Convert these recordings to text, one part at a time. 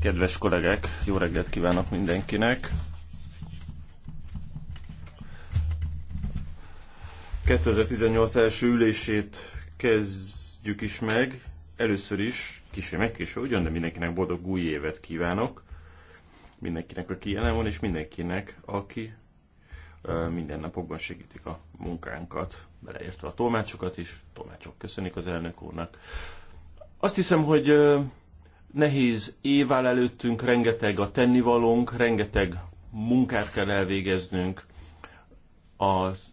Kedves kollégák, jó reggelt kívánok mindenkinek. 2018 első ülését kezdjük is meg. Először is, kicsi megkéső ugyan, de mindenkinek boldog új évet kívánok. Mindenkinek, aki jelen van, és mindenkinek, aki minden napokban segítik a munkánkat, beleértve a tolmácsokat is. Tolmácsok köszönik az elnök úrnak. Azt hiszem, hogy nehéz év áll előttünk, rengeteg a tennivalónk, rengeteg munkát kell elvégeznünk. Az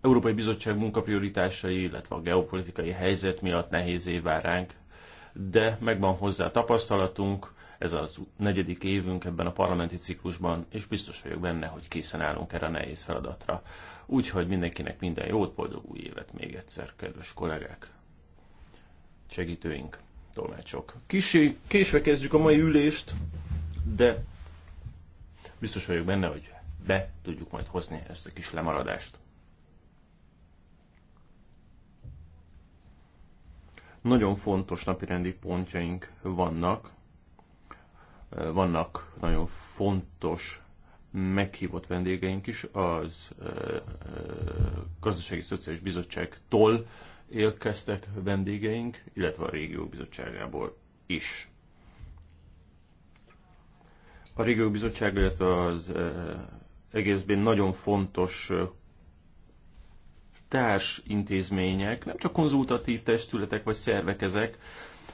Európai Bizottság munkaprioritásai, illetve a geopolitikai helyzet miatt nehéz év áll ránk, de megvan hozzá tapasztalatunk, ez az negyedik évünk ebben a parlamenti ciklusban, és biztos vagyok benne, hogy készen állunk erre a nehéz feladatra. Úgyhogy mindenkinek minden jót, boldog új évet még egyszer, kedves kollégák! segítőink, tolmácsok. Kisé, késve kezdjük a mai ülést, de biztos vagyok benne, hogy be tudjuk majd hozni ezt a kis lemaradást. Nagyon fontos napirendi pontjaink vannak, vannak nagyon fontos meghívott vendégeink is az Gazdasági Szociális Bizottságtól érkeztek vendégeink, illetve a régió bizottságából is. A régió bizottság illetve az eh, egészben nagyon fontos eh, társ intézmények, nem csak konzultatív testületek vagy szervek ezek,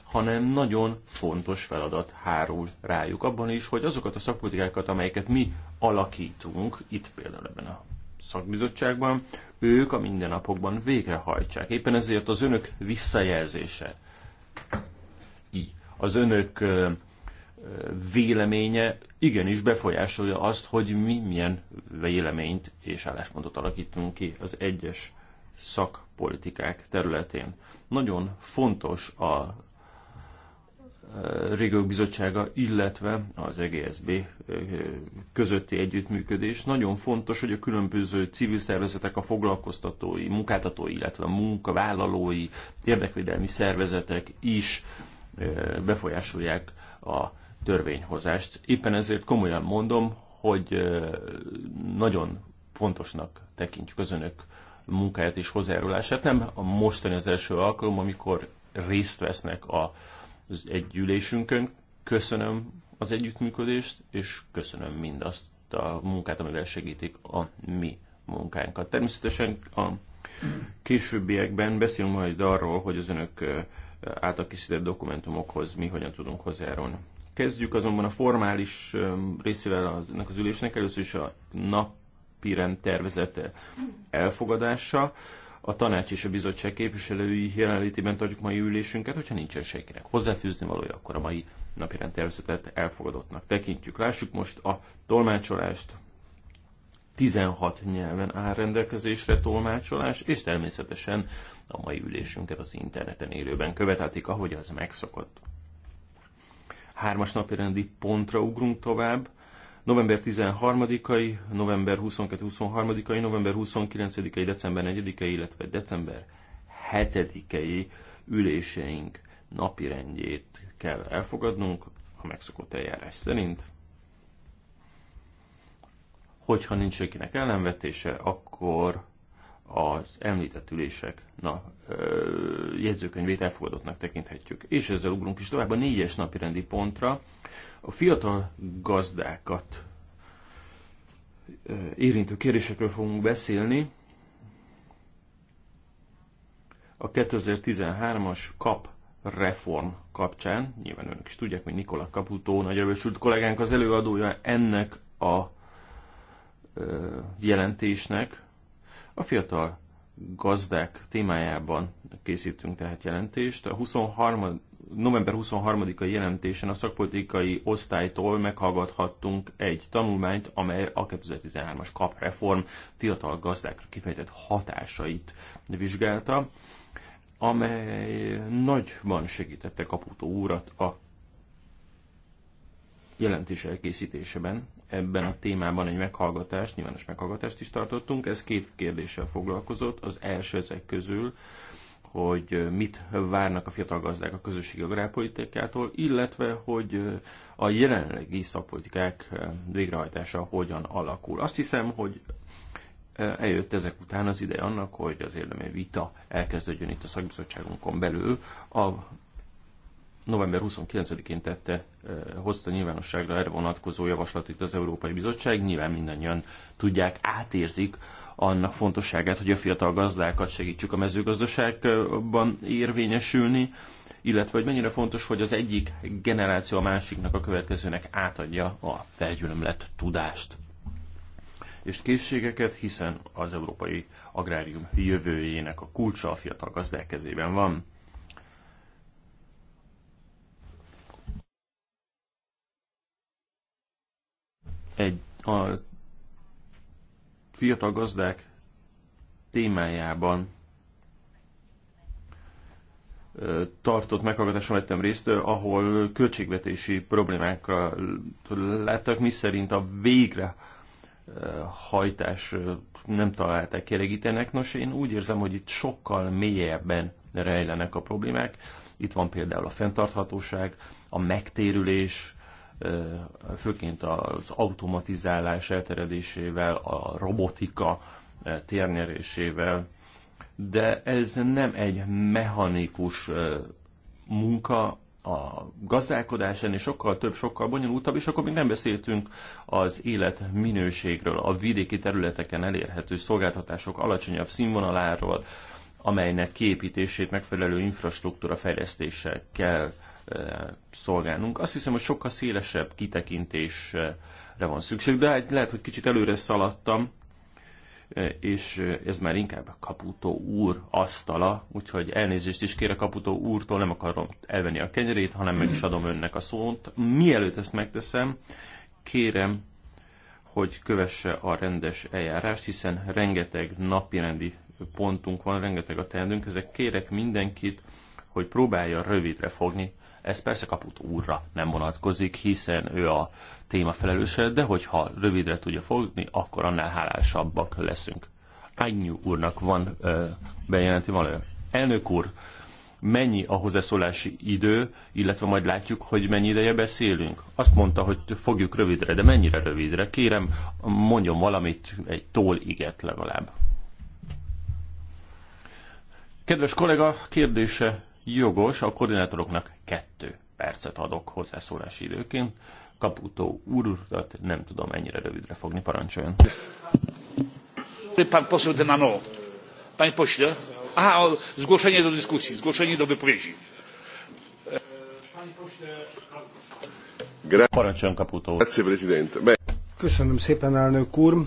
hanem nagyon fontos feladat hárul rájuk. Abban is, hogy azokat a szakpolitikákat, amelyeket mi alakítunk, itt például ebben a szakbizottságban, ők a mindennapokban végrehajtsák. Éppen ezért az önök visszajelzése, az önök véleménye igenis befolyásolja azt, hogy mi milyen véleményt és álláspontot alakítunk ki az egyes szakpolitikák területén. Nagyon fontos a Régiók Bizottsága, illetve az EGSB közötti együttműködés. Nagyon fontos, hogy a különböző civil szervezetek, a foglalkoztatói, munkáltatói, illetve a munkavállalói, érdekvédelmi szervezetek is befolyásolják a törvényhozást. Éppen ezért komolyan mondom, hogy nagyon fontosnak tekintjük az önök munkáját és hozzájárulását. Nem a mostani az első alkalom, amikor részt vesznek a az együlésünkön. Köszönöm az együttműködést, és köszönöm mindazt a munkát, amivel segítik a mi munkánkat. Természetesen a későbbiekben beszélünk majd arról, hogy az önök által készített dokumentumokhoz mi hogyan tudunk hozzájárulni. Kezdjük azonban a formális részével az, az ülésnek, először is a napirend tervezete elfogadása a tanács és a bizottság képviselői jelenlétében tartjuk mai ülésünket, hogyha nincsen senkinek hozzáfűzni valója, akkor a mai napi rendtervezetet elfogadottnak tekintjük. Lássuk most a tolmácsolást. 16 nyelven áll rendelkezésre tolmácsolás, és természetesen a mai ülésünket az interneten élőben követhetik, ahogy az megszokott. Hármas napi rendi pontra ugrunk tovább november 13-ai, november 22-23-ai, november 29-ai, december 4 ai illetve december 7-ei üléseink napi rendjét kell elfogadnunk a megszokott eljárás szerint. Hogyha nincs senkinek ellenvetése, akkor az említett ülések na, jegyzőkönyvét elfogadottnak tekinthetjük. És ezzel ugrunk is tovább a négyes napi rendi pontra. A fiatal gazdákat érintő kérdésekről fogunk beszélni. A 2013-as kap reform kapcsán, nyilván önök is tudják, hogy Nikola Caputo, nagyjövősült kollégánk az előadója ennek a jelentésnek, a fiatal gazdák témájában készítünk tehát jelentést. A 23, november 23-a jelentésen a szakpolitikai osztálytól meghallgathattunk egy tanulmányt, amely a 2013-as KAP reform fiatal gazdákra kifejtett hatásait vizsgálta, amely nagyban segítette Kaputó úrat a jelentés elkészítéseben, ebben a témában egy meghallgatást, nyilvános meghallgatást is tartottunk. Ez két kérdéssel foglalkozott. Az első ezek közül, hogy mit várnak a fiatal gazdák a közösségi agrárpolitikától, illetve hogy a jelenlegi szakpolitikák végrehajtása hogyan alakul. Azt hiszem, hogy eljött ezek után az ideje annak, hogy az érdemi vita elkezdődjön itt a szakbizottságunkon belül a november 29-én tette, hozta nyilvánosságra erre vonatkozó javaslatot az Európai Bizottság. Nyilván mindannyian tudják, átérzik annak fontosságát, hogy a fiatal gazdákat segítsük a mezőgazdaságban érvényesülni, illetve hogy mennyire fontos, hogy az egyik generáció a másiknak, a következőnek átadja a felgyülemlett tudást és készségeket, hiszen az európai agrárium jövőjének a kulcsa a fiatal gazdák kezében van. egy a fiatal gazdák témájában tartott meghallgatáson vettem részt, ahol költségvetési problémákra láttak, szerint a végre hajtás nem találták kielégítenek. Nos, én úgy érzem, hogy itt sokkal mélyebben rejlenek a problémák. Itt van például a fenntarthatóság, a megtérülés, főként az automatizálás elterjedésével, a robotika térnyerésével, de ez nem egy mechanikus munka, a gazdálkodás ennél sokkal több, sokkal bonyolultabb, és akkor még nem beszéltünk az élet minőségről, a vidéki területeken elérhető szolgáltatások alacsonyabb színvonaláról, amelynek kiépítését megfelelő infrastruktúra fejlesztéssel kell szolgálnunk. Azt hiszem, hogy sokkal szélesebb kitekintésre van szükség, de hát lehet, hogy kicsit előre szaladtam, és ez már inkább Kaputó úr asztala, úgyhogy elnézést is kérek Kaputó úrtól, nem akarom elvenni a kenyerét, hanem meg is adom önnek a szót. Mielőtt ezt megteszem, kérem, hogy kövesse a rendes eljárást, hiszen rengeteg napirendi pontunk van, rengeteg a teendőnk, ezek kérek mindenkit, hogy próbálja rövidre fogni ez persze kaput úrra nem vonatkozik, hiszen ő a téma felelőse, de hogyha rövidre tudja fogni, akkor annál hálásabbak leszünk. Ányú úrnak van ö, bejelenti való. Elnök úr, mennyi a hozzászólási idő, illetve majd látjuk, hogy mennyi ideje beszélünk. Azt mondta, hogy fogjuk rövidre, de mennyire rövidre? Kérem, mondjon valamit, egy tól iget legalább. Kedves kollega, kérdése jogos, a koordinátoroknak kettő percet adok hozzászólási időként. Kaputó úrat nem tudom ennyire rövidre fogni, parancsoljon. poszol de nano. Pán pośle. Aha, o, zgłoszenie do dyskusji, zgłoszenie do wypowiedzi. Parancsoljon Kaputó. Köszönöm szépen, elnök úr.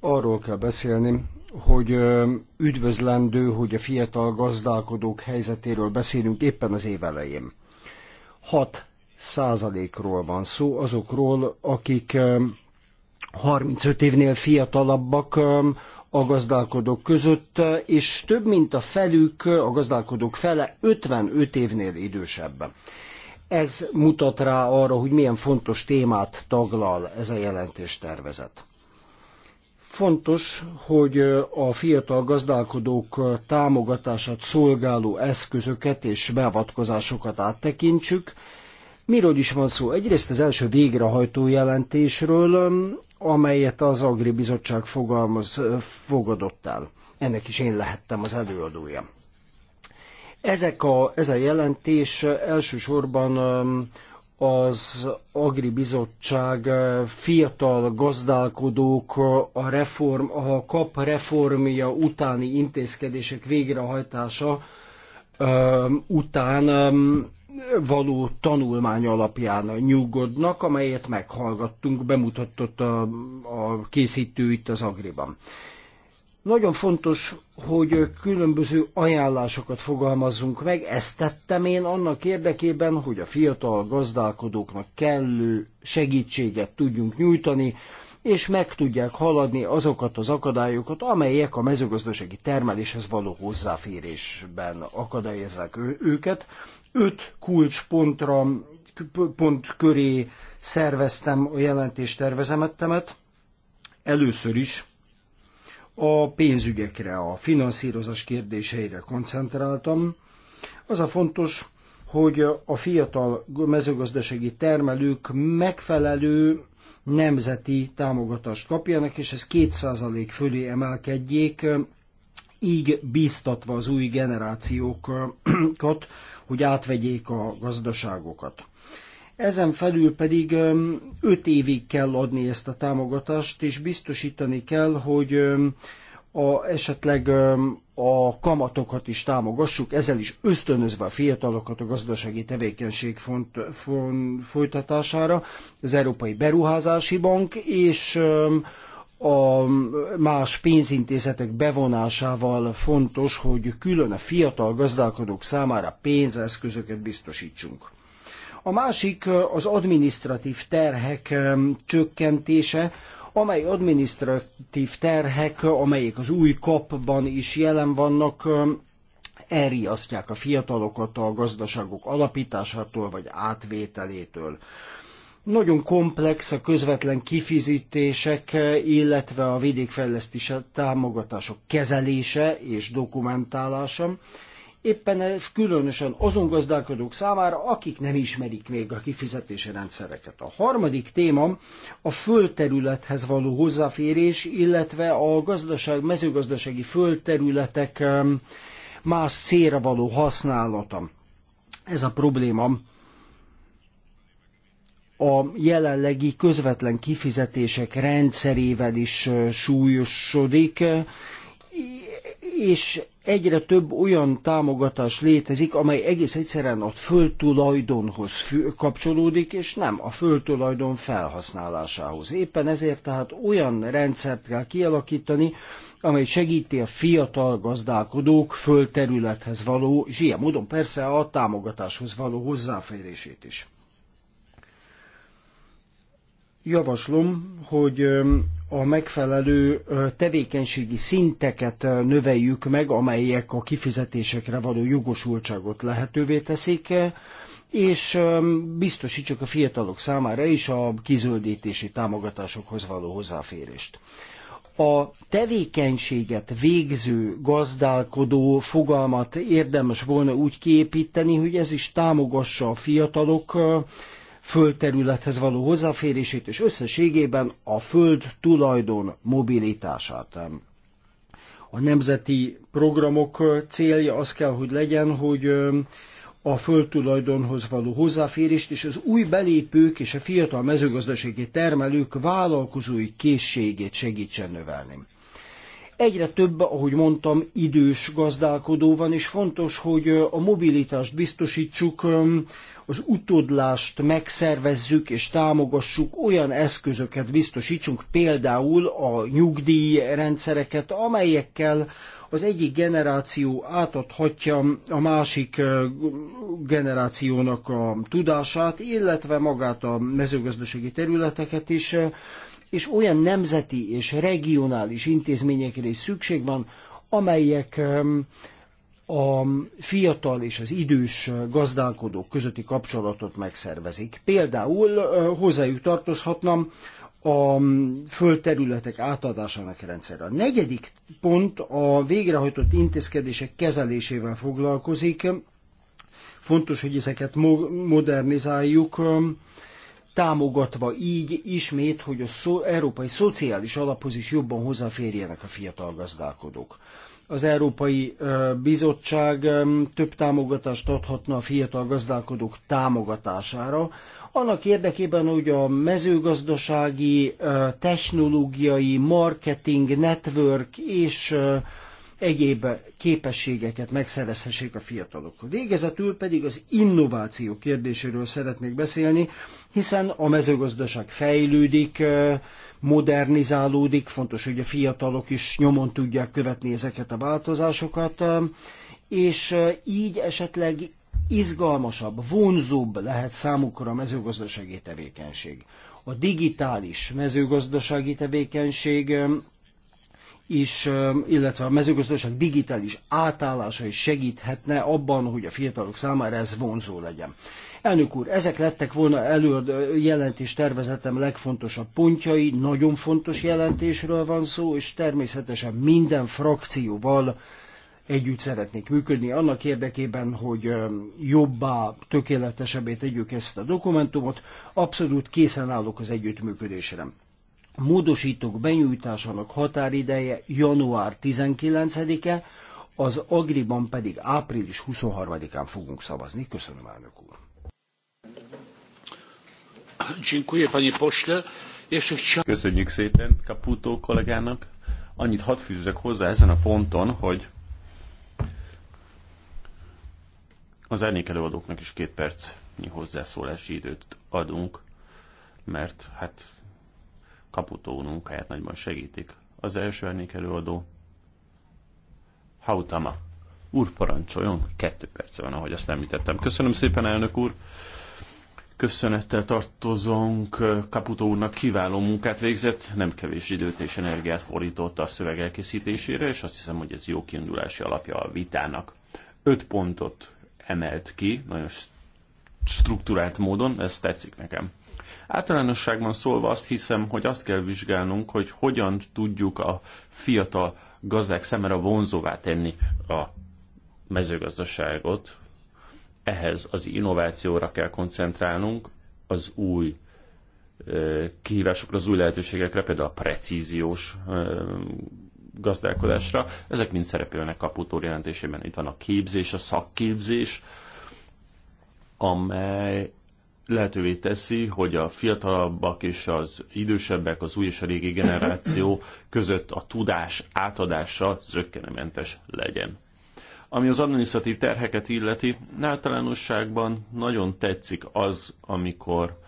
Arról kell beszélni, hogy üdvözlendő, hogy a fiatal gazdálkodók helyzetéről beszélünk éppen az év elején. 6 százalékról van szó, azokról, akik 35 évnél fiatalabbak a gazdálkodók között, és több mint a felük, a gazdálkodók fele 55 évnél idősebb. Ez mutat rá arra, hogy milyen fontos témát taglal ez a jelentéstervezet. Fontos, hogy a fiatal gazdálkodók támogatását szolgáló eszközöket és beavatkozásokat áttekintsük. Miről is van szó? Egyrészt az első végrehajtó jelentésről, amelyet az Agri Bizottság fogalmaz, fogadott el. Ennek is én lehettem az előadója. Ezek a, ez a jelentés elsősorban az Agri Bizottság eh, fiatal gazdálkodók eh, a, reform, a kap reformja utáni intézkedések végrehajtása eh, után való tanulmány alapján nyugodnak, amelyet meghallgattunk, bemutatott a, a készítő itt az Agriban. Nagyon fontos hogy különböző ajánlásokat fogalmazzunk meg, ezt tettem én annak érdekében, hogy a fiatal gazdálkodóknak kellő segítséget tudjunk nyújtani, és meg tudják haladni azokat az akadályokat, amelyek a mezőgazdasági termeléshez való hozzáférésben akadályozzák őket. Öt kulcspontra, pont köré szerveztem a jelentéstervezemettemet. Először is a pénzügyekre, a finanszírozás kérdéseire koncentráltam. Az a fontos, hogy a fiatal mezőgazdasági termelők megfelelő nemzeti támogatást kapjanak, és ez 2% fölé emelkedjék, így bíztatva az új generációkat, hogy átvegyék a gazdaságokat. Ezen felül pedig öt évig kell adni ezt a támogatást, és biztosítani kell, hogy a, esetleg a kamatokat is támogassuk, ezzel is ösztönözve a fiatalokat a gazdasági tevékenység font, font, folytatására. Az Európai Beruházási Bank és a más pénzintézetek bevonásával fontos, hogy külön a fiatal gazdálkodók számára pénzeszközöket biztosítsunk. A másik az administratív terhek csökkentése, amely administratív terhek, amelyek az új kapban is jelen vannak, elriasztják a fiatalokat a gazdaságok alapításától vagy átvételétől. Nagyon komplex a közvetlen kifizetések, illetve a vidékfejlesztési támogatások kezelése és dokumentálása éppen ez különösen azon gazdálkodók számára, akik nem ismerik még a kifizetési rendszereket. A harmadik téma a földterülethez való hozzáférés, illetve a gazdaság, mezőgazdasági földterületek más célra való használata. Ez a probléma a jelenlegi közvetlen kifizetések rendszerével is súlyosodik, és egyre több olyan támogatás létezik, amely egész egyszerűen a földtulajdonhoz kapcsolódik, és nem a földtulajdon felhasználásához. Éppen ezért tehát olyan rendszert kell kialakítani, amely segíti a fiatal gazdálkodók földterülethez való, és ilyen módon persze a támogatáshoz való hozzáférését is. Javaslom, hogy a megfelelő tevékenységi szinteket növeljük meg, amelyek a kifizetésekre való jogosultságot lehetővé teszik, és biztosítsuk a fiatalok számára is a kizöldítési támogatásokhoz való hozzáférést. A tevékenységet végző gazdálkodó fogalmat érdemes volna úgy kiépíteni, hogy ez is támogassa a fiatalok földterülethez való hozzáférését, és összességében a föld tulajdon mobilitását. A nemzeti programok célja az kell, hogy legyen, hogy a földtulajdonhoz való hozzáférést és az új belépők és a fiatal mezőgazdasági termelők vállalkozói készségét segítsen növelni. Egyre több, ahogy mondtam, idős gazdálkodó van, és fontos, hogy a mobilitást biztosítsuk az utódlást megszervezzük és támogassuk, olyan eszközöket biztosítsunk, például a nyugdíjrendszereket, amelyekkel az egyik generáció átadhatja a másik generációnak a tudását, illetve magát a mezőgazdasági területeket is, és olyan nemzeti és regionális intézményekre is szükség van, amelyek a fiatal és az idős gazdálkodók közötti kapcsolatot megszervezik. Például hozzájuk tartozhatnam a földterületek átadásának rendszere. A negyedik pont a végrehajtott intézkedések kezelésével foglalkozik. Fontos, hogy ezeket modernizáljuk, támogatva így ismét, hogy az európai szociális alaphoz is jobban hozzáférjenek a fiatal gazdálkodók az Európai Bizottság több támogatást adhatna a fiatal gazdálkodók támogatására, annak érdekében, hogy a mezőgazdasági, technológiai, marketing, network és egyéb képességeket megszerezhessék a fiatalok. Végezetül pedig az innováció kérdéséről szeretnék beszélni, hiszen a mezőgazdaság fejlődik, modernizálódik, fontos, hogy a fiatalok is nyomon tudják követni ezeket a változásokat, um, és uh, így esetleg izgalmasabb, vonzóbb lehet számukra a mezőgazdasági tevékenység. A digitális mezőgazdasági tevékenység um, is, um, illetve a mezőgazdaság digitális átállása is segíthetne abban, hogy a fiatalok számára ez vonzó legyen. Elnök úr, ezek lettek volna előad jelentés tervezetem legfontosabb pontjai, nagyon fontos jelentésről van szó, és természetesen minden frakcióval együtt szeretnék működni annak érdekében, hogy jobbá, tökéletesebbé tegyük ezt a dokumentumot. Abszolút készen állok az együttműködésre. Módosítók benyújtásának határideje január 19-e, az Agriban pedig április 23-án fogunk szavazni. Köszönöm, elnök úr! Köszönjük szépen Caputo kollégának. Annyit hadd fűzzek hozzá ezen a ponton, hogy az árnyék előadóknak is két percnyi hozzászólási időt adunk, mert hát Caputo munkáját nagyban segítik. Az első árnyék előadó Hautama. Úr parancsoljon, kettő perce van, ahogy azt említettem. Köszönöm szépen, elnök úr köszönettel tartozunk Kaputó úrnak kiváló munkát végzett, nem kevés időt és energiát fordított a szöveg elkészítésére, és azt hiszem, hogy ez jó kiindulási alapja a vitának. Öt pontot emelt ki, nagyon struktúrált módon, ez tetszik nekem. Általánosságban szólva azt hiszem, hogy azt kell vizsgálnunk, hogy hogyan tudjuk a fiatal gazdák szemére vonzóvá tenni a mezőgazdaságot, ehhez az innovációra kell koncentrálnunk, az új kihívásokra, az új lehetőségekre, például a precíziós gazdálkodásra. Ezek mind szerepelnek a jelentésében. Itt van a képzés, a szakképzés, amely lehetővé teszi, hogy a fiatalabbak és az idősebbek, az új és a régi generáció között a tudás átadása zöggenementes legyen. Ami az administratív terheket illeti, általánosságban nagyon tetszik az, amikor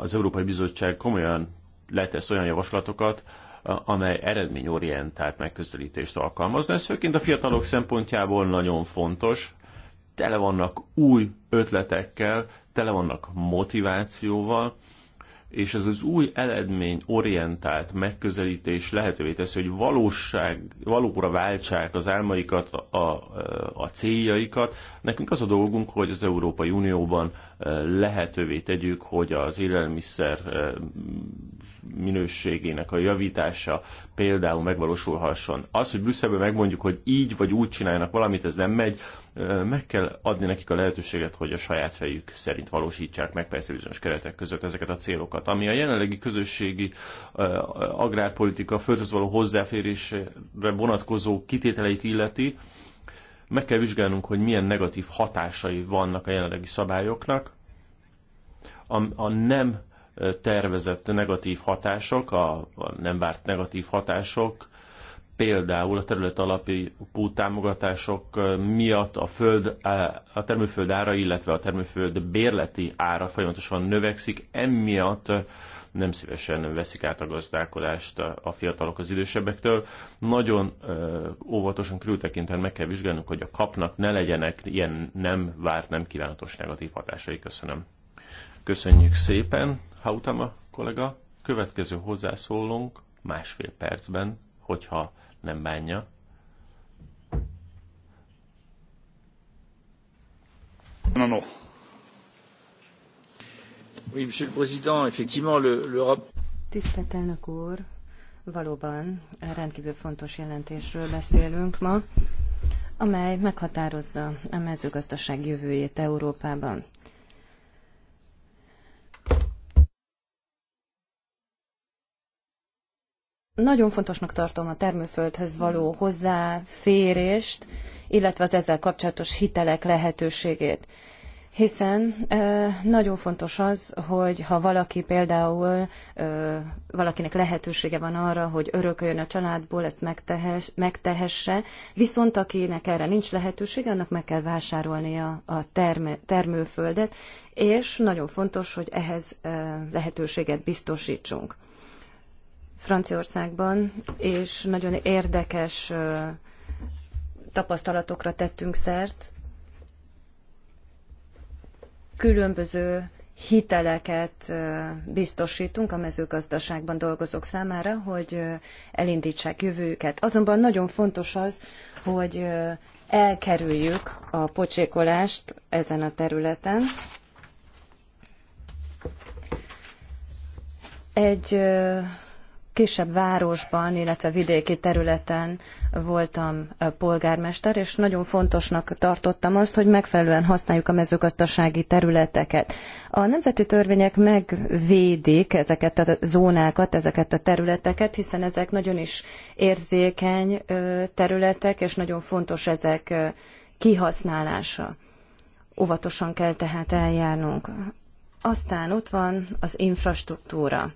az Európai Bizottság komolyan letesz olyan javaslatokat, amely eredményorientált megközelítést alkalmazna. Ez főként a fiatalok szempontjából nagyon fontos. Tele vannak új ötletekkel, tele vannak motivációval, és ez az új eredmény orientált megközelítés lehetővé teszi, hogy valóság, valóra váltsák az álmaikat, a, a céljaikat. Nekünk az a dolgunk, hogy az Európai Unióban lehetővé tegyük, hogy az élelmiszer minőségének a javítása például megvalósulhasson. Az, hogy Brüsszelben megmondjuk, hogy így vagy úgy csinálnak valamit, ez nem megy, meg kell adni nekik a lehetőséget, hogy a saját fejük szerint valósítsák meg persze bizonyos keretek között ezeket a célokat. Ami a jelenlegi közösségi agrárpolitika földhöz való hozzáférésre vonatkozó kitételeit illeti, meg kell vizsgálnunk, hogy milyen negatív hatásai vannak a jelenlegi szabályoknak. A, a nem tervezett negatív hatások, a, a nem várt negatív hatások, például a terület alapi támogatások miatt a, föld, a termőföld ára, illetve a termőföld bérleti ára folyamatosan növekszik, emiatt nem szívesen veszik át a gazdálkodást a fiatalok az idősebbektől. Nagyon óvatosan körültekintően meg kell vizsgálnunk, hogy a kapnak ne legyenek ilyen nem várt, nem kívánatos negatív hatásai. Köszönöm. Köszönjük szépen, Hautama kollega. Következő hozzászólunk másfél percben, hogyha nem bánja. No, no. Oui, Monsieur le Président, effectivement, le, Tisztelt elnök úr, valóban rendkívül fontos jelentésről beszélünk ma, amely meghatározza a mezőgazdaság jövőjét Európában. Nagyon fontosnak tartom a termőföldhöz való hozzáférést, illetve az ezzel kapcsolatos hitelek lehetőségét hiszen nagyon fontos az, hogy ha valaki például valakinek lehetősége van arra, hogy örököljön a családból, ezt megtehesse, viszont akinek erre nincs lehetősége, annak meg kell vásárolnia a termőföldet, és nagyon fontos, hogy ehhez lehetőséget biztosítsunk. Franciaországban, és nagyon érdekes tapasztalatokra tettünk szert, különböző hiteleket biztosítunk a mezőgazdaságban dolgozók számára, hogy elindítsák jövőjüket. Azonban nagyon fontos az, hogy elkerüljük a pocsékolást ezen a területen. Egy kisebb városban, illetve vidéki területen voltam eh, polgármester, és nagyon fontosnak tartottam azt, hogy megfelelően használjuk a mezőgazdasági területeket. A nemzeti törvények megvédik ezeket a zónákat, ezeket a területeket, hiszen ezek nagyon is érzékeny területek, és nagyon fontos ezek kihasználása. Óvatosan kell tehát eljárnunk. Aztán ott van az infrastruktúra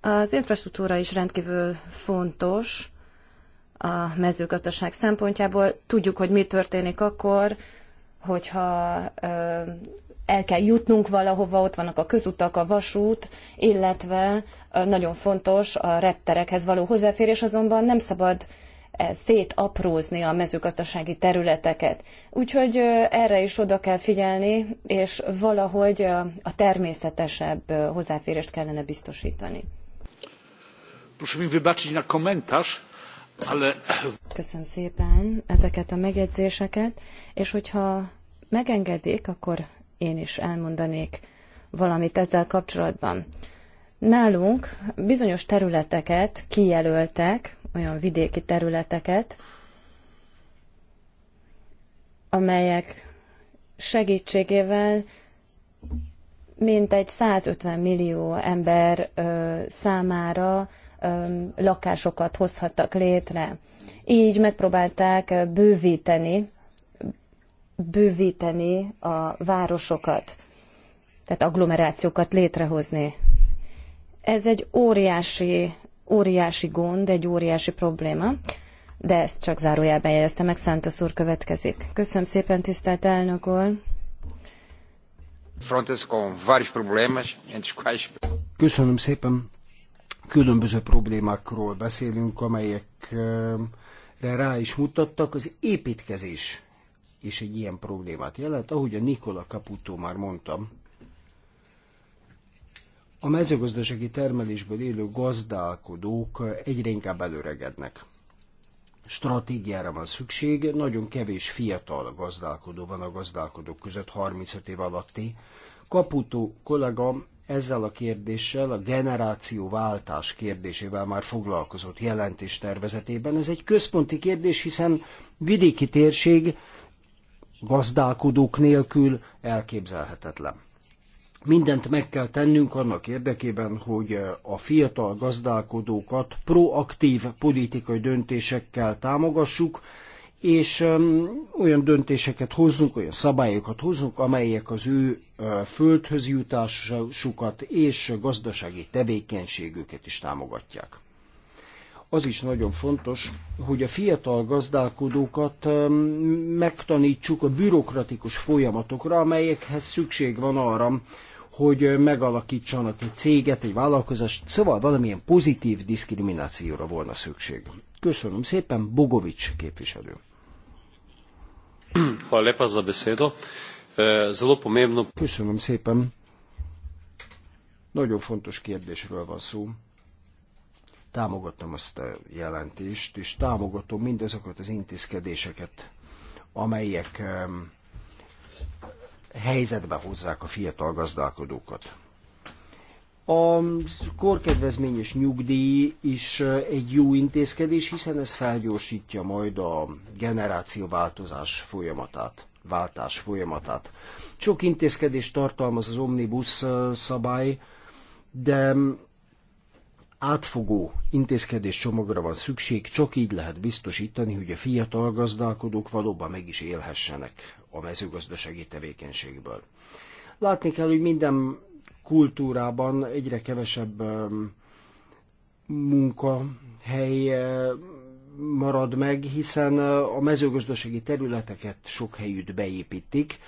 az infrastruktúra is rendkívül fontos a mezőgazdaság szempontjából. Tudjuk, hogy mi történik akkor, hogyha el kell jutnunk valahova, ott vannak a közutak, a vasút, illetve nagyon fontos a repterekhez való hozzáférés, azonban nem szabad szétaprózni a mezőgazdasági területeket. Úgyhogy erre is oda kell figyelni, és valahogy a természetesebb hozzáférést kellene biztosítani. Proszę mi wybaczyć na komentarz, ale... Köszönöm szépen ezeket a megjegyzéseket, és hogyha megengedik, akkor én is elmondanék valamit ezzel kapcsolatban. Nálunk bizonyos területeket kijelöltek, olyan vidéki területeket, amelyek segítségével mintegy 150 millió ember ö, számára lakásokat hozhattak létre. Így megpróbálták bővíteni, bővíteni a városokat, tehát agglomerációkat létrehozni. Ez egy óriási, óriási gond, egy óriási probléma, de ezt csak zárójelben jegyezte meg, Szántos úr következik. Köszönöm szépen, tisztelt elnök úr! Köszönöm szépen különböző problémákról beszélünk, amelyekre rá is mutattak. Az építkezés és egy ilyen problémát jelent, ahogy a Nikola Caputo már mondtam. A mezőgazdasági termelésből élő gazdálkodók egyre inkább előregednek. Stratégiára van szükség, nagyon kevés fiatal gazdálkodó van a gazdálkodók között, 35 év alatti. Caputo kollega ezzel a kérdéssel, a generációváltás kérdésével már foglalkozott jelentés tervezetében. Ez egy központi kérdés, hiszen vidéki térség gazdálkodók nélkül elképzelhetetlen. Mindent meg kell tennünk annak érdekében, hogy a fiatal gazdálkodókat proaktív politikai döntésekkel támogassuk, és olyan döntéseket hozzunk, olyan szabályokat hozzunk, amelyek az ő földhöz jutásukat és gazdasági tevékenységüket is támogatják. Az is nagyon fontos, hogy a fiatal gazdálkodókat megtanítsuk a bürokratikus folyamatokra, amelyekhez szükség van arra, hogy megalakítsanak egy céget, egy vállalkozást, szóval valamilyen pozitív diszkriminációra volna szükség. Köszönöm szépen, Bogovics képviselő. Hvala lepa za besedo. E, zelo pomembno... Köszönöm szépen. Nagyon fontos kérdésről van szó. Támogatom ezt a jelentést, és támogatom mindazokat az intézkedéseket, amelyek helyzetbe hozzák a fiatal gazdálkodókat. A korkedvezményes nyugdíj is egy jó intézkedés, hiszen ez felgyorsítja majd a generációváltozás folyamatát, váltás folyamatát. Sok intézkedést tartalmaz az omnibus szabály, de átfogó intézkedés csomagra van szükség, csak így lehet biztosítani, hogy a fiatal gazdálkodók valóban meg is élhessenek a mezőgazdasági tevékenységből. Látni kell, hogy minden kultúrában egyre kevesebb munkahely marad meg, hiszen a mezőgazdasági területeket sok helyütt beépítik,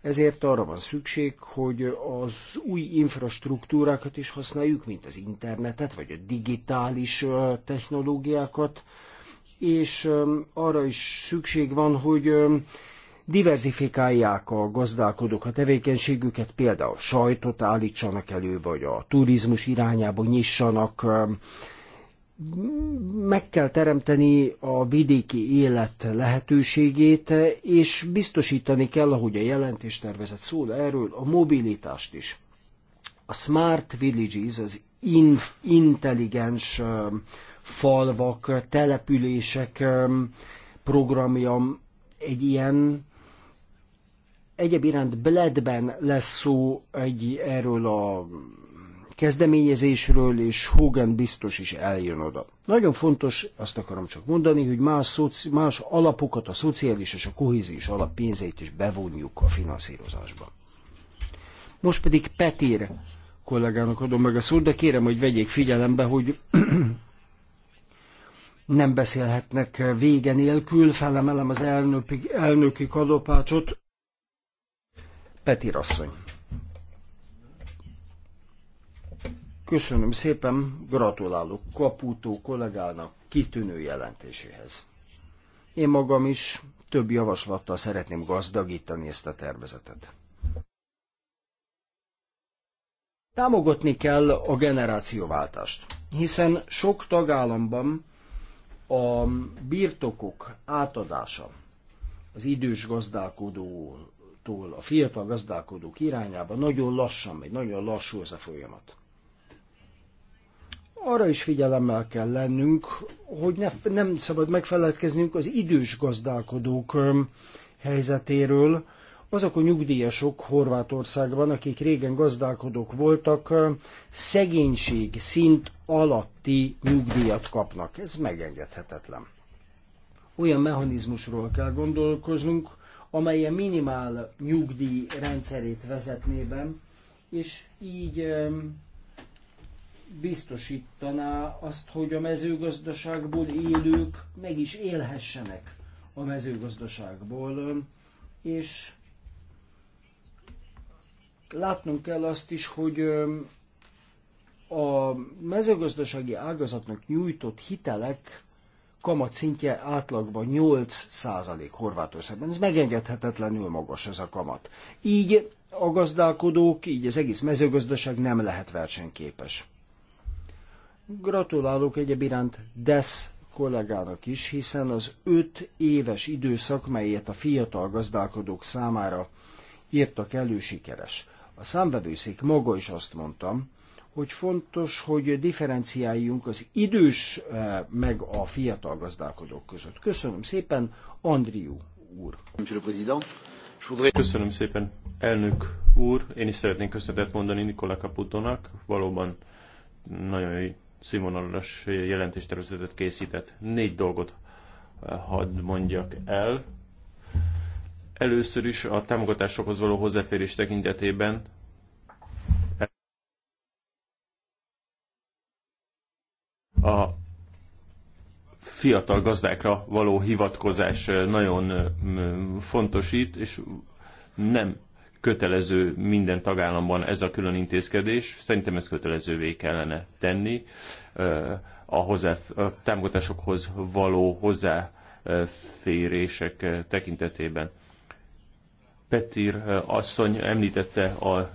ezért arra van szükség, hogy az új infrastruktúrákat is használjuk, mint az internetet, vagy a digitális technológiákat, és arra is szükség van, hogy diverzifikálják a gazdálkodók a tevékenységüket, például sajtot állítsanak elő, vagy a turizmus irányába nyissanak, meg kell teremteni a vidéki élet lehetőségét, és biztosítani kell, ahogy a jelentéstervezet szól erről, a mobilitást is. A Smart Villages, az inf- intelligens falvak, települések programja egy ilyen Egyéb iránt Bledben lesz szó egy, erről a kezdeményezésről, és Hogan biztos is eljön oda. Nagyon fontos, azt akarom csak mondani, hogy más, szoci, más alapokat, a szociális és a kohéziós alap pénzét is bevonjuk a finanszírozásba. Most pedig Petír kollégának adom meg a szót, de kérem, hogy vegyék figyelembe, hogy nem beszélhetnek vége nélkül, felemelem az elnöki, elnöki kadopácsot, Peti asszony. Köszönöm szépen, gratulálok Kaputó kollégának kitűnő jelentéséhez. Én magam is több javaslattal szeretném gazdagítani ezt a tervezetet. Támogatni kell a generációváltást, hiszen sok tagállamban a birtokok átadása az idős gazdálkodó gazdálkodóktól a fiatal gazdálkodók irányába nagyon lassan megy, nagyon lassú ez a folyamat. Arra is figyelemmel kell lennünk, hogy ne, nem szabad megfeledkeznünk az idős gazdálkodók helyzetéről. Azok a nyugdíjasok Horvátországban, akik régen gazdálkodók voltak, szegénység szint alatti nyugdíjat kapnak. Ez megengedhetetlen olyan mechanizmusról kell gondolkoznunk, amely a minimál nyugdíj rendszerét vezetnében, és így biztosítaná azt, hogy a mezőgazdaságból élők meg is élhessenek a mezőgazdaságból, és látnunk kell azt is, hogy a mezőgazdasági ágazatnak nyújtott hitelek kamat szintje átlagban 8 százalék Horvátországban. Ez megengedhetetlenül magas ez a kamat. Így a gazdálkodók, így az egész mezőgazdaság nem lehet versenyképes. Gratulálok egyebiránt DESZ kollégának is, hiszen az öt éves időszak, melyet a fiatal gazdálkodók számára írtak elő sikeres. A számvevőszék maga is azt mondtam, hogy fontos, hogy differenciáljunk az idős eh, meg a fiatal gazdálkodók között. Köszönöm szépen, Andriu úr. Köszönöm szépen, elnök úr. Én is szeretnék köszönetet mondani Nikola Caputonak. Valóban nagyon színvonalas jelentéstervezetet készített. Négy dolgot eh, hadd mondjak el. Először is a támogatásokhoz való hozzáférés tekintetében a fiatal gazdákra való hivatkozás nagyon fontos itt, és nem kötelező minden tagállamban ez a külön intézkedés. Szerintem ezt kötelezővé kellene tenni a, hozzá, a támogatásokhoz való hozzáférések tekintetében. Petir eh, asszony említette a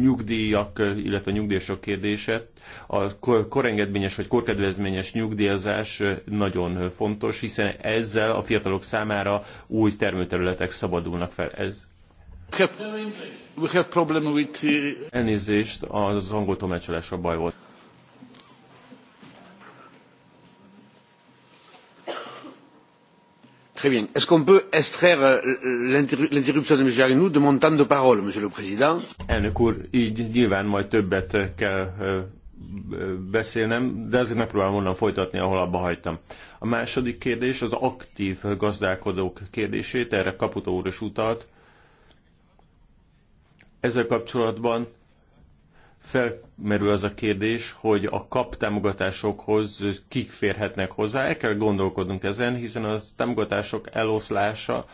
nyugdíjak, eh, illetve a nyugdíjasok kérdését. A korengedményes vagy korkedvezményes nyugdíjazás eh, nagyon fontos, hiszen ezzel a fiatalok számára új termőterületek szabadulnak fel. Ez We have problem with... Elnézést, az angol tomácsolásra baj volt. Très bien. Est-ce qu'on peut extraire euh, l'interruption de M. Agnew de mon temps de parole, Monsieur le Président Elnök úr, így nyilván majd többet euh, kell euh, beszélnem, de azért megpróbálom onnan folytatni, ahol abba hagytam. A második kérdés az aktív gazdálkodók kérdését, erre Kaputó úr is utalt. Ezzel kapcsolatban felmerül az a kérdés, hogy a kap támogatásokhoz kik férhetnek hozzá. El kell gondolkodnunk ezen, hiszen a támogatások eloszlása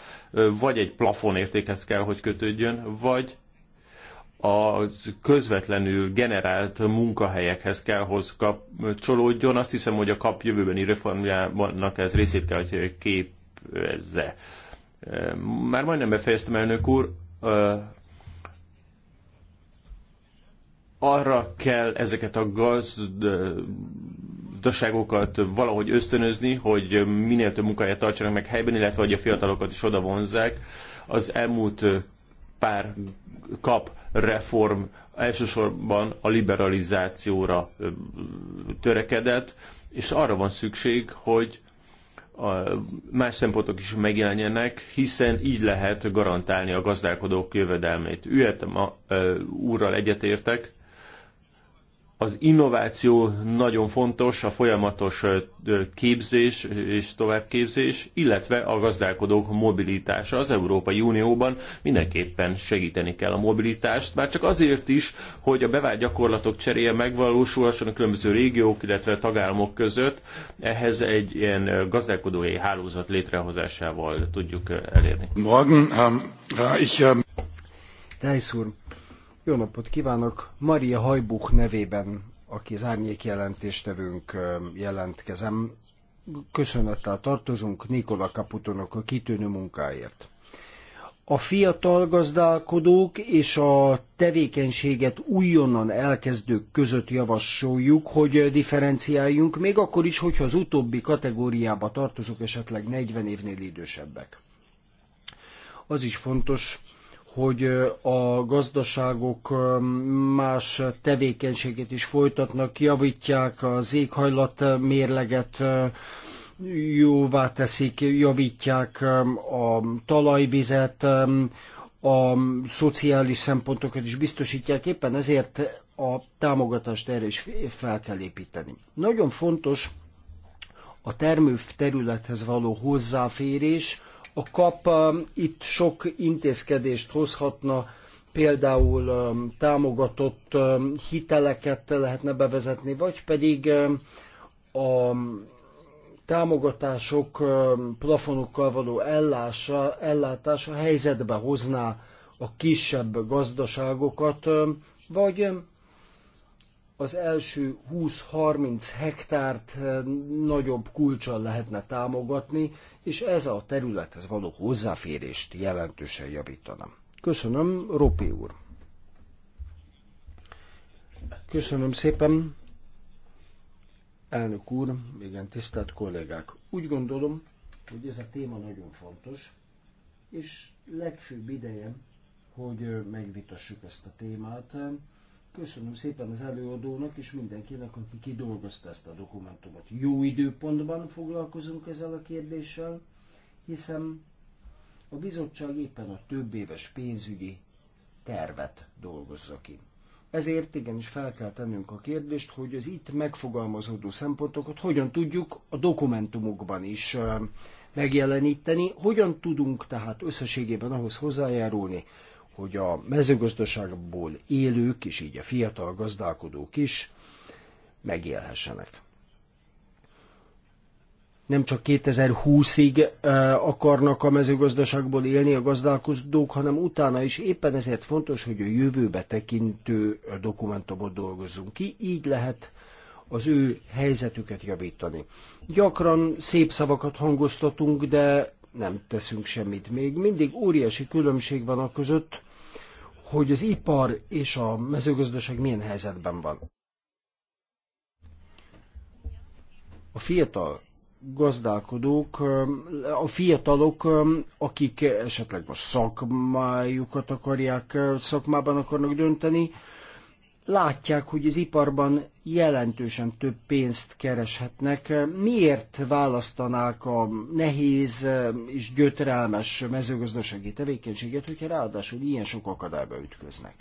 vagy egy plafonértékhez kell, hogy kötődjön, vagy a közvetlenül generált munkahelyekhez kell hoz kapcsolódjon. Azt hiszem, hogy a kap jövőbeni reformjának ez részét kell, hogy képezze. Már majdnem befejeztem, elnök úr arra kell ezeket a gazdaságokat valahogy ösztönözni, hogy minél több munkáját tartsanak meg helyben, illetve hogy a fiatalokat is oda vonzzák. Az elmúlt pár kap reform elsősorban a liberalizációra törekedett, és arra van szükség, hogy a más szempontok is megjelenjenek, hiszen így lehet garantálni a gazdálkodók jövedelmét. Ültem a úrral egyetértek, az innováció nagyon fontos, a folyamatos képzés és továbbképzés, illetve a gazdálkodók mobilitása. Az Európai Unióban mindenképpen segíteni kell a mobilitást, már csak azért is, hogy a bevált gyakorlatok cseréje megvalósulhasson a különböző régiók, illetve a tagállamok között. Ehhez egy ilyen gazdálkodói hálózat létrehozásával tudjuk elérni. Morgen, um, ich, um... Ähm Dice úr, jó napot kívánok! Maria Hajbuch nevében, aki az árnyék jelentéstevőnk jelentkezem. Köszönettel tartozunk Nikola Kaputonok a kitűnő munkáért. A fiatal gazdálkodók és a tevékenységet újonnan elkezdők között javasoljuk, hogy differenciáljunk, még akkor is, hogyha az utóbbi kategóriába tartozók esetleg 40 évnél idősebbek. Az is fontos, hogy a gazdaságok más tevékenységét is folytatnak, javítják az éghajlat mérleget, jóvá teszik, javítják a talajvizet, a szociális szempontokat is biztosítják, éppen ezért a támogatást erre is fel kell építeni. Nagyon fontos a termőterülethez való hozzáférés, a kap um, itt sok intézkedést hozhatna, például um, támogatott um, hiteleket lehetne bevezetni, vagy pedig a támogatások plafonokkal való ellása, ellátása helyzetbe hozná a kisebb gazdaságokat, vagy az első 20-30 hektárt eh, nagyobb kulcsal lehetne támogatni, és ez a területhez való hozzáférést jelentősen javítana. Köszönöm, Ropi úr! Köszönöm szépen, elnök úr, igen, tisztelt kollégák. Úgy gondolom, hogy ez a téma nagyon fontos, és legfőbb ideje, hogy eh, megvitassuk ezt a témát. Köszönöm szépen az előadónak és mindenkinek, aki kidolgozta ezt a dokumentumot. Jó időpontban foglalkozunk ezzel a kérdéssel, hiszen a bizottság éppen a több éves pénzügyi tervet dolgozza ki. Ezért igenis fel kell tennünk a kérdést, hogy az itt megfogalmazódó szempontokat hogyan tudjuk a dokumentumokban is megjeleníteni, hogyan tudunk tehát összességében ahhoz hozzájárulni, hogy a mezőgazdaságból élők, és így a fiatal gazdálkodók is megélhessenek. Nem csak 2020-ig eh, akarnak a mezőgazdaságból élni a gazdálkodók, hanem utána is éppen ezért fontos, hogy a jövőbe tekintő dokumentumot dolgozzunk ki, így lehet az ő helyzetüket javítani. Gyakran szép szavakat hangoztatunk, de nem teszünk semmit. Még mindig óriási különbség van a között, hogy az ipar és a mezőgazdaság milyen helyzetben van. A fiatal gazdálkodók, a fiatalok, akik esetleg most szakmájukat akarják, szakmában akarnak dönteni, látják, hogy az iparban jelentősen több pénzt kereshetnek. Miért választanák a nehéz és gyötrelmes mezőgazdasági tevékenységet, hogyha ráadásul ilyen sok akadályba ütköznek?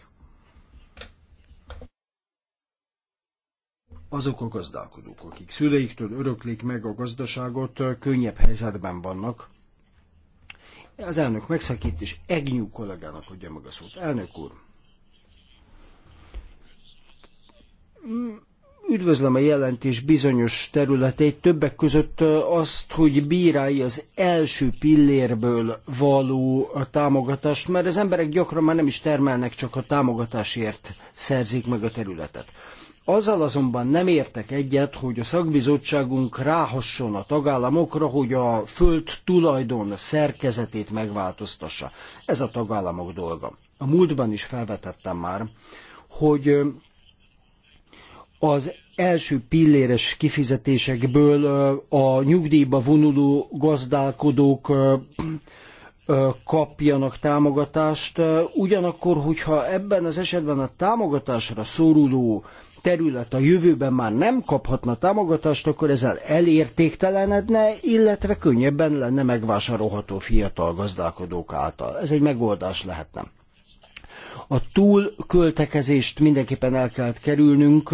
Azok a gazdálkodók, akik szüleiktől öröklik meg a gazdaságot, könnyebb helyzetben vannak. Az elnök megszakít, és Egnyú kollégának adja meg a szót. Elnök úr, üdvözlöm a jelentés bizonyos területeit, többek között azt, hogy bírálja az első pillérből való támogatást, mert az emberek gyakran már nem is termelnek, csak a támogatásért szerzik meg a területet. Azzal azonban nem értek egyet, hogy a szakbizottságunk ráhasson a tagállamokra, hogy a föld tulajdon szerkezetét megváltoztassa. Ez a tagállamok dolga. A múltban is felvetettem már, hogy az első pilléres kifizetésekből a nyugdíjba vonuló gazdálkodók kapjanak támogatást. Ugyanakkor, hogyha ebben az esetben a támogatásra szoruló terület a jövőben már nem kaphatna támogatást, akkor ezzel elértéktelenedne, illetve könnyebben lenne megvásárolható fiatal gazdálkodók által. Ez egy megoldás lehetne. A túlköltekezést mindenképpen el kell kerülnünk,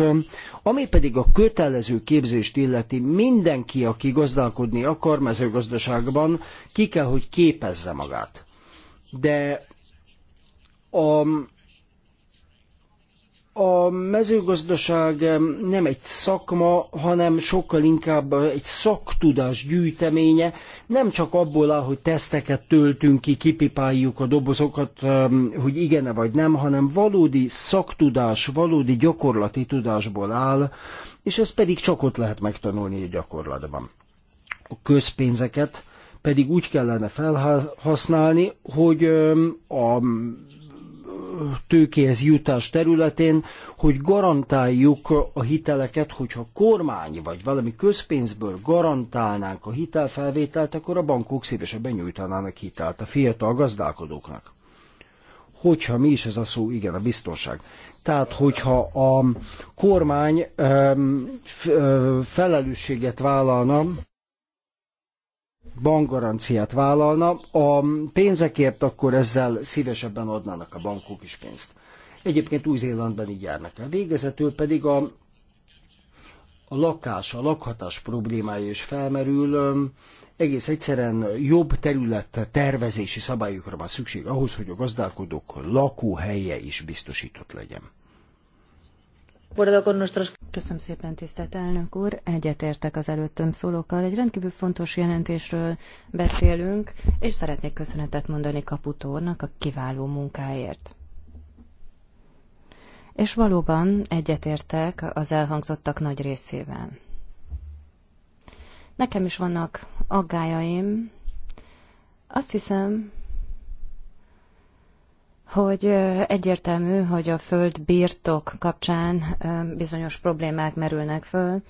ami pedig a kötelező képzést illeti mindenki, aki gazdálkodni akar mezőgazdaságban, ki kell, hogy képezze magát. De a a mezőgazdaság nem egy szakma, hanem sokkal inkább egy szaktudás gyűjteménye. Nem csak abból áll, hogy teszteket töltünk ki, kipipáljuk a dobozokat, hogy igen-e vagy nem, hanem valódi szaktudás, valódi gyakorlati tudásból áll, és ezt pedig csak ott lehet megtanulni a gyakorlatban. A közpénzeket pedig úgy kellene felhasználni, hogy a tőkéhez jutás területén, hogy garantáljuk a hiteleket, hogyha kormány vagy valami közpénzből garantálnánk a hitelfelvételt, akkor a bankok szívesebben nyújtanának hitelt a fiatal gazdálkodóknak. Hogyha mi is ez a szó, igen, a biztonság. Tehát, hogyha a kormány felelősséget vállalna, bankgaranciát vállalna a pénzekért, akkor ezzel szívesebben adnának a bankok is pénzt. Egyébként Új-Zélandban így járnak el. Végezetül pedig a, a lakás, a lakhatás problémája is felmerül. Egész egyszerűen jobb terület tervezési szabályokra van szükség ahhoz, hogy a gazdálkodók lakóhelye is biztosított legyen. Köszönöm szépen, tisztelt elnök úr. Egyetértek az előttöm szólókkal. Egy rendkívül fontos jelentésről beszélünk, és szeretnék köszönetet mondani Kaputónak a kiváló munkáért. És valóban egyetértek az elhangzottak nagy részével. Nekem is vannak aggájaim. Azt hiszem, hogy egyértelmű, hogy a föld birtok kapcsán bizonyos problémák merülnek föl.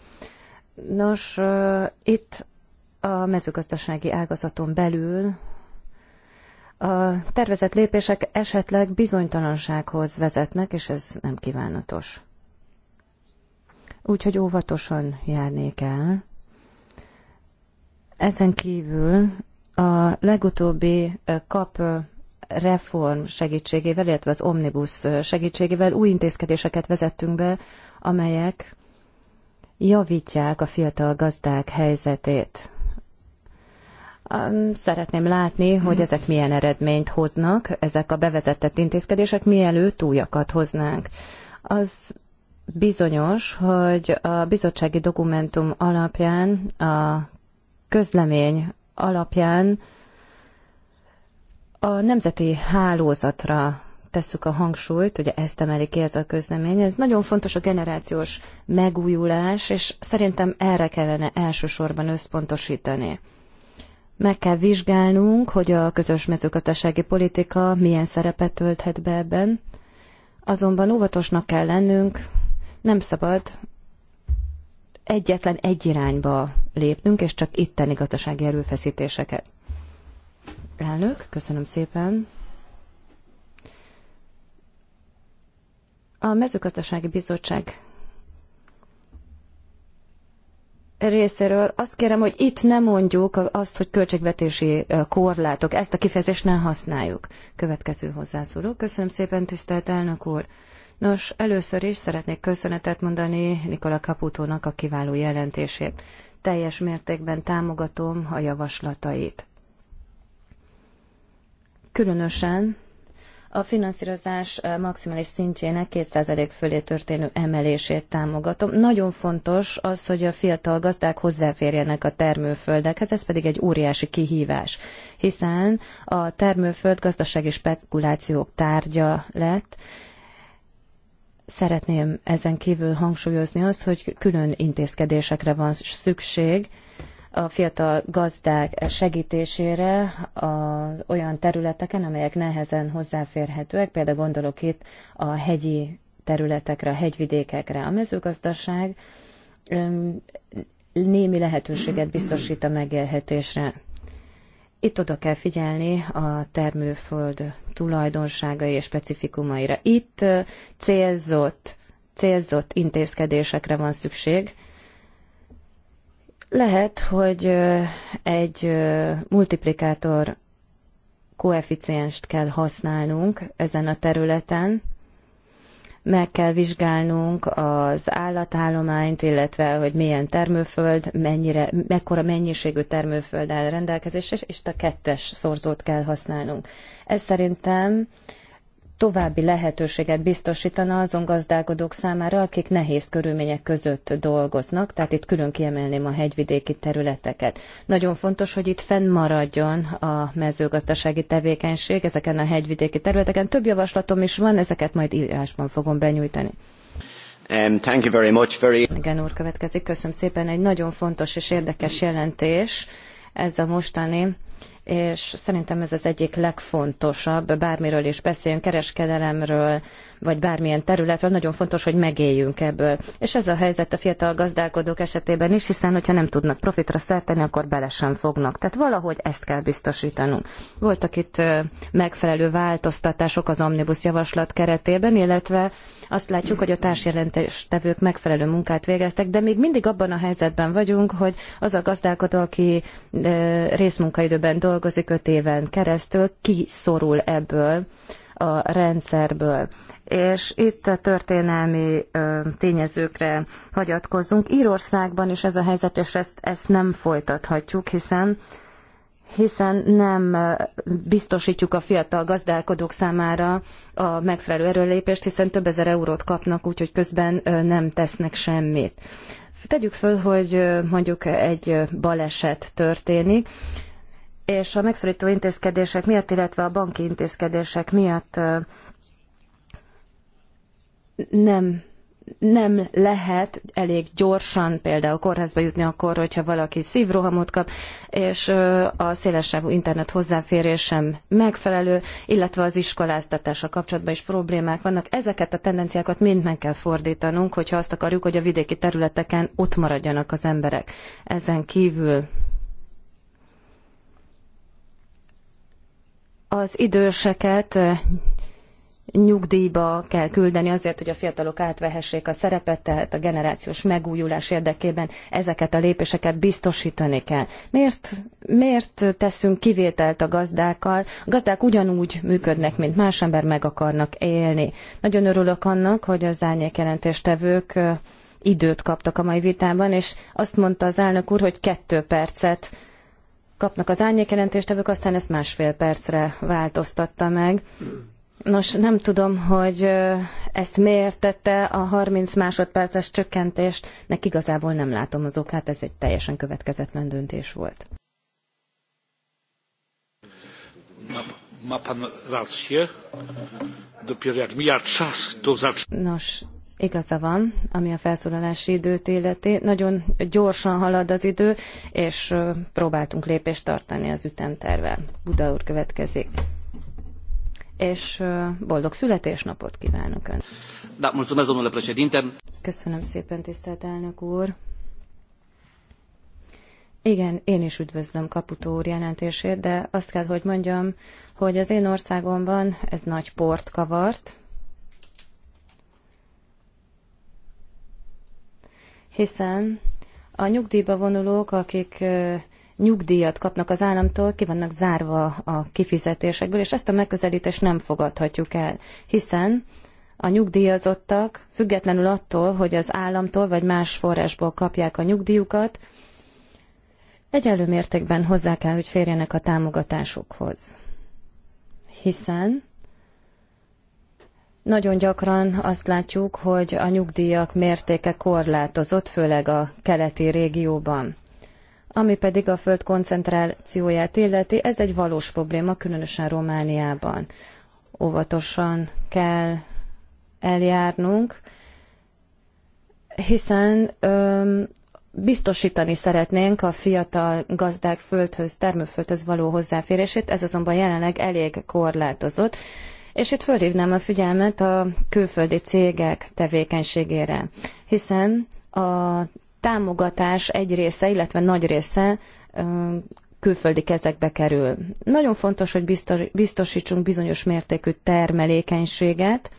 Nos, itt a mezőgazdasági ágazaton belül a tervezett lépések esetleg bizonytalansághoz vezetnek, és ez nem kívánatos. Úgyhogy óvatosan járnék el. Ezen kívül a legutóbbi kap reform segítségével, illetve az omnibus segítségével új intézkedéseket vezettünk be, amelyek javítják a fiatal gazdák helyzetét. Szeretném látni, hogy ezek milyen eredményt hoznak, ezek a bevezetett intézkedések, mielőtt újakat hoznánk. Az bizonyos, hogy a bizottsági dokumentum alapján, a közlemény alapján a nemzeti hálózatra tesszük a hangsúlyt, ugye ezt emeli ki ez a közlemény, ez nagyon fontos a generációs megújulás, és szerintem erre kellene elsősorban összpontosítani. Meg kell vizsgálnunk, hogy a közös mezőgazdasági politika milyen szerepet tölthet be ebben, azonban óvatosnak kell lennünk, nem szabad egyetlen egy irányba lépnünk, és csak itteni gazdasági erőfeszítéseket Elnök, köszönöm szépen. A mezőgazdasági bizottság részéről azt kérem, hogy itt nem mondjuk azt, hogy költségvetési korlátok. Ezt a kifejezést nem használjuk. Következő hozzászóló. Köszönöm szépen, tisztelt elnök úr. Nos, először is szeretnék köszönetet mondani Nikola Kaputónak a kiváló jelentését. Teljes mértékben támogatom a javaslatait különösen a finanszírozás eh, maximális szintjének 2% fölé történő emelését támogatom. Nagyon fontos az, hogy a fiatal gazdák hozzáférjenek a termőföldekhez, ez pedig egy óriási kihívás, hiszen a termőföld gazdasági spekulációk tárgya lett, Szeretném ezen kívül hangsúlyozni azt, hogy külön intézkedésekre van szükség, a fiatal gazdák segítésére az olyan területeken, amelyek nehezen hozzáférhetőek, például gondolok itt a hegyi területekre, a hegyvidékekre. A mezőgazdaság némi lehetőséget biztosít a megélhetésre. Itt oda kell figyelni a termőföld tulajdonságai és specifikumaira. Itt célzott, célzott intézkedésekre van szükség, lehet, hogy egy multiplikátor koeficienst kell használnunk ezen a területen, meg kell vizsgálnunk az állatállományt, illetve hogy milyen termőföld, mennyire, mekkora mennyiségű termőföld áll rendelkezésre, és a kettes szorzót kell használnunk. Ez szerintem további lehetőséget biztosítana azon gazdálkodók számára, akik nehéz körülmények között dolgoznak, tehát itt külön kiemelném a hegyvidéki területeket. Nagyon fontos, hogy itt fennmaradjon a mezőgazdasági tevékenység ezeken a hegyvidéki területeken. Több javaslatom is van, ezeket majd írásban fogom benyújtani. Um, thank you very much, very... Igen, úr, következik. Köszönöm szépen. Egy nagyon fontos és érdekes jelentés ez a mostani és szerintem ez az egyik legfontosabb, bármiről is beszéljünk, kereskedelemről, vagy bármilyen területről, nagyon fontos, hogy megéljünk ebből. És ez a helyzet a fiatal gazdálkodók esetében is, hiszen hogyha nem tudnak profitra szerteni, akkor bele sem fognak. Tehát valahogy ezt kell biztosítanunk. Voltak itt megfelelő változtatások az omnibus javaslat keretében, illetve azt látjuk, hogy a társjelentéstevők megfelelő munkát végeztek, de még mindig abban a helyzetben vagyunk, hogy az a gazdálkodó, aki részmunkaidőben dolgozik, dolgozik öt éven keresztül, kiszorul ebből a rendszerből. És itt a történelmi ö, tényezőkre hagyatkozunk. Írországban is ez a helyzet, és ezt, ezt nem folytathatjuk, hiszen hiszen nem biztosítjuk a fiatal gazdálkodók számára a megfelelő erőlépést, hiszen több ezer eurót kapnak, úgyhogy közben nem tesznek semmit. Tegyük föl, hogy mondjuk egy baleset történik, és a megszorító intézkedések miatt, illetve a banki intézkedések miatt nem, nem lehet elég gyorsan például kórházba jutni akkor, hogyha valaki szívrohamot kap, és a szélesebb internet hozzáférés sem megfelelő, illetve az iskoláztatása kapcsolatban is problémák vannak. Ezeket a tendenciákat mind meg kell fordítanunk, hogyha azt akarjuk, hogy a vidéki területeken ott maradjanak az emberek. Ezen kívül Az időseket nyugdíjba kell küldeni azért, hogy a fiatalok átvehessék a szerepet, tehát a generációs megújulás érdekében ezeket a lépéseket biztosítani kell. Miért, miért teszünk kivételt a gazdákkal? A gazdák ugyanúgy működnek, mint más ember, meg akarnak élni. Nagyon örülök annak, hogy az árnyék jelentéstevők időt kaptak a mai vitában, és azt mondta az elnök úr, hogy kettő percet kapnak az árnyékjelentéstevők, aztán ezt másfél percre változtatta meg. Nos, nem tudom, hogy ezt miért tette a 30 másodperces csökkentést, nek igazából nem látom az okát, ez egy teljesen következetlen döntés volt. Nos, Igaza van, ami a felszólalási időt illeti. Nagyon gyorsan halad az idő, és próbáltunk lépést tartani az ütemtervel. Buda úr következik. És boldog születésnapot kívánok önnek. Köszönöm szépen, tisztelt elnök úr. Igen, én is üdvözlöm Kaputó úr jelentését, de azt kell, hogy mondjam, hogy az én országomban ez nagy port kavart, hiszen a nyugdíjba vonulók, akik nyugdíjat kapnak az államtól, ki vannak zárva a kifizetésekből, és ezt a megközelítést nem fogadhatjuk el, hiszen a nyugdíjazottak, függetlenül attól, hogy az államtól vagy más forrásból kapják a nyugdíjukat, egyenlő mértékben hozzá kell, hogy férjenek a támogatásukhoz. Hiszen nagyon gyakran azt látjuk, hogy a nyugdíjak mértéke korlátozott, főleg a keleti régióban. Ami pedig a föld koncentrációját illeti, ez egy valós probléma, különösen Romániában. Óvatosan kell eljárnunk, hiszen öm, biztosítani szeretnénk a fiatal gazdák földhöz, termőföldhöz való hozzáférését, ez azonban jelenleg elég korlátozott, és itt fölhívnám a figyelmet a külföldi cégek tevékenységére, hiszen a támogatás egy része, illetve nagy része külföldi kezekbe kerül. Nagyon fontos, hogy biztosítsunk bizonyos mértékű termelékenységet.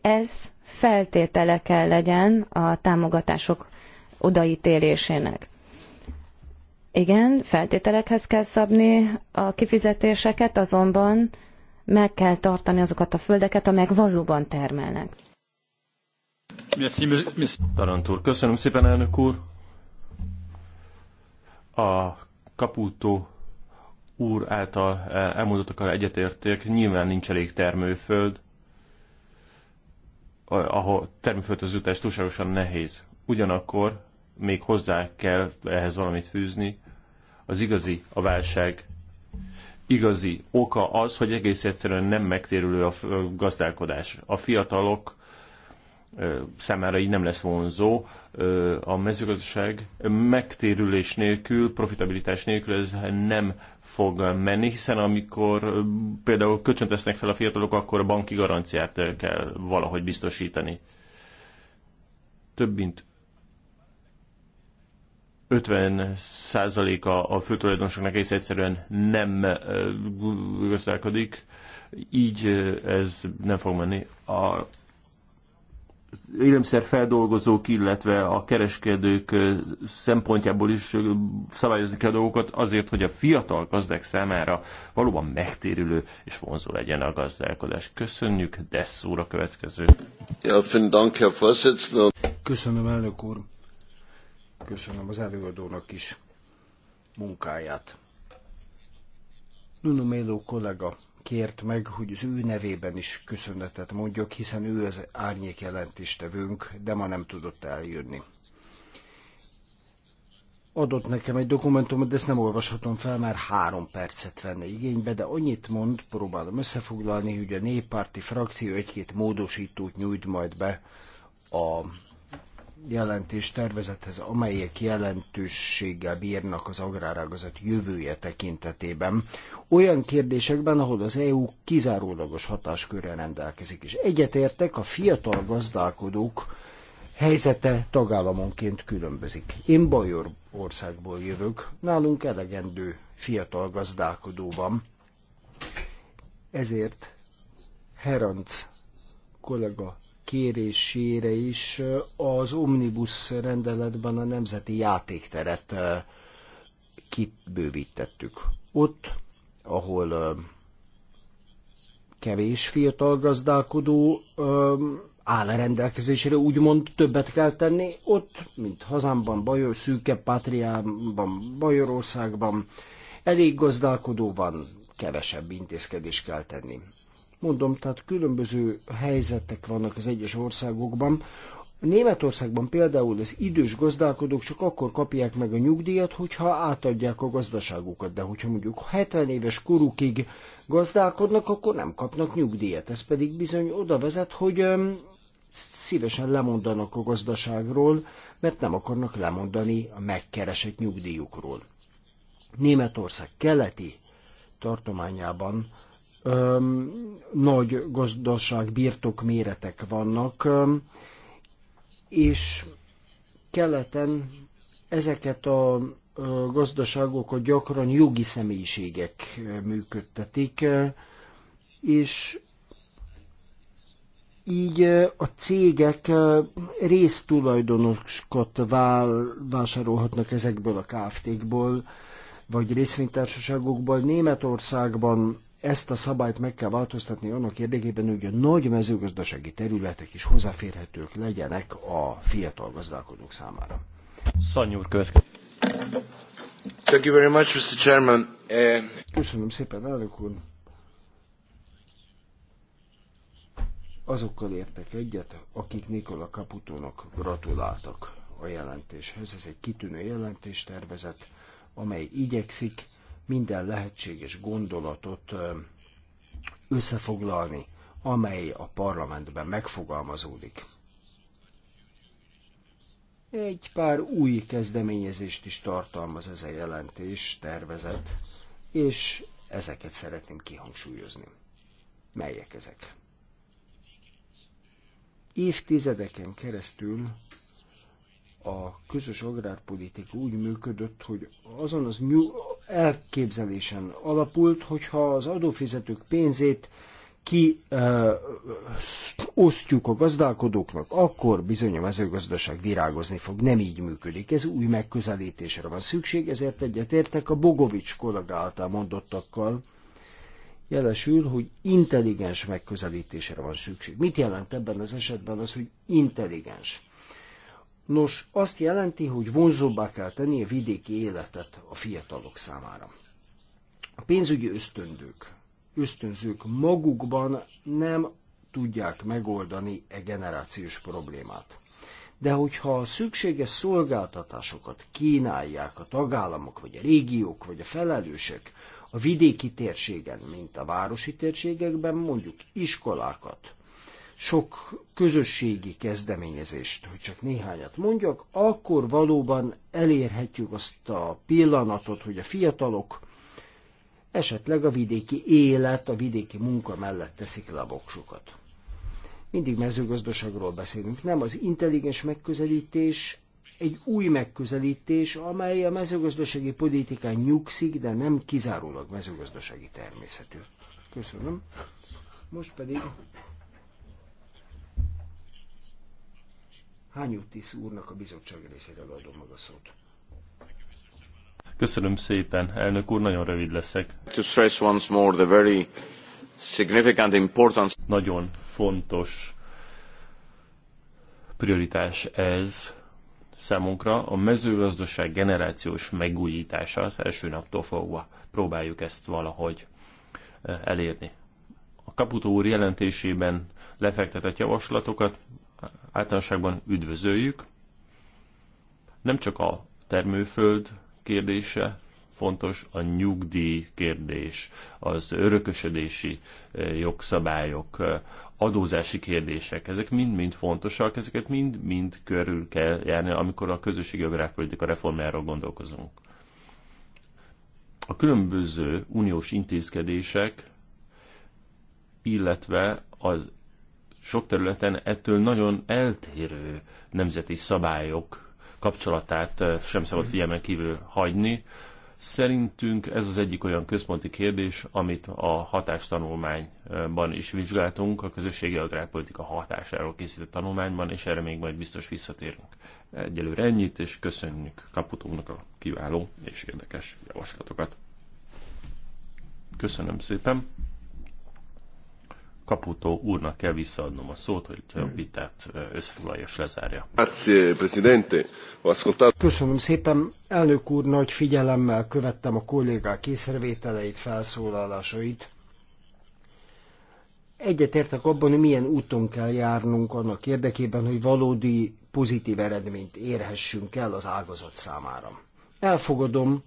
Ez feltétele kell legyen a támogatások odaítélésének. Igen, feltételekhez kell szabni a kifizetéseket, azonban meg kell tartani azokat a földeket, amelyek valóban termelnek. Tarantúr, köszönöm szépen, elnök úr. A kaputó úr által elmondottakkal egyetérték, nyilván nincs elég termőföld, ahol termőföldhöz jutás túlságosan nehéz. Ugyanakkor még hozzá kell ehhez valamit fűzni. Az igazi a válság igazi oka az, hogy egész egyszerűen nem megtérülő a gazdálkodás. A fiatalok számára így nem lesz vonzó. A mezőgazdaság megtérülés nélkül, profitabilitás nélkül ez nem fog menni, hiszen amikor például köcsönt vesznek fel a fiatalok, akkor a banki garanciát kell valahogy biztosítani. Több mint 50%-a a, a főtulajdonosoknak egész egyszerűen nem gazdálkodik, így ez nem fog menni. A élelmiszerfeldolgozók, illetve a kereskedők szempontjából is szabályozni kell a dolgokat azért, hogy a fiatal gazdák számára valóban megtérülő és vonzó legyen a gazdálkodás. Köszönjük, Dessz úr a következő. Ja, Köszönöm, elnök úr. Köszönöm az előadónak is munkáját. Nuno Melo kollega kért meg, hogy az ő nevében is köszönetet mondjak, hiszen ő az árnyék jelentéstevőnk, de ma nem tudott eljönni. Adott nekem egy dokumentumot, de ezt nem olvashatom fel, már három percet venne igénybe, de annyit mond, próbálom összefoglalni, hogy a néppárti frakció egy-két módosítót nyújt majd be a jelentés tervezethez, amelyek jelentőséggel bírnak az agrárágazat jövője tekintetében, olyan kérdésekben, ahol az EU kizárólagos hatáskörrel rendelkezik. És egyetértek, a fiatal gazdálkodók helyzete tagállamonként különbözik. Én Bajor országból jövök, nálunk elegendő fiatal gazdálkodó van. Ezért Herenc kollega kérésére is az Omnibus rendeletben a nemzeti játékteret kibővítettük. Ott, ahol kevés fiatal gazdálkodó áll a rendelkezésére, úgymond többet kell tenni, ott, mint hazámban, Bajor, szűke pátriában, Bajorországban, elég gazdálkodó van, kevesebb intézkedést kell tenni. Mondom, tehát különböző helyzetek vannak az egyes országokban. Németországban például az idős gazdálkodók csak akkor kapják meg a nyugdíjat, hogyha átadják a gazdaságukat, de hogyha mondjuk 70 éves korukig gazdálkodnak, akkor nem kapnak nyugdíjat. Ez pedig bizony oda vezet, hogy szívesen lemondanak a gazdaságról, mert nem akarnak lemondani a megkeresett nyugdíjukról. Németország keleti tartományában öm, nagy gazdaság birtok méretek vannak, öm, és keleten ezeket a gazdaságokat gyakran jogi személyiségek működtetik, és így a cégek vál, vásárolhatnak ezekből a KFT-kból, vagy részvénytársaságokból. Németországban ezt a szabályt meg kell változtatni annak érdekében, hogy a nagy mezőgazdasági területek is hozzáférhetők legyenek a fiatal gazdálkodók számára. Szanyúr következő. Thank you very much, Mr. Chairman. Eh, Köszönöm szépen, elnök úr. Azokkal értek egyet, akik Nikola Caputónak gratuláltak a jelentéshez. Ez egy kitűnő jelentéstervezet, amely igyekszik minden lehetséges gondolatot összefoglalni, amely a parlamentben megfogalmazódik. Egy pár új kezdeményezést is tartalmaz ez a jelentés, tervezet, és ezeket szeretném kihangsúlyozni. Melyek ezek? Évtizedeken keresztül a közös agrárpolitika úgy működött, hogy azon az nyú, elképzelésen alapult, hogyha az adófizetők pénzét ki ö, osztjuk a gazdálkodóknak, akkor bizony a mezőgazdaság virágozni fog. Nem így működik. Ez új megközelítésre van szükség, ezért egyetértek a Bogovics kollega által mondottakkal. Jelesül, hogy intelligens megközelítésre van szükség. Mit jelent ebben az esetben az, hogy intelligens? Nos, azt jelenti, hogy vonzóbbá kell tenni a vidéki életet a fiatalok számára. A pénzügyi ösztöndők, ösztönzők magukban nem tudják megoldani e generációs problémát. De hogyha a szükséges szolgáltatásokat kínálják a tagállamok, vagy a régiók, vagy a felelősek a vidéki térségen, mint a városi térségekben, mondjuk iskolákat, sok közösségi kezdeményezést, hogy csak néhányat mondjak, akkor valóban elérhetjük azt a pillanatot, hogy a fiatalok esetleg a vidéki élet, a vidéki munka mellett teszik le a boksukat. Mindig mezőgazdaságról beszélünk, nem? Az intelligens megközelítés egy új megközelítés, amely a mezőgazdasági politikán nyugszik, de nem kizárólag mezőgazdasági természetű. Köszönöm. Most pedig Hányutis úrnak a bizottság részére adom meg a szót. Köszönöm szépen, elnök úr, nagyon rövid leszek. To stress once more the very significant importance. Nagyon fontos prioritás ez számunkra a mezőgazdaság generációs megújítása, az első naptól fogva próbáljuk ezt valahogy eh, elérni. A Kaputó úr jelentésében lefektetett javaslatokat általánosságban üdvözöljük. Nem csak a termőföld kérdése fontos, a nyugdíj kérdés, az örökösödési eh, jogszabályok, eh, adózási kérdések, ezek mind-mind fontosak, ezeket mind-mind körül kell járni, amikor a közösségi agrárpolitika reformjáról gondolkozunk. A különböző uniós intézkedések, illetve az sok területen ettől nagyon eltérő nemzeti szabályok kapcsolatát eh, sem szabad mhm. figyelmen kívül hagyni. Szerintünk ez az egyik olyan központi kérdés, amit a hatástanulmányban is vizsgáltunk, a közösségi agrárpolitika hatásáról készített tanulmányban, és erre még majd biztos visszatérünk. Egyelőre ennyit, és köszönjük Kaputónak a kiváló és érdekes javaslatokat. Köszönöm szépen! Kaputó úrnak kell visszaadnom a szót, hogy a vitát összefoglalja és lezárja. Köszönöm szépen, elnök úr, nagy figyelemmel követtem a kollégák észrevételeit, felszólalásait. Egyetértek abban, hogy milyen úton kell járnunk annak érdekében, hogy valódi pozitív eredményt érhessünk el az ágazat számára. Elfogadom,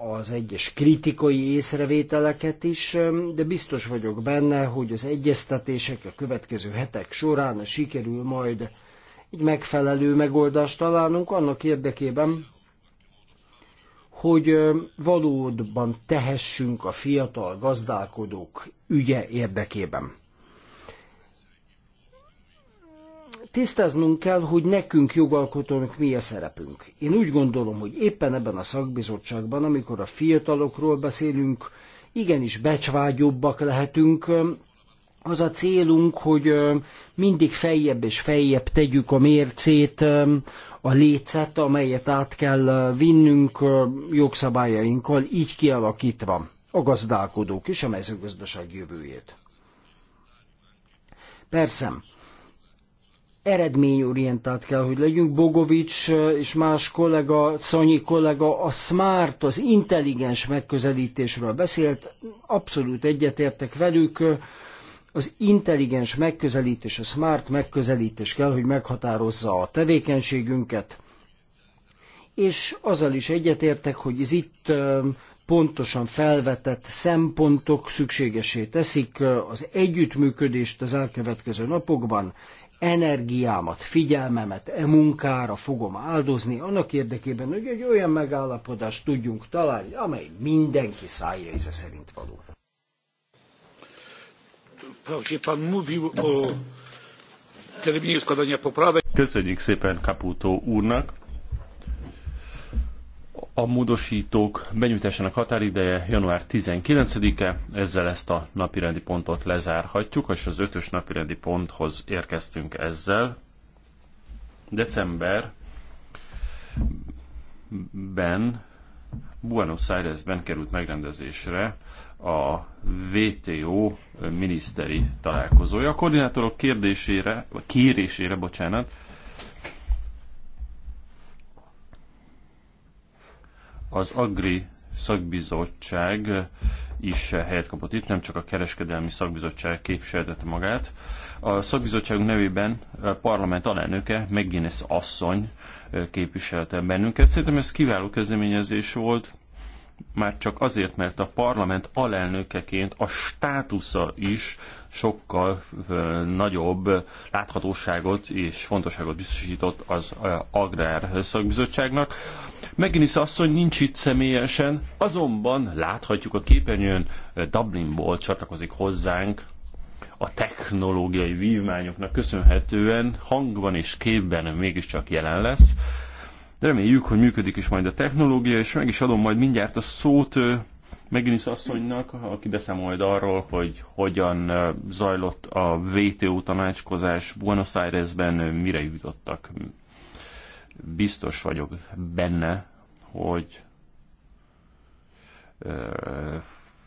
az egyes kritikai észrevételeket is, de biztos vagyok benne, hogy az egyeztetések a következő hetek során sikerül majd egy megfelelő megoldást találnunk annak érdekében, hogy valóban tehessünk a fiatal gazdálkodók ügye érdekében. Tisztáznunk kell, hogy nekünk jogalkotónak mi a szerepünk. Én úgy gondolom, hogy éppen ebben a szakbizottságban, amikor a fiatalokról beszélünk, igenis becsvágyobbak lehetünk, az a célunk, hogy mindig feljebb és feljebb tegyük a mércét, a lécet, amelyet át kell vinnünk jogszabályainkkal, így kialakítva a gazdálkodók és a mezőgazdaság jövőjét. Persze, eredményorientált kell, hogy legyünk. Bogovics eh, és más kollega, Szanyi kollega a smart, az intelligens megközelítésről beszélt. Abszolút egyetértek velük. Az intelligens megközelítés, a smart megközelítés kell, hogy meghatározza a tevékenységünket. És azzal is egyetértek, hogy ez itt eh, pontosan felvetett szempontok szükségesé teszik eh, az együttműködést az elkövetkező napokban energiámat, figyelmemet e munkára fogom áldozni, annak érdekében, hogy egy olyan megállapodást tudjunk találni, amely mindenki szája íze szerint való. Köszönjük szépen kaputó úrnak. A módosítók benyújtásának határideje január 19-e, ezzel ezt a napirendi pontot lezárhatjuk, és az ötös napirendi ponthoz érkeztünk ezzel. Decemberben Buenos Airesben került megrendezésre a VTO miniszteri találkozója. A koordinátorok kérdésére, vagy kérésére, bocsánat, Az Agri szakbizottság is helyet kapott itt, nem csak a kereskedelmi szakbizottság képviseltette magát. A szakbizottságunk nevében a parlament alelnöke, McGuinness asszony képviselte bennünket. Szerintem ez kiváló kezdeményezés volt, már csak azért, mert a parlament alelnökeként a státusza is sokkal nagyobb láthatóságot és fontosságot biztosított az Agrár Szakbizottságnak. Megint asszony nincs itt személyesen, azonban láthatjuk a képernyőn Dublinból csatlakozik hozzánk a technológiai vívmányoknak köszönhetően hangban és képben mégiscsak jelen lesz. De reméljük, hogy működik is majd a technológia, és meg is adom majd mindjárt a szót Meginis asszonynak, aki beszámolja majd arról, hogy hogyan zajlott a VTO tanácskozás Buenos Airesben, mire jutottak. Biztos vagyok benne, hogy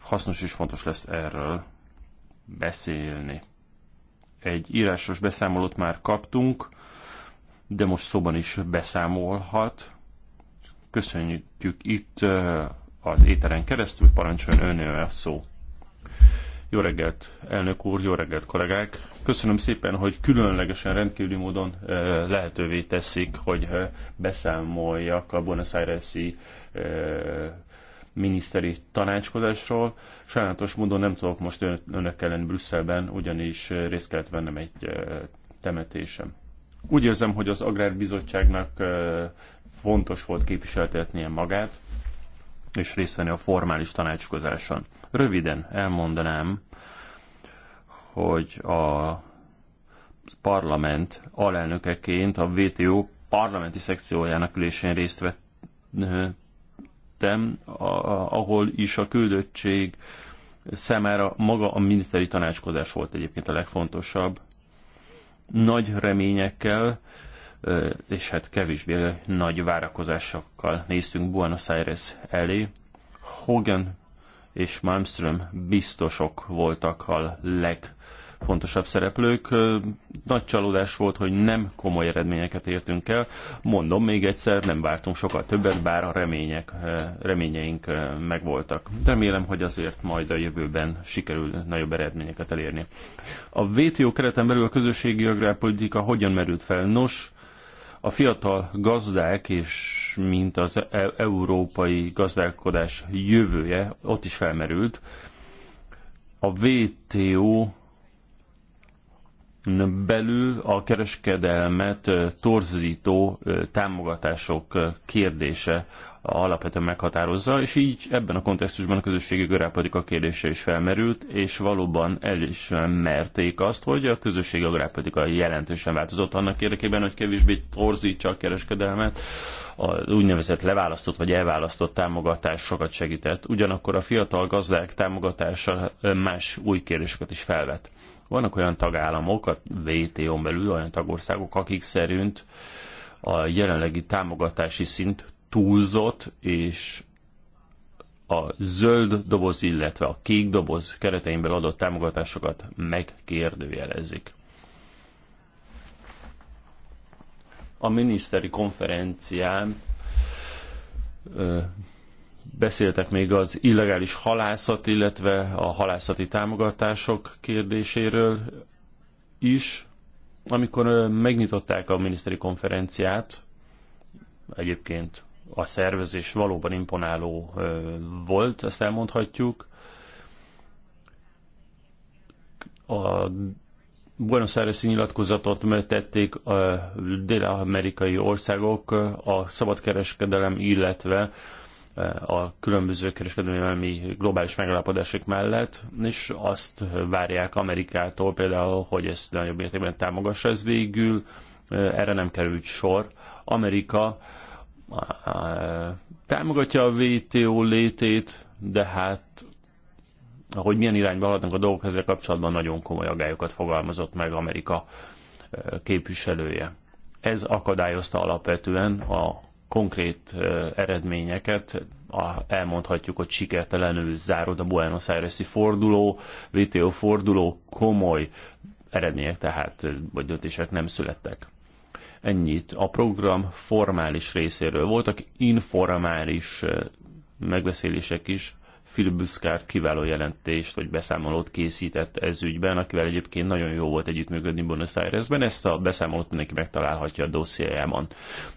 hasznos és fontos lesz erről beszélni. Egy írásos beszámolót már kaptunk, de most szóban is beszámolhat. Köszönjük itt az éteren keresztül, parancsoljon önnél a szó. Jó reggelt, elnök úr, jó reggelt, kollégák! Köszönöm szépen, hogy különlegesen rendkívüli módon lehetővé teszik, hogy beszámoljak a Buenos Aires-i miniszteri tanácskozásról. Sajnálatos módon nem tudok most önök ellen Brüsszelben, ugyanis részt kellett vennem egy temetésem. Úgy érzem, hogy az Agrárbizottságnak fontos volt képviseltetnie magát, és részt venni a formális tanácskozáson. Röviden elmondanám, hogy a parlament alelnökeként a VTO parlamenti szekciójának ülésén részt vettem, ahol is a küldöttség számára maga a miniszteri tanácskozás volt egyébként a legfontosabb nagy reményekkel és hát kevésbé nagy várakozásokkal néztünk Buenos Aires elé. Hogan és Malmström biztosok voltak a leg legfontosabb szereplők. Nagy csalódás volt, hogy nem komoly eredményeket értünk el. Mondom még egyszer, nem vártunk sokkal többet, bár a remények, reményeink megvoltak. Remélem, hogy azért majd a jövőben sikerül nagyobb eredményeket elérni. A WTO kereten belül a közösségi agrárpolitika hogyan merült fel? Nos, a fiatal gazdák és mint az e európai gazdálkodás jövője ott is felmerült. A WTO belül a kereskedelmet torzító támogatások kérdése alapvetően meghatározza, és így ebben a kontextusban a közösségi agrárpolitika kérdése is felmerült, és valóban el is merték azt, hogy a közösségi agrárpolitika jelentősen változott annak érdekében, hogy kevésbé torzítsa a kereskedelmet, az úgynevezett leválasztott vagy elválasztott támogatás sokat segített. Ugyanakkor a fiatal gazdák támogatása más új kérdéseket is felvet. Vannak olyan tagállamok, a WTO-n belül olyan tagországok, akik szerint a jelenlegi támogatási szint túlzott, és a zöld doboz, illetve a kék doboz keretein belül adott támogatásokat megkérdőjelezik. A miniszteri konferencián Beszéltek még az illegális halászat, illetve a halászati támogatások kérdéséről is. Amikor megnyitották a miniszteri konferenciát, egyébként a szervezés valóban imponáló volt, ezt elmondhatjuk. A Buenos Aires-i nyilatkozatot tették a dél-amerikai országok a szabadkereskedelem, illetve a különböző kereskedelmi globális megállapodások mellett, és azt várják Amerikától például, hogy ezt nagyobb mértékben támogassa. Ez végül erre nem került sor. Amerika támogatja a WTO létét, de hát hogy milyen irányba haladnak a dolgok, ezzel kapcsolatban nagyon komoly agályokat fogalmazott meg Amerika képviselője. Ez akadályozta alapvetően a konkrét eredményeket elmondhatjuk, hogy sikertelenül zárod a Buenos Aires-i forduló, VTO forduló, komoly eredmények tehát, vagy döntések nem születtek. Ennyit. A program formális részéről voltak informális megbeszélések is Phil Buscar kiváló jelentést vagy beszámolót készített ez ügyben, akivel egyébként nagyon jó volt együttműködni Buenos Airesben. Ezt a beszámolót mindenki megtalálhatja a dossziájában.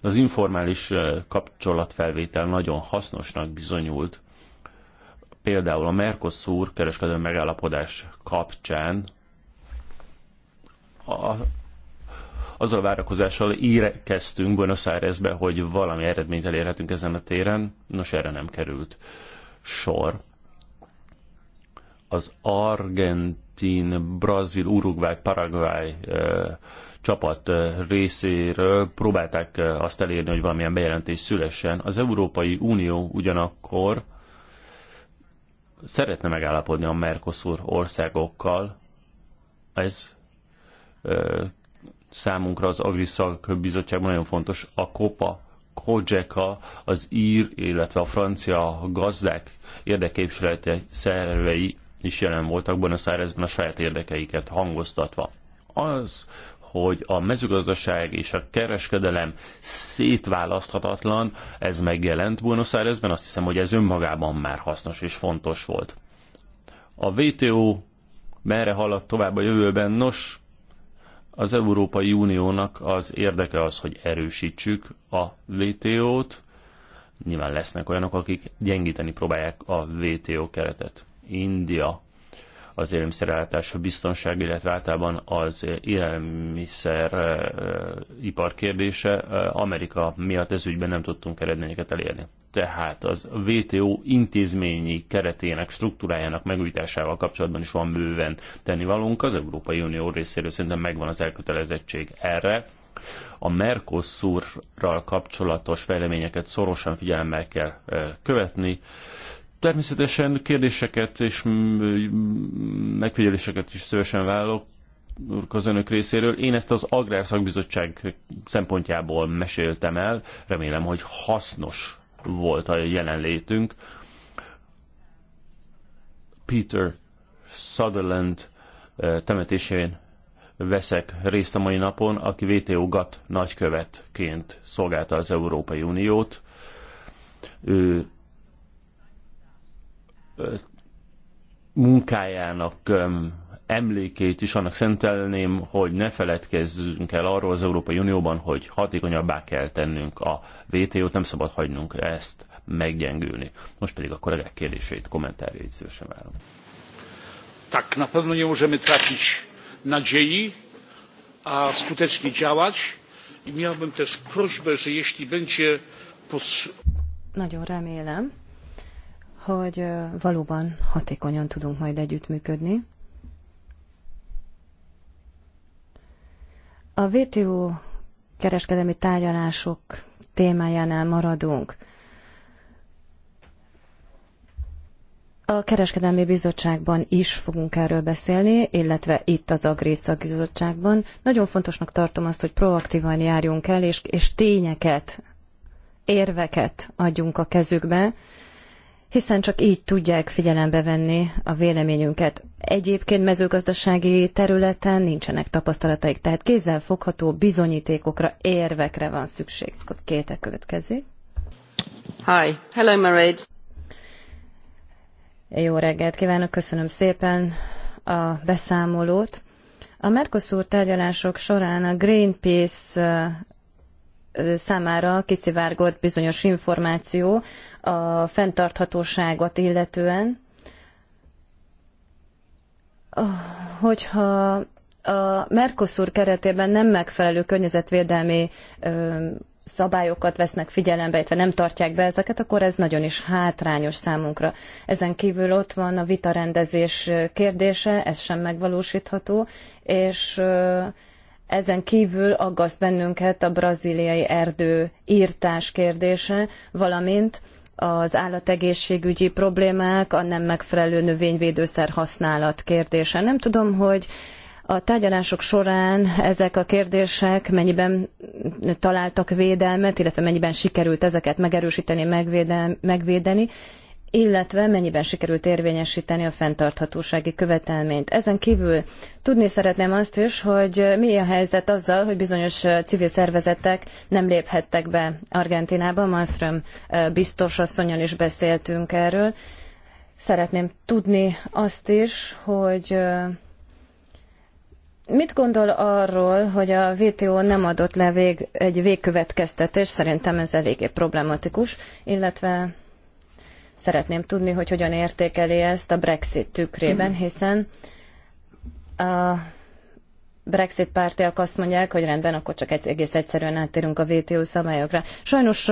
Az informális kapcsolatfelvétel nagyon hasznosnak bizonyult. Például a Mercosur kereskedő megállapodás kapcsán a, azzal a várakozással írekeztünk Buenos Airesbe, hogy valami eredményt elérhetünk ezen a téren, nos erre nem került. Uh, sor. Az argentin, brazil, uruguay, paraguay csapat részéről próbálták azt elérni, hogy valamilyen bejelentés szülessen. Az Európai Unió ugyanakkor szeretne megállapodni a Mercosur országokkal. Ez számunkra az Agriszak Bizottságban nagyon fontos. A COPA Kojeka, az ír, illetve a francia gazdák érdeképviselete szervei is jelen voltak Buenos Airesben a saját érdekeiket hangoztatva. Az, hogy a mezőgazdaság és a kereskedelem szétválaszthatatlan, ez megjelent Buenos Airesben, azt hiszem, hogy ez önmagában már hasznos és fontos volt. A WTO merre haladt tovább a jövőben? Nos, az Európai Uniónak az érdeke az, hogy erősítsük a WTO-t. Nyilván lesznek olyanok, akik gyengíteni próbálják a WTO keretet. India az élelmiszerellátás biztonság, illetve általában az élelmiszer ipar kérdése. Amerika miatt ez ügyben nem tudtunk eredményeket elérni. Tehát az WTO intézményi keretének, struktúrájának megújításával kapcsolatban is van bőven tennivalónk. Az Európai Unió részéről szerintem megvan az elkötelezettség erre. A Mercosurral kapcsolatos fejleményeket szorosan figyelemmel kell követni Természetesen kérdéseket és mm, mm, megfigyeléseket is szívesen vállalok az önök részéről. Én ezt az Agrár Szakbizottság szempontjából meséltem el. Remélem, hogy hasznos volt a jelenlétünk. Peter Sutherland eh, temetésén veszek részt a mai napon, aki VTO GATT nagykövetként szolgálta az Európai Uniót. Ő munkájának emlékét is annak szentelném, hogy ne feledkezzünk el arról az Európai Unióban, hogy hatékonyabbá kell tennünk a VTO-t, nem szabad hagynunk ezt meggyengülni. Most pedig a kollégák kérdéseit, kommentárjait szívesen várom. Tak, na pewno nie możemy tracić nadziei, a skutecznie działać. I miałbym też prośbę, że jeśli będzie... Nagyon remélem, hogy valóban hatékonyan tudunk majd együttműködni. A WTO kereskedelmi tárgyalások témájánál maradunk. A kereskedelmi bizottságban is fogunk erről beszélni, illetve itt az Agrészak Bizottságban. Nagyon fontosnak tartom azt, hogy proaktívan járjunk el, és, és tényeket, érveket adjunk a kezükbe, hiszen csak így tudják figyelembe venni a véleményünket. Egyébként mezőgazdasági területen nincsenek tapasztalataik, tehát kézzelfogható bizonyítékokra, érvekre van szükség. Akkor kétek Hi, hello Mairead. Jó reggelt kívánok, köszönöm szépen a beszámolót. A Mercosur tárgyalások során a Greenpeace számára kiszivárgott bizonyos információ a fenntarthatóságot illetően. Ah, hogyha a Mercosur keretében nem megfelelő környezetvédelmi szabályokat vesznek figyelembe, illetve nem tartják be ezeket, akkor ez nagyon is hátrányos számunkra. Ezen kívül ott van a vitarendezés kérdése, ez sem megvalósítható, és ezen kívül aggaszt bennünket a brazíliai erdő írtás kérdése, valamint az állategészségügyi problémák, a nem megfelelő növényvédőszer használat kérdése. Nem tudom, hogy a tárgyalások során ezek a kérdések mennyiben találtak védelmet, illetve mennyiben sikerült ezeket megerősíteni, megvédel, megvédeni, illetve mennyiben sikerült érvényesíteni a fenntarthatósági követelményt. Ezen kívül tudni szeretném azt is, hogy mi a helyzet azzal, hogy bizonyos civil szervezetek nem léphettek be Argentinába. Malmström biztos asszonyon is beszéltünk erről. Szeretném tudni azt is, hogy Mit gondol arról, hogy a WTO nem adott le vég, egy végkövetkeztetést, szerintem ez eléggé problematikus, illetve Szeretném tudni, hogy hogyan értékeli ezt a Brexit tükrében, mhm. hiszen a Brexit pártiak azt mondják, hogy rendben, akkor csak egy, egész egyszerűen áttérünk a WTO szabályokra. Sajnos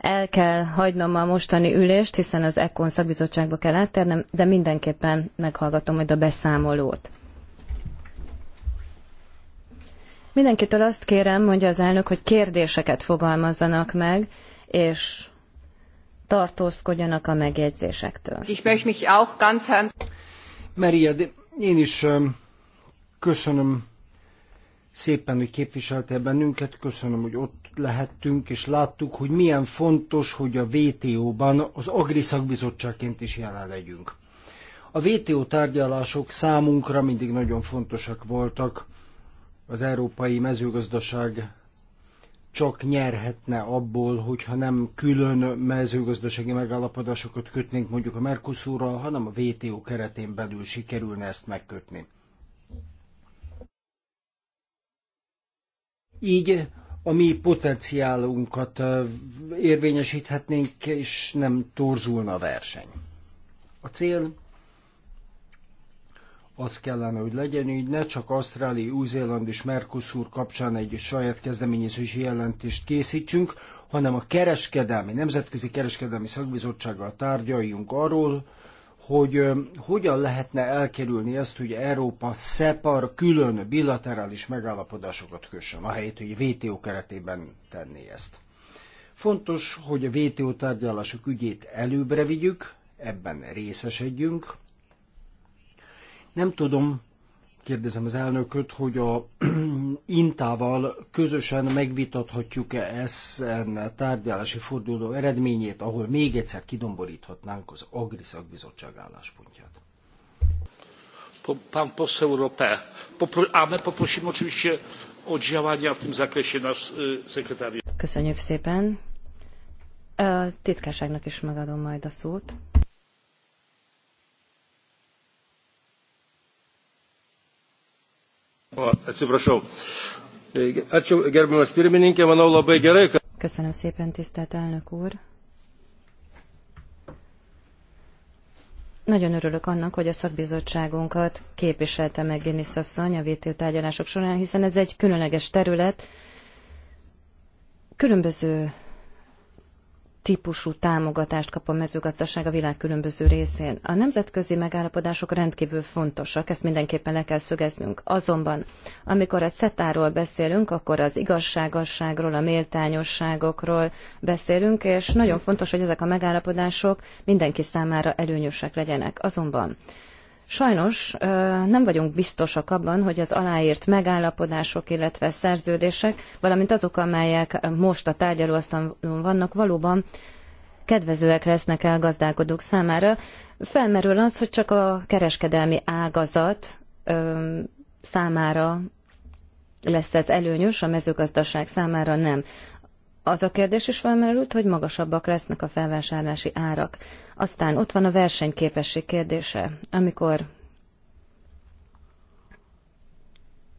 el kell hagynom a mostani ülést, hiszen az ECON szakbizottságba kell áttérnem, de mindenképpen meghallgatom majd a beszámolót. Mindenkitől azt kérem, mondja az elnök, hogy kérdéseket fogalmazzanak meg, és tartózkodjanak a megjegyzésektől. Ich möchte mich auch ganz herz... Maria, én is köszönöm szépen, hogy képviselte bennünket, köszönöm, hogy ott lehettünk, és láttuk, hogy milyen fontos, hogy a WTO-ban az Agri szakbizottságként is jelen legyünk. A WTO tárgyalások számunkra mindig nagyon fontosak voltak az európai mezőgazdaság csak nyerhetne abból, hogyha nem külön mezőgazdasági megállapodásokat kötnénk mondjuk a Mercosurral, hanem a WTO keretén belül sikerülne ezt megkötni. Így a mi potenciálunkat érvényesíthetnénk, és nem torzulna a verseny. A cél az kellene, hogy legyen, hogy ne csak Ausztráli, Új-Zéland és Mercosur kapcsán egy saját kezdeményezési jelentést készítsünk, hanem a kereskedelmi, nemzetközi kereskedelmi szakbizottsággal tárgyaljunk arról, hogy hogyan lehetne elkerülni ezt, hogy Európa szepar külön bilaterális megállapodásokat kössön, ahelyett, hogy WTO keretében tenné ezt. Fontos, hogy a WTO tárgyalások ügyét előbbre vigyük, ebben részesedjünk, nem tudom, kérdezem az elnököt, hogy a Intával közösen megvitathatjuk-e ezen tárgyalási forduló eredményét, ahol még egyszer kidomboríthatnánk az Agri szakbizottság álláspontját. Pan poseł Rope, a my oczywiście o działania w tym zakresie nasz sekretariat. Köszönjük szépen. A titkárságnak is megadom majd a szót. Köszönöm szépen, tisztelt elnök úr! Nagyon örülök annak, hogy a szakbizottságunkat képviselte meg Génisz asszony a VTO tárgyalások során, hiszen ez egy különleges terület. Különböző típusú támogatást kap a mezőgazdaság a világ különböző részén. A nemzetközi megállapodások rendkívül fontosak, ezt mindenképpen le kell szögeznünk. Azonban, amikor a szetáról beszélünk, akkor az igazságosságról, a méltányosságokról beszélünk, és nagyon fontos, hogy ezek a megállapodások mindenki számára előnyösek legyenek. Azonban Sajnos nem vagyunk biztosak abban, hogy az aláírt megállapodások, illetve szerződések, valamint azok, amelyek most a tárgyalóasztalon vannak, valóban kedvezőek lesznek el gazdálkodók számára. Felmerül az, hogy csak a kereskedelmi ágazat számára lesz ez előnyös, a mezőgazdaság számára nem az a kérdés is felmerült, hogy magasabbak lesznek a felvásárlási árak. Aztán ott van a versenyképesség kérdése. Amikor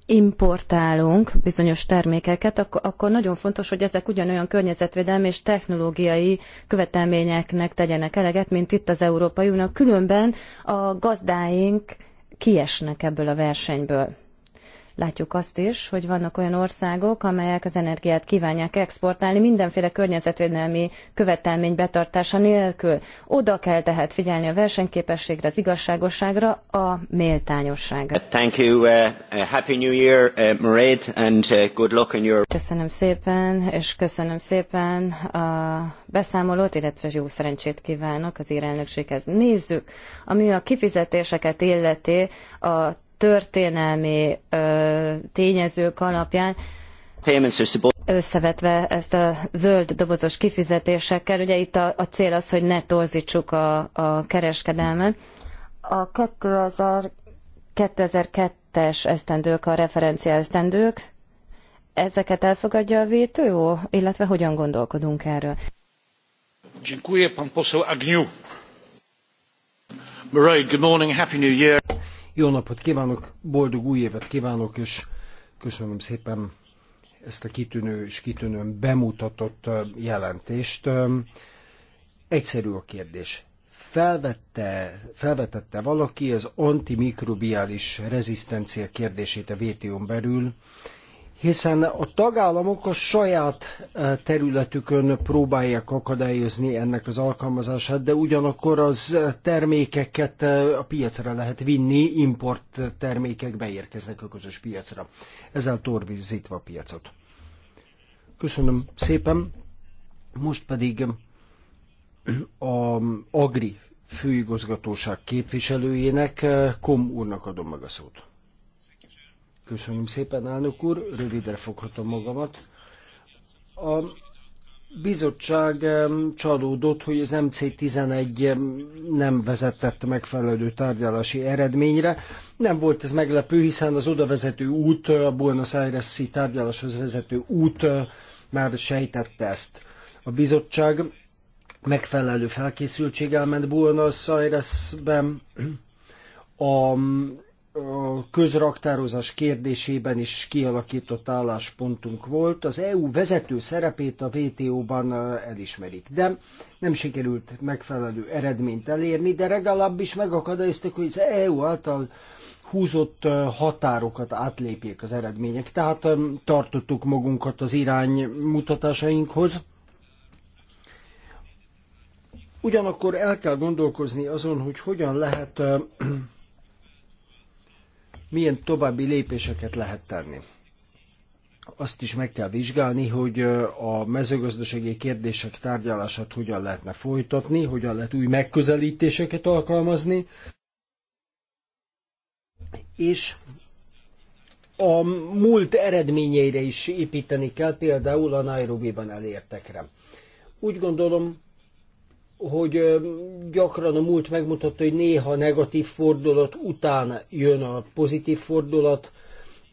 importálunk bizonyos termékeket, akkor, akkor nagyon fontos, hogy ezek ugyanolyan környezetvédelmi és technológiai követelményeknek tegyenek eleget, mint itt az Európai Unió. Különben a gazdáink kiesnek ebből a versenyből. Látjuk azt is, hogy vannak olyan országok, amelyek az energiát kívánják exportálni mindenféle környezetvédelmi követelmény betartása nélkül. Oda kell tehát figyelni a versenyképességre, az igazságosságra, a méltányosságra. Thank you. Uh, uh, happy New Year, uh, Mairead, and good luck in your... Köszönöm szépen, és köszönöm szépen a beszámolót, illetve jó szerencsét kívánok az ír elnökséghez. Nézzük, ami a kifizetéseket illeti, a történelmi tényezők alapján összevetve ezt a zöld dobozos kifizetésekkel, ugye itt a, a cél az, hogy ne torzítsuk a, a kereskedelmet. A 2002-es esztendők a referencia esztendők, ezeket elfogadja a VTO, illetve hogyan gondolkodunk erről? Dziękuję, pan poseł Agniu. Murray, good morning, happy new year. Jó napot kívánok, boldog új évet kívánok, és köszönöm szépen ezt a kitűnő és kitűnően bemutatott jelentést. Egyszerű a kérdés. Felvette, felvetette valaki az antimikrobiális rezisztencia kérdését a vto n belül, hiszen a tagállamok a saját e, területükön próbálják akadályozni ennek az alkalmazását, de ugyanakkor az e, termékeket e, a piacra lehet vinni, import termékek beérkeznek a közös piacra. Ezzel torbizítva a piacot. Köszönöm szépen. Most pedig a Agri főigazgatóság képviselőjének, Kom úrnak adom meg a szót. Köszönöm szépen, elnök úr, rövidre foghatom magamat. A bizottság csalódott, hogy az MC11 nem vezetett megfelelő tárgyalási eredményre. Nem volt ez meglepő, hiszen az oda vezető út, a Buenos Aires-i tárgyaláshoz vezető út már sejtette ezt. A bizottság megfelelő felkészültséggel ment Buenos ben a a közraktározás kérdésében is kialakított álláspontunk volt. Az EU vezető szerepét a WTO-ban elismerik, de nem sikerült megfelelő eredményt elérni, de legalábbis megakadályoztak, hogy az EU által húzott határokat átlépjék az eredmények. Tehát tartottuk magunkat az irány mutatásainkhoz. Ugyanakkor el kell gondolkozni azon, hogy hogyan lehet milyen további lépéseket lehet tenni. Azt is meg kell vizsgálni, hogy a mezőgazdasági kérdések tárgyalását hogyan lehetne folytatni, hogyan lehet új megközelítéseket alkalmazni, és a múlt eredményeire is építeni kell, például a Nairobi-ban elértekre. Úgy gondolom, hogy gyakran a múlt megmutatta, hogy néha negatív fordulat után jön a pozitív fordulat.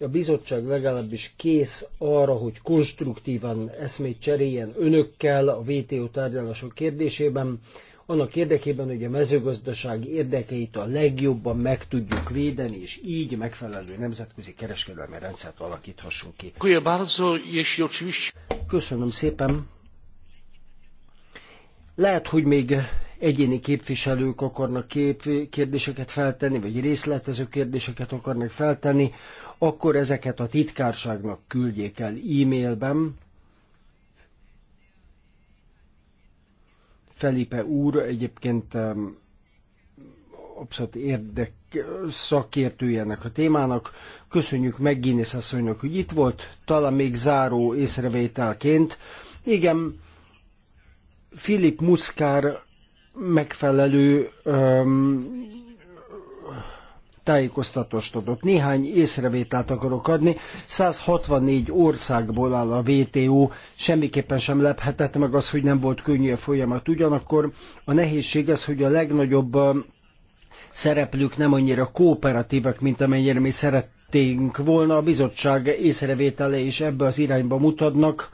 A bizottság legalábbis kész arra, hogy konstruktívan eszmét cseréljen önökkel a VTO tárgyalások kérdésében, annak érdekében, hogy a mezőgazdaság érdekeit a legjobban meg tudjuk védeni, és így megfelelő nemzetközi kereskedelmi rendszert alakíthassunk ki. Köszönöm szépen! Lehet, hogy még egyéni képviselők akarnak kép- kérdéseket feltenni, vagy részletező kérdéseket akarnak feltenni, akkor ezeket a titkárságnak küldjék el e-mailben. Felipe úr egyébként abszolút érdek szakértője ennek a témának. Köszönjük meg Guinness asszonynak, hogy itt volt, talán még záró észrevételként. Igen, Filip Muszkár megfelelő um, tájékoztatást adott. Néhány észrevételt akarok adni. 164 országból áll a WTO, semmiképpen sem lephetett meg az, hogy nem volt könnyű a folyamat. Ugyanakkor a nehézség az, hogy a legnagyobb szereplők nem annyira kooperatívak, mint amennyire mi szerettünk volna. A bizottság észrevétele is ebbe az irányba mutatnak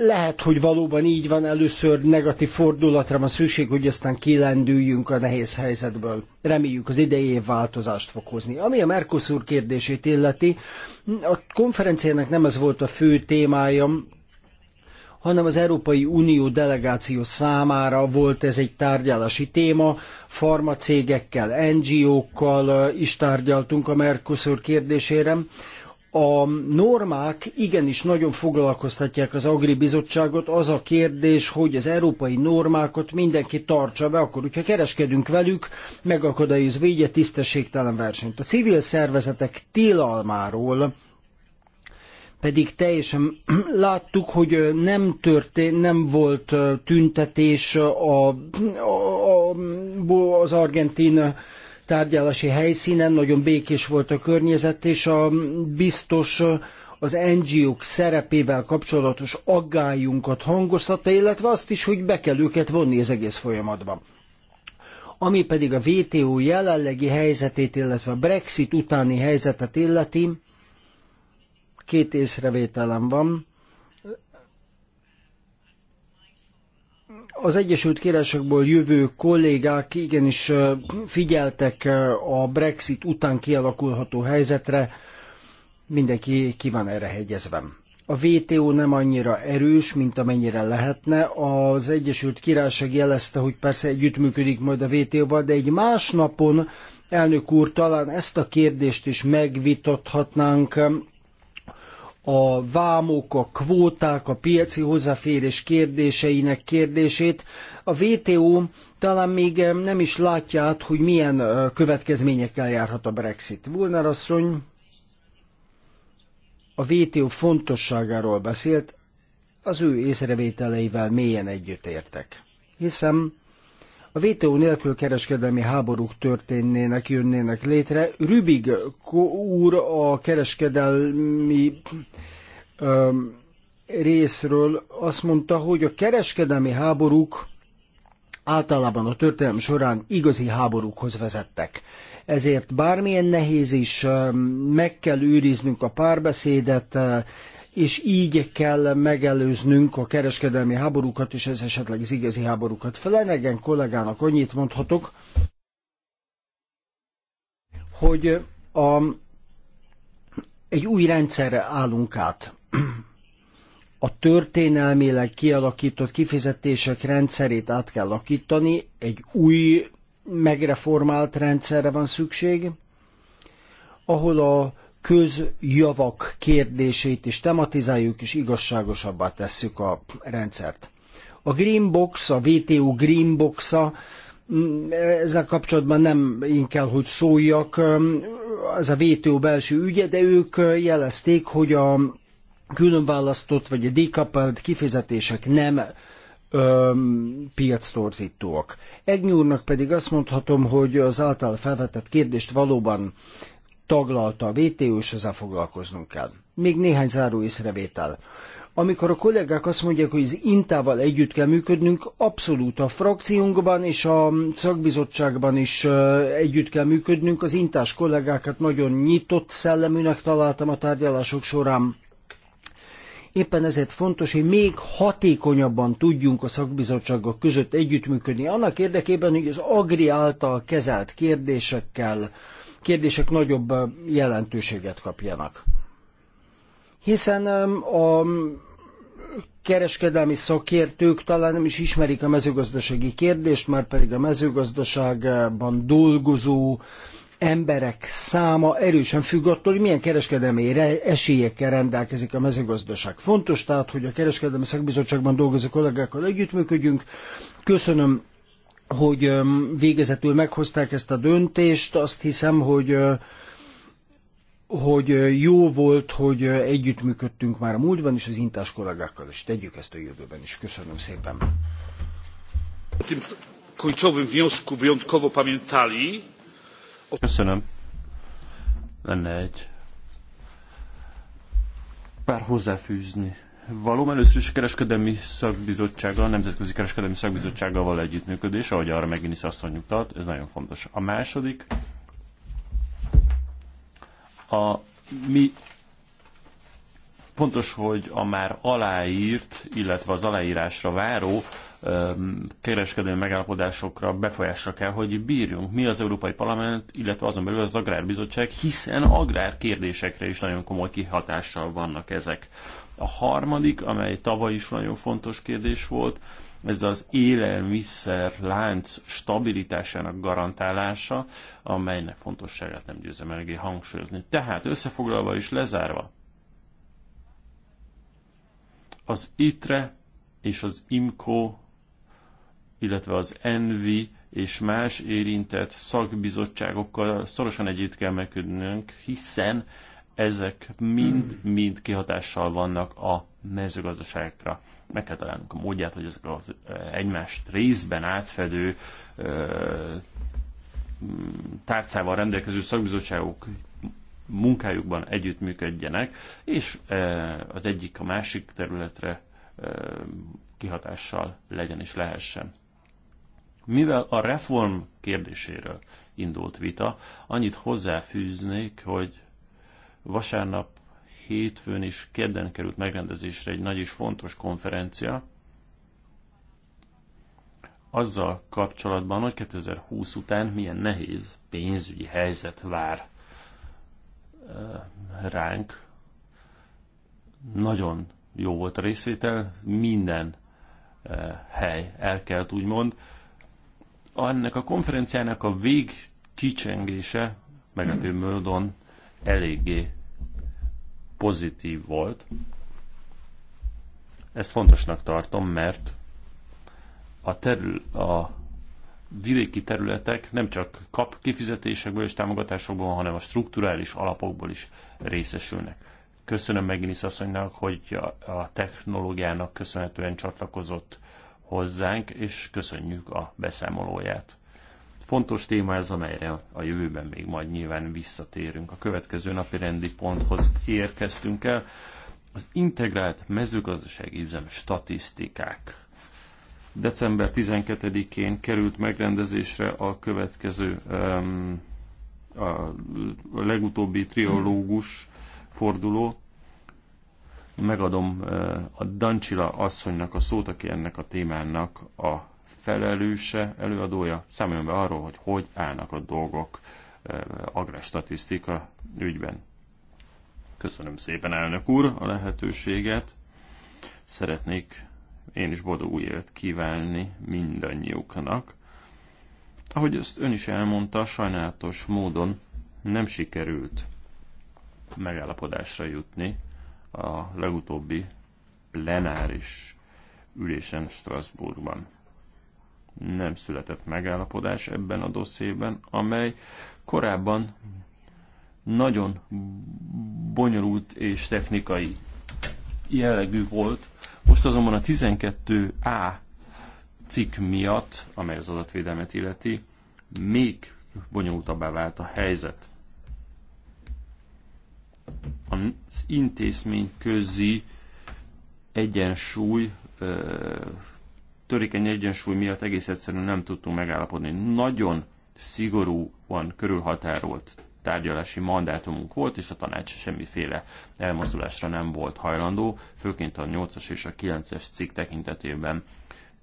lehet, hogy valóban így van, először negatív fordulatra van szükség, hogy aztán kilendüljünk a nehéz helyzetből. Reméljük az idei év változást fog hozni. Ami a Mercosur kérdését illeti, a konferenciának nem ez volt a fő témája, hanem az Európai Unió delegáció számára volt ez egy tárgyalási téma. Farmacégekkel, NGO-kkal is tárgyaltunk a Mercosur kérdésére a normák igenis nagyon foglalkoztatják az Agri Bizottságot. Az a kérdés, hogy az európai normákat mindenki tartsa be, akkor, hogyha kereskedünk velük, megakadályoz védje tisztességtelen versenyt. A civil szervezetek tilalmáról pedig teljesen láttuk, hogy nem történt, nem volt tüntetés a, a, a az argentin tárgyalási helyszínen, nagyon békés volt a környezet, és a biztos az NGO-k szerepével kapcsolatos aggályunkat hangoztatta, illetve azt is, hogy be kell őket vonni az egész folyamatban. Ami pedig a WTO jelenlegi helyzetét, illetve a Brexit utáni helyzetet illeti, két észrevételem van. az Egyesült Királyságból jövő kollégák igenis figyeltek a Brexit után kialakulható helyzetre, mindenki ki van erre hegyezve. A VTO nem annyira erős, mint amennyire lehetne. Az Egyesült Királyság jelezte, hogy persze együttműködik majd a VTO, val de egy más napon, elnök úr, talán ezt a kérdést is megvitathatnánk a vámok, a kvóták, a piaci hozzáférés kérdéseinek kérdését. A WTO talán még nem is látja át, hogy milyen következményekkel járhat a Brexit. Vulner asszony a WTO fontosságáról beszélt, az ő észrevételeivel mélyen együttértek. Hiszem, a VTO nélkül kereskedelmi háborúk történnének, jönnének létre. Rübig úr a kereskedelmi ö, részről azt mondta, hogy a kereskedelmi háborúk általában a történelem során igazi háborúkhoz vezettek. Ezért bármilyen nehéz is, meg kell őriznünk a párbeszédet, és így kell megelőznünk a kereskedelmi háborúkat, és ez esetleg az igazi háborúkat. Felenegen kollégának annyit mondhatok, hogy a, egy új rendszerre állunk át. A történelmileg kialakított kifizetések rendszerét át kell alakítani, egy új, megreformált rendszerre van szükség, ahol a közjavak kérdését is tematizáljuk, és igazságosabbá tesszük a rendszert. A Green Box, a WTO Green Box-a, mm, ezzel kapcsolatban nem én kell, hogy szóljak, mm, ez a WTO belső ügye, de ők jelezték, hogy a különválasztott vagy a decoupled kifizetések nem öm, piac torzítóak. Egnyúrnak pedig azt mondhatom, hogy az által felvetett kérdést valóban taglalta a VTO, és ezzel foglalkoznunk kell. Még néhány záró észrevétel. Amikor a kollégák azt mondják, hogy az Intával együtt kell működnünk, abszolút a frakciónkban és a szakbizottságban is együtt kell működnünk. Az Intás kollégákat nagyon nyitott szelleműnek találtam a tárgyalások során. Éppen ezért fontos, hogy még hatékonyabban tudjunk a szakbizottságok között együttműködni, annak érdekében, hogy az Agri által kezelt kérdésekkel kérdések nagyobb jelentőséget kapjanak. Hiszen a kereskedelmi szakértők talán nem is ismerik a mezőgazdasági kérdést, már pedig a mezőgazdaságban dolgozó emberek száma erősen függ attól, hogy milyen kereskedelmi esélyekkel rendelkezik a mezőgazdaság. Fontos tehát, hogy a kereskedelmi szakbizottságban dolgozó kollégákkal együttműködjünk. Köszönöm hogy végezetül meghozták ezt a döntést. Azt hiszem, hogy hogy jó volt, hogy együttműködtünk már a múltban is az intás kollégákkal, és tegyük ezt a jövőben is. Köszönöm szépen. Köszönöm. Lenne egy pár hozzáfűzni Valóban először is a kereskedelmi szakbizottsággal, a Nemzetközi Kereskedelmi Szakbizottsággal való együttműködés, ahogy arra megint is asszony utalt, ez nagyon fontos. A második, a mi fontos, hogy a már aláírt, illetve az aláírásra váró kereskedelmi megállapodásokra befolyásra kell, hogy bírjunk. Mi az Európai Parlament, illetve azon belül az Agrárbizottság, hiszen agrárkérdésekre is nagyon komoly kihatással vannak ezek. A harmadik, amely tavaly is nagyon fontos kérdés volt, ez az élelmiszer lánc stabilitásának garantálása, amelynek fontosságát nem győzem eléggé hangsúlyozni. Tehát összefoglalva és lezárva, az ITRE és az IMCO, illetve az ENVI és más érintett szakbizottságokkal szorosan együtt kell megködnünk, hiszen ezek mind-mind kihatással vannak a mezőgazdaságra. Meg kell találnunk a módját, hogy ezek az egymást részben átfedő tárcával rendelkező szakbizottságok munkájukban együttműködjenek, és az egyik a másik területre kihatással legyen és lehessen. Mivel a reform kérdéséről indult vita, annyit hozzáfűznék, hogy Vasárnap hétfőn és kedden került megrendezésre egy nagy és fontos konferencia, azzal kapcsolatban, hogy 2020 után milyen nehéz pénzügyi helyzet vár ránk. Nagyon jó volt a részvétel, minden hely el elkelt, úgymond. Ennek a konferenciának a vég kicsengése meglepő módon eléggé pozitív volt. Ezt fontosnak tartom, mert a, terül, a vidéki területek nem csak kap kifizetésekből és támogatásokból, hanem a strukturális alapokból is részesülnek. Köszönöm Meginis asszonynak, hogy a technológiának köszönhetően csatlakozott hozzánk, és köszönjük a beszámolóját. Fontos téma ez, amelyre a jövőben még majd nyilván visszatérünk. A következő napi rendi ponthoz érkeztünk el. Az integrált mezőgazdasági üzem statisztikák. December 12-én került megrendezésre a következő, a legutóbbi triológus forduló. Megadom eh, a Dancsila asszonynak a szót, aki ennek a témának a felelőse, előadója, számoljon be arról, hogy hogy állnak a dolgok eh, agrárstatisztika ügyben. Köszönöm szépen, elnök úr, a lehetőséget. Szeretnék én is boldog új élet kívánni mindannyiuknak. Ahogy ezt ön is elmondta, sajnálatos módon nem sikerült megállapodásra jutni a legutóbbi plenáris ülésen Strasbourgban nem született megállapodás ebben a dosszében, amely korábban nagyon bonyolult és technikai jellegű volt. Most azonban a 12A cikk miatt, amely az adatvédelmet illeti, még bonyolultabbá vált a helyzet. Az intézmény közi egyensúly törékeny egyensúly miatt egész egyszerűen nem tudtunk megállapodni. Nagyon szigorúan körülhatárolt tárgyalási mandátumunk volt, és a tanács semmiféle elmozdulásra nem volt hajlandó, főként a 8-as és a 9-es cikk tekintetében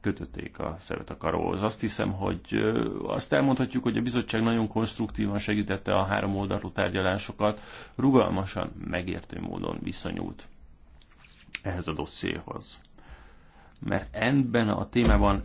kötötték a szeret a karóhoz. Azt hiszem, hogy azt elmondhatjuk, hogy a bizottság nagyon konstruktívan segítette a három oldalú tárgyalásokat, rugalmasan, megértő módon viszonyult ehhez a dossziéhoz mert ebben a témában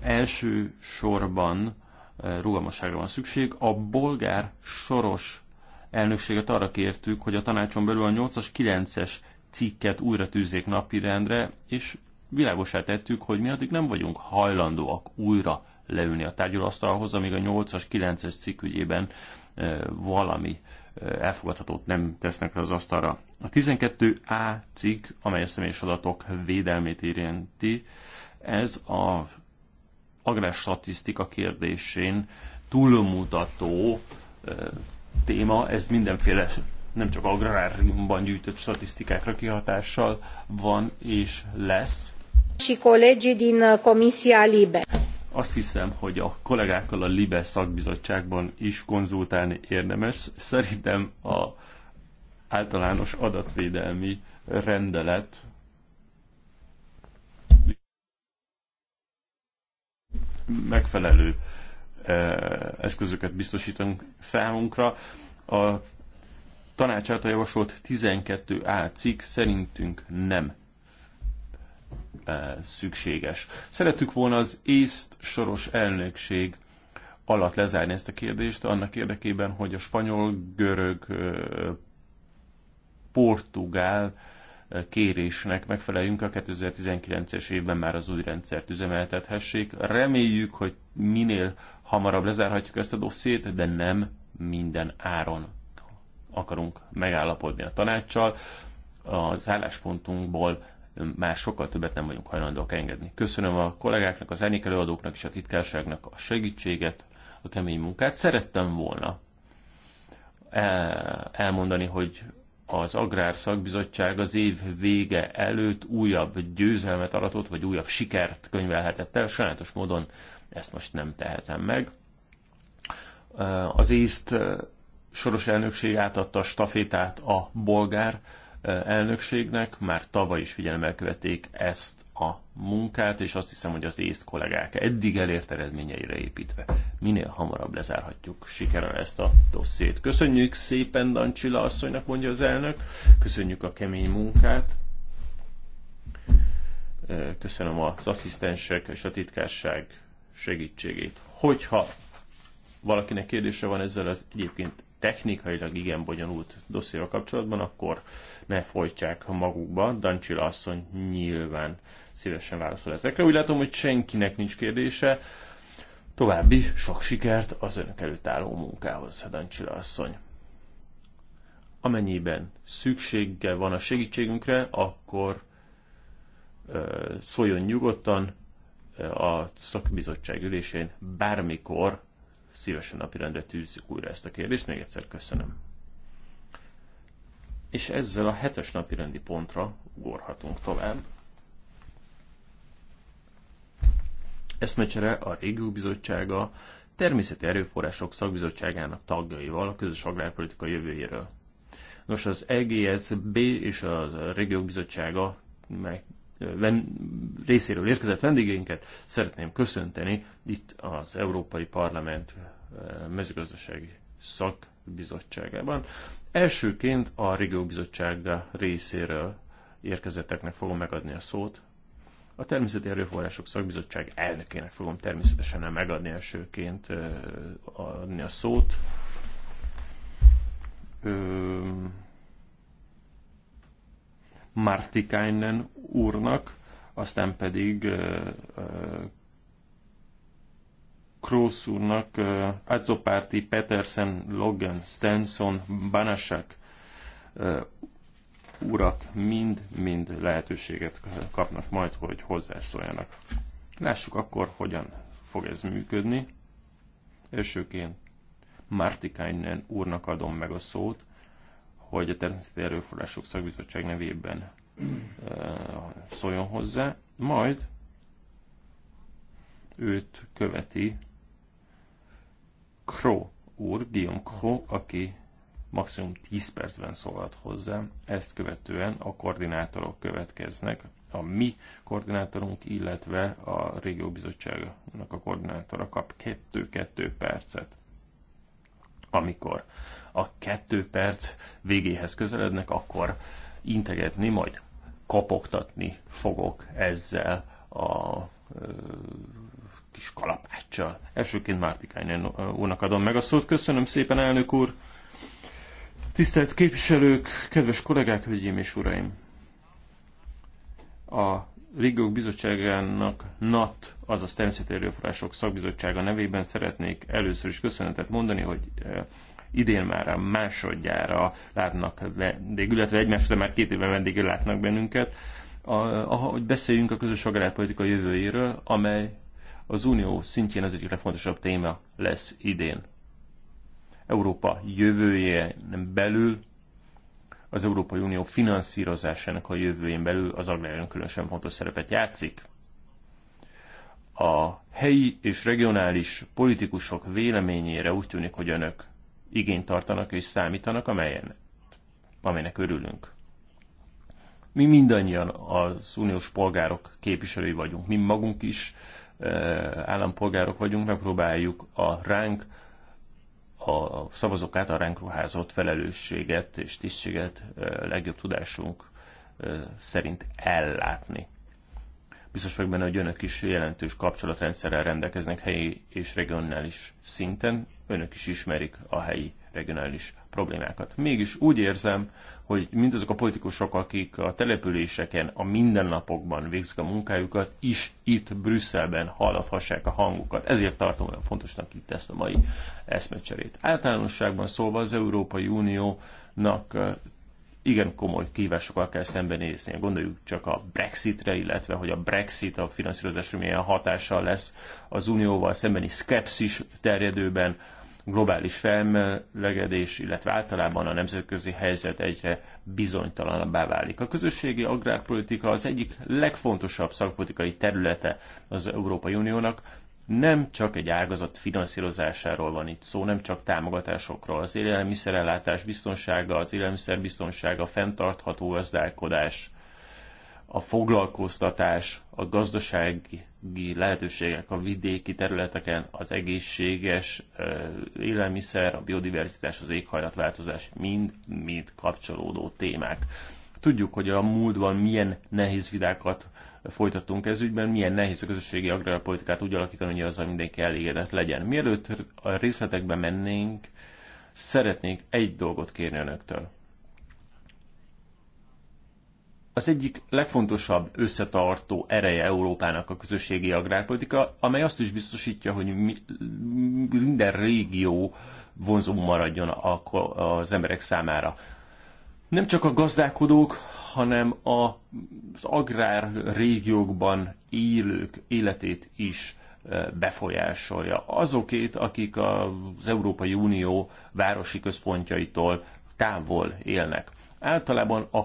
sorban eh, rugalmasságra van szükség. A bolgár soros elnökséget arra kértük, hogy a tanácson belül a 8-as, 9-es cikket újra tűzzék napirendre, és világosá tettük, hogy mi addig nem vagyunk hajlandóak újra leülni a tárgyalóasztalhoz, amíg a 8-as, 9-es cikk ügyében eh, valami eh, elfogadhatót nem tesznek az asztalra. A 12A cikk, amely a személyes adatok védelmét érinti, ez a agrárstatisztika kérdésén túlmutató téma, ez mindenféle nem csak agráriumban gyűjtött statisztikákra kihatással van és lesz. Uh, Azt hiszem, hogy a kollégákkal a Libe szakbizottságban is konzultálni érdemes. Szerintem a általános adatvédelmi rendelet megfelelő eh, eszközöket biztosítunk számunkra. A tanács által javasolt 12A cikk szerintünk nem eh, szükséges. Szeretük volna az észt soros elnökség alatt lezárni ezt a kérdést, annak érdekében, hogy a spanyol, görög, eh, portugál kérésnek megfeleljünk a 2019-es évben már az új rendszert üzemeltethessék. Reméljük, hogy minél hamarabb lezárhatjuk ezt a dossziét, de nem minden áron akarunk megállapodni a tanácssal. Az álláspontunkból már sokkal többet nem vagyunk hajlandóak engedni. Köszönöm a kollégáknak, az előadóknak és a titkárságnak a segítséget, a kemény munkát. Szerettem volna eh, elmondani, hogy az Agrárszakbizottság az év vége előtt újabb győzelmet aratott, vagy újabb sikert könyvelhetett el. sajátos módon ezt most nem tehetem meg. Az észt soros elnökség átadta a stafétát a bolgár elnökségnek, már tavaly is figyelemmel követték ezt a munkát, és azt hiszem, hogy az észt kollégák eddig elért eredményeire építve minél hamarabb lezárhatjuk sikerrel ezt a dossziét. Köszönjük szépen Dancsila asszonynak, mondja az elnök, köszönjük a kemény munkát, köszönöm az asszisztensek és a titkárság segítségét. Hogyha valakinek kérdése van ezzel az egyébként technikailag igen bonyolult dossziéval kapcsolatban, akkor ne folytsák magukba. Dancsila asszony nyilván szívesen válaszol ezekre. Úgy látom, hogy senkinek nincs kérdése. További sok sikert az önök előtt álló munkához, Dancsila asszony. Amennyiben szüksége van a segítségünkre, akkor szóljon nyugodtan a szakbizottság ülésén bármikor szívesen napirendre tűzzük újra ezt a kérdést. Még egyszer köszönöm. És ezzel a hetes napirendi pontra ugorhatunk tovább. eszmecsere a Régió Bizottsága Természeti Erőforrások Szakbizottságának tagjaival a közös agrárpolitika jövőjéről. Nos, az EGSB és a Régió Bizottsága meg részéről érkezett vendégeinket szeretném köszönteni itt az Európai Parlament mezőgazdasági szakbizottságában. Elsőként a Régió Bizottsága részéről érkezetteknek fogom megadni a szót. A Természeti Erőforrások Szakbizottság elnökének fogom természetesen nem megadni elsőként adni a szót. Martikainen úrnak, aztán pedig Krósz úrnak, Adzopárti, Petersen, Logan, Stenson, Banasek urak mind-mind lehetőséget kapnak majd, hogy hozzászóljanak. Lássuk akkor, hogyan fog ez működni. Elsőként Martikainen úrnak adom meg a szót, hogy a Természeti Erőforrások Szakbizottság nevében szóljon hozzá, majd őt követi Kro úr, Guillaume Kro, aki maximum 10 percben szólhat hozzá, ezt követően a koordinátorok következnek, a mi koordinátorunk, illetve a régióbizottságnak a koordinátora kap 2-2 percet. Amikor a 2 perc végéhez közelednek, akkor integetni, majd kopogtatni fogok ezzel a ö, kis kalapáccsal. Elsőként Mártikányen úrnak adom meg a szót. Köszönöm szépen, elnök úr! Tisztelt képviselők, kedves kollégák, hölgyeim és uraim! A Régiók Bizottságának NAT, azaz Természeti Erőforrások Szakbizottsága nevében szeretnék először is köszönetet mondani, hogy eh, idén már a másodjára látnak vendégül, illetve egymásra már két éve vendégül látnak bennünket, a, a, hogy beszéljünk a közös agrárpolitika jövőjéről, amely az unió szintjén az egyik legfontosabb téma lesz idén. Európa jövőjén belül, az Európai Unió finanszírozásának a jövőjén belül az agrárium különösen fontos szerepet játszik. A helyi és regionális politikusok véleményére úgy tűnik, hogy önök igényt tartanak és számítanak, amelyen, amelynek örülünk. Mi mindannyian az uniós polgárok képviselői vagyunk, mi magunk is eh, állampolgárok vagyunk, megpróbáljuk a ránk a szavazók által ránk ruházott felelősséget és tisztséget legjobb tudásunk szerint ellátni. Biztos vagyok benne, hogy önök is jelentős kapcsolatrendszerrel rendelkeznek helyi és regionális szinten, önök is ismerik a helyi regionális problémákat. Mégis úgy érzem, hogy mindazok a politikusok, akik a településeken, a mindennapokban végzik a munkájukat, is itt Brüsszelben hallathassák a hangukat. Ezért tartom olyan fontosnak itt ezt a mai eszmecserét. Általánosságban szólva az Európai Uniónak igen komoly kihívásokkal kell szembenézni. Gondoljuk csak a Brexitre, illetve hogy a Brexit a finanszírozásra milyen hatással lesz az unióval szembeni szkepszis terjedőben, globális felmelegedés, illetve általában a nemzetközi helyzet egyre bizonytalanabbá válik. A közösségi agrárpolitika az egyik legfontosabb szakpolitikai területe az Európai Uniónak, nem csak egy ágazat finanszírozásáról van itt szó, nem csak támogatásokról. Az élelmiszerellátás biztonsága, az élelmiszerbiztonsága, a fenntartható gazdálkodás, a foglalkoztatás, a gazdasági lehetőségek a vidéki területeken, az egészséges élelmiszer, a biodiverzitás, az éghajlatváltozás mind-mind kapcsolódó témák. Tudjuk, hogy a múltban milyen nehéz vidákat folytattunk ez ügyben, milyen nehéz a közösségi agrárpolitikát úgy alakítani, hogy azzal mindenki elégedett legyen. Mielőtt a részletekbe mennénk, szeretnék egy dolgot kérni önöktől az egyik legfontosabb összetartó ereje Európának a közösségi agrárpolitika, amely azt is biztosítja, hogy minden régió vonzó maradjon az emberek számára. Nem csak a gazdálkodók, hanem az agrár régiókban élők életét is e, befolyásolja. Azokét, akik az Európai Unió városi központjaitól távol élnek. Általában a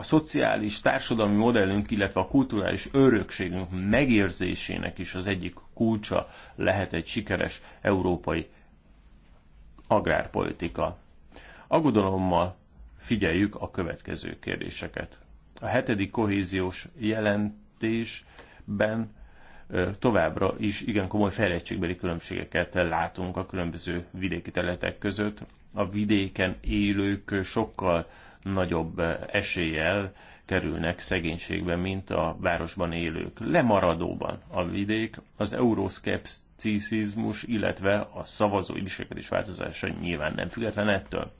a szociális társadalmi modellünk, illetve a kulturális örökségünk megérzésének is az egyik kulcsa lehet egy sikeres európai agrárpolitika. Aggodalommal figyeljük a következő kérdéseket. A hetedik kohéziós jelentésben továbbra is igen komoly fejlettségbeli különbségeket látunk a különböző vidéki területek között. A vidéken élők sokkal nagyobb eh, eséllyel kerülnek szegénységbe, mint a városban élők. Lemaradóban a vidék az euroszkepticizmus, illetve a szavazói viselkedés változása nyilván nem független ettől.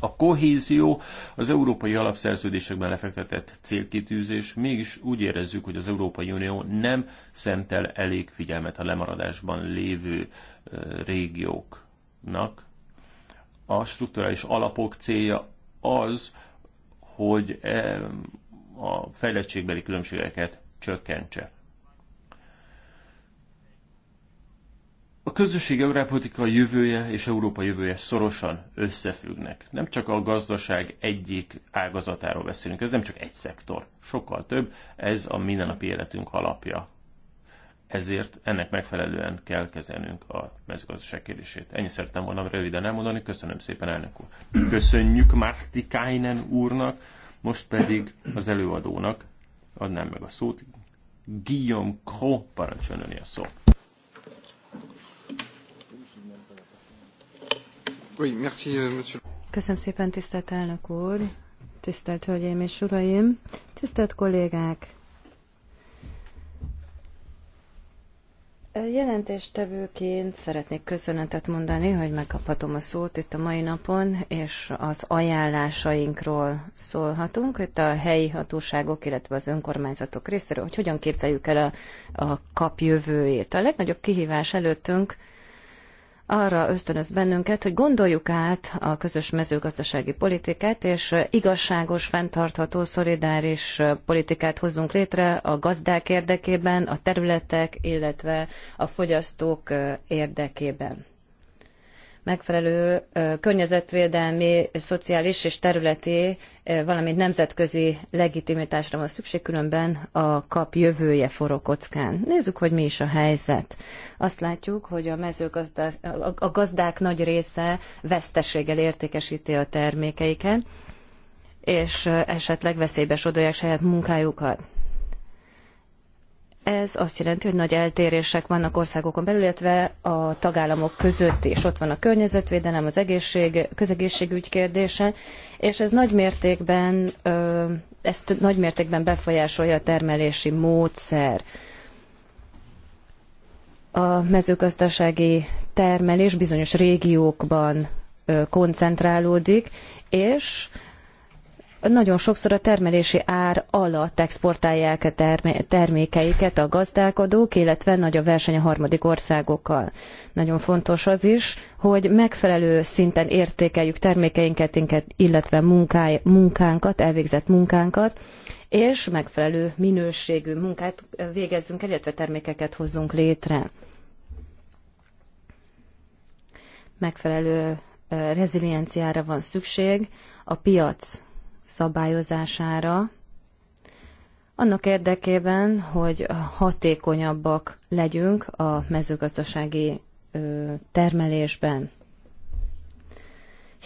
A kohézió az európai alapszerződésekben lefektetett célkitűzés, mégis úgy érezzük, hogy az Európai Unió nem szentel elég figyelmet a lemaradásban lévő eh, régióknak. A strukturális alapok célja az, hogy a fejlettségbeli különbségeket csökkentse. A közösség európolitika jövője és Európa jövője szorosan összefüggnek. Nem csak a gazdaság egyik ágazatáról beszélünk, ez nem csak egy szektor, sokkal több, ez a mindennapi életünk alapja ezért ennek megfelelően kell kezelnünk a mezőgazdaság kérdését. Ennyi szerettem volna röviden elmondani, köszönöm szépen elnök úr. Köszönjük Márti Kájnen úrnak, most pedig az előadónak adnám meg a szót. Guillaume Cro parancsoljon a szó. Euh, köszönöm szépen, tisztelt elnök úr, tisztelt hölgyeim és uraim, tisztelt kollégák, Jelentéstevőként szeretnék köszönetet mondani, hogy megkaphatom a szót itt a mai napon, és az ajánlásainkról szólhatunk, itt a helyi hatóságok, illetve az önkormányzatok részéről, hogy hogyan képzeljük el a, a kap jövőjét. A legnagyobb kihívás előttünk arra ösztönöz bennünket, hogy gondoljuk át a közös mezőgazdasági politikát, és igazságos, fenntartható, szolidáris politikát hozzunk létre a gazdák érdekében, a területek, illetve a fogyasztók érdekében megfelelő környezetvédelmi, szociális és területi, valamint nemzetközi legitimitásra van szükség, különben a kap jövője forró kockán. Nézzük, hogy mi is a helyzet. Azt látjuk, hogy a mezőgazdák, a gazdák nagy része veszteséggel értékesíti a termékeiket, és esetleg veszélybe sodolják saját munkájukat. Ez azt jelenti, hogy nagy eltérések vannak országokon belül, illetve a tagállamok között is. Ott van a környezetvédelem, az egészség, közegészségügy kérdése, és ez nagy mértékben, ezt nagy mértékben befolyásolja a termelési módszer. A mezőgazdasági termelés bizonyos régiókban koncentrálódik, és nagyon sokszor a termelési ár alatt exportálják a term- termékeiket a gazdálkodók, illetve nagy a verseny a harmadik országokkal. Nagyon fontos az is, hogy megfelelő szinten értékeljük termékeinket, illetve munkáj, munkánkat, elvégzett munkánkat, és megfelelő minőségű munkát végezzünk el, illetve termékeket hozzunk létre. Megfelelő rezilienciára van szükség, a piac szabályozására, annak érdekében, hogy hatékonyabbak legyünk a mezőgazdasági termelésben.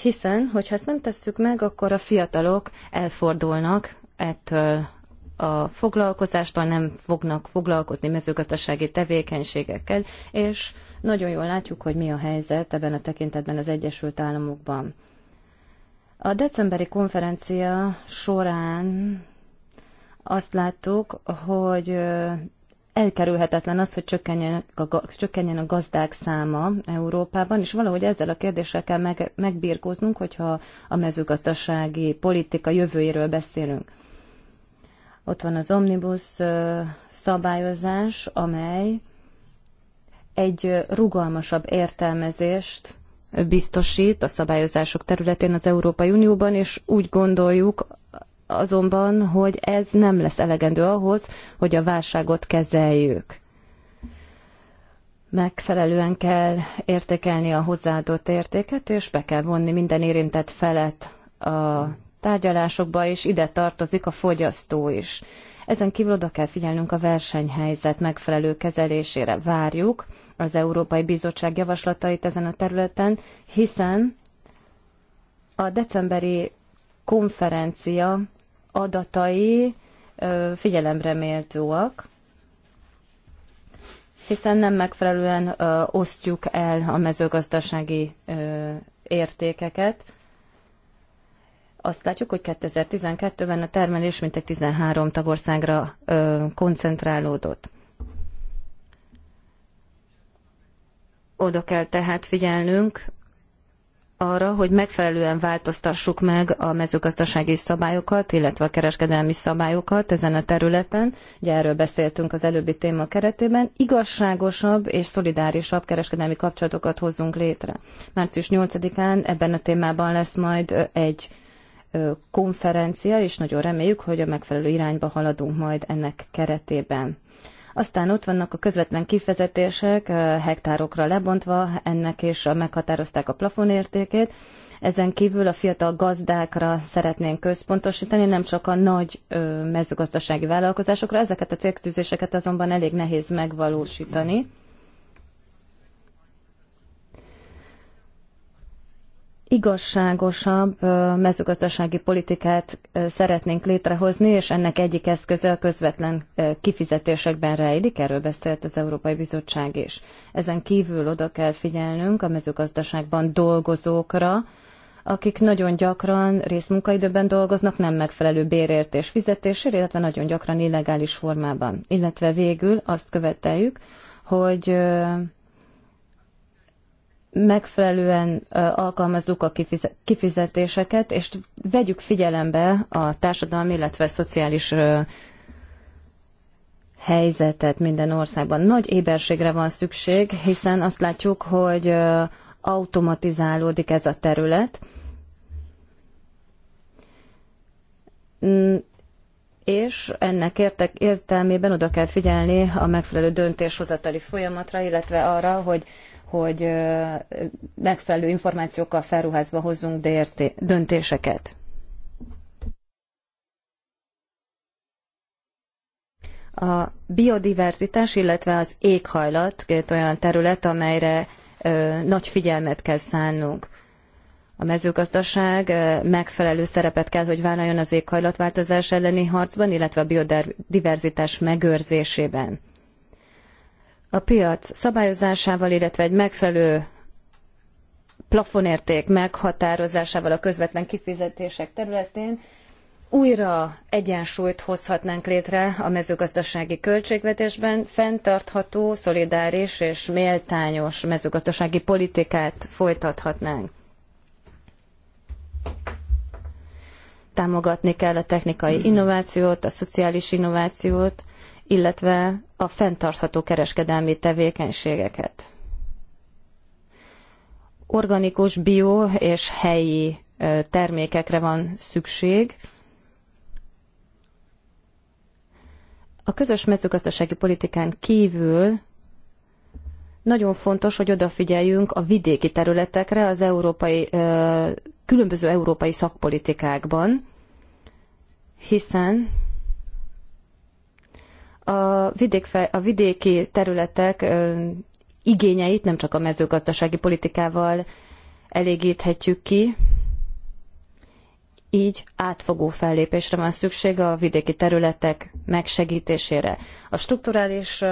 Hiszen, hogyha ezt nem tesszük meg, akkor a fiatalok elfordulnak ettől a foglalkozástól, nem fognak foglalkozni mezőgazdasági tevékenységekkel, és nagyon jól látjuk, hogy mi a helyzet ebben a tekintetben az Egyesült Államokban. A decemberi konferencia során azt láttuk, hogy elkerülhetetlen az, hogy csökkenjen a, gazdák száma Európában, és valahogy ezzel a kérdéssel kell megbírkoznunk, hogyha a mezőgazdasági politika jövőjéről beszélünk. Ott van az omnibus szabályozás, amely egy rugalmasabb értelmezést biztosít a szabályozások területén az Európai Unióban, és úgy gondoljuk azonban, hogy ez nem lesz elegendő ahhoz, hogy a válságot kezeljük. Megfelelően kell értékelni a hozzáadott értéket, és be kell vonni minden érintett felet a tárgyalásokba, és ide tartozik a fogyasztó is. Ezen kívül oda kell figyelnünk a versenyhelyzet megfelelő kezelésére. Várjuk az Európai Bizottság javaslatait ezen a területen, hiszen a decemberi konferencia adatai figyelemre méltóak, hiszen nem megfelelően osztjuk el a mezőgazdasági értékeket. Azt látjuk, hogy 2012-ben a termelés mintegy 13 tagországra koncentrálódott. Oda kell tehát figyelnünk arra, hogy megfelelően változtassuk meg a mezőgazdasági szabályokat, illetve a kereskedelmi szabályokat ezen a területen. Ugye erről beszéltünk az előbbi téma keretében. Igazságosabb és szolidárisabb kereskedelmi kapcsolatokat hozzunk létre. Március 8-án ebben a témában lesz majd egy konferencia, és nagyon reméljük, hogy a megfelelő irányba haladunk majd ennek keretében. Aztán ott vannak a közvetlen kifizetések, hektárokra lebontva, ennek és meghatározták a plafonértékét. Ezen kívül a fiatal gazdákra szeretnénk központosítani, nem csak a nagy mezőgazdasági vállalkozásokra. Ezeket a célkitűzéseket azonban elég nehéz megvalósítani. igazságosabb mezőgazdasági politikát szeretnénk létrehozni, és ennek egyik eszköze a közvetlen kifizetésekben rejlik, erről beszélt az Európai Bizottság is. Ezen kívül oda kell figyelnünk a mezőgazdaságban dolgozókra, akik nagyon gyakran részmunkaidőben dolgoznak, nem megfelelő bérért és fizetésért, illetve nagyon gyakran illegális formában. Illetve végül azt követeljük, hogy megfelelően alkalmazzuk a kifizetéseket, és vegyük figyelembe a társadalmi, illetve a szociális helyzetet minden országban. Nagy éberségre van szükség, hiszen azt látjuk, hogy automatizálódik ez a terület, és ennek értek, értelmében oda kell figyelni a megfelelő döntéshozatali folyamatra, illetve arra, hogy hogy megfelelő információkkal felruházva hozzunk döntéseket. A biodiverzitás, illetve az éghajlat két olyan terület, amelyre nagy figyelmet kell szánnunk. A mezőgazdaság megfelelő szerepet kell, hogy vállaljon az éghajlatváltozás elleni harcban, illetve a biodiverzitás megőrzésében a piac szabályozásával, illetve egy megfelelő plafonérték meghatározásával a közvetlen kifizetések területén újra egyensúlyt hozhatnánk létre a mezőgazdasági költségvetésben, fenntartható, szolidáris és méltányos mezőgazdasági politikát folytathatnánk. Támogatni kell a technikai innovációt, a szociális innovációt, illetve a fenntartható kereskedelmi tevékenységeket. Organikus, bio és helyi termékekre van szükség. A közös mezőgazdasági politikán kívül nagyon fontos, hogy odafigyeljünk a vidéki területekre az európai, különböző európai szakpolitikákban, hiszen a, vidékfe, a vidéki területek igényeit nem csak a mezőgazdasági politikával elégíthetjük ki, így átfogó fellépésre van szükség a vidéki területek megsegítésére. A strukturális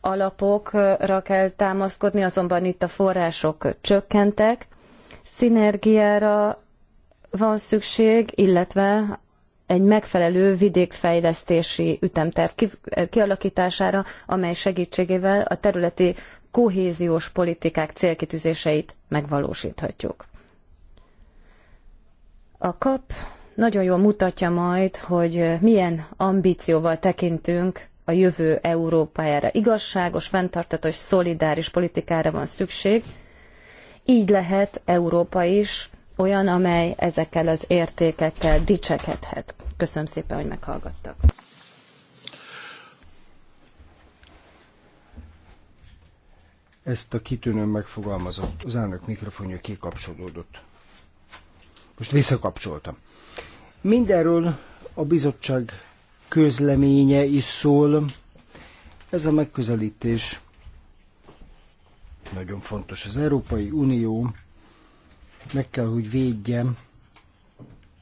alapokra kell támaszkodni, azonban itt a források csökkentek, szinergiára van szükség, illetve egy megfelelő vidékfejlesztési ütemterv kialakítására, amely segítségével a területi kohéziós politikák célkitűzéseit megvalósíthatjuk. A kap nagyon jól mutatja majd, hogy milyen ambícióval tekintünk a jövő Európájára. Igazságos, fenntartató és szolidáris politikára van szükség. Így lehet Európa is olyan, amely ezekkel az értékekkel dicsekedhet. Köszönöm szépen, hogy meghallgattak. Ezt a kitűnőn megfogalmazott, az elnök mikrofonja kikapcsolódott. Most visszakapcsoltam. Mindenről a bizottság közleménye is szól. Ez a megközelítés nagyon fontos. Az Európai Unió meg kell, hogy védje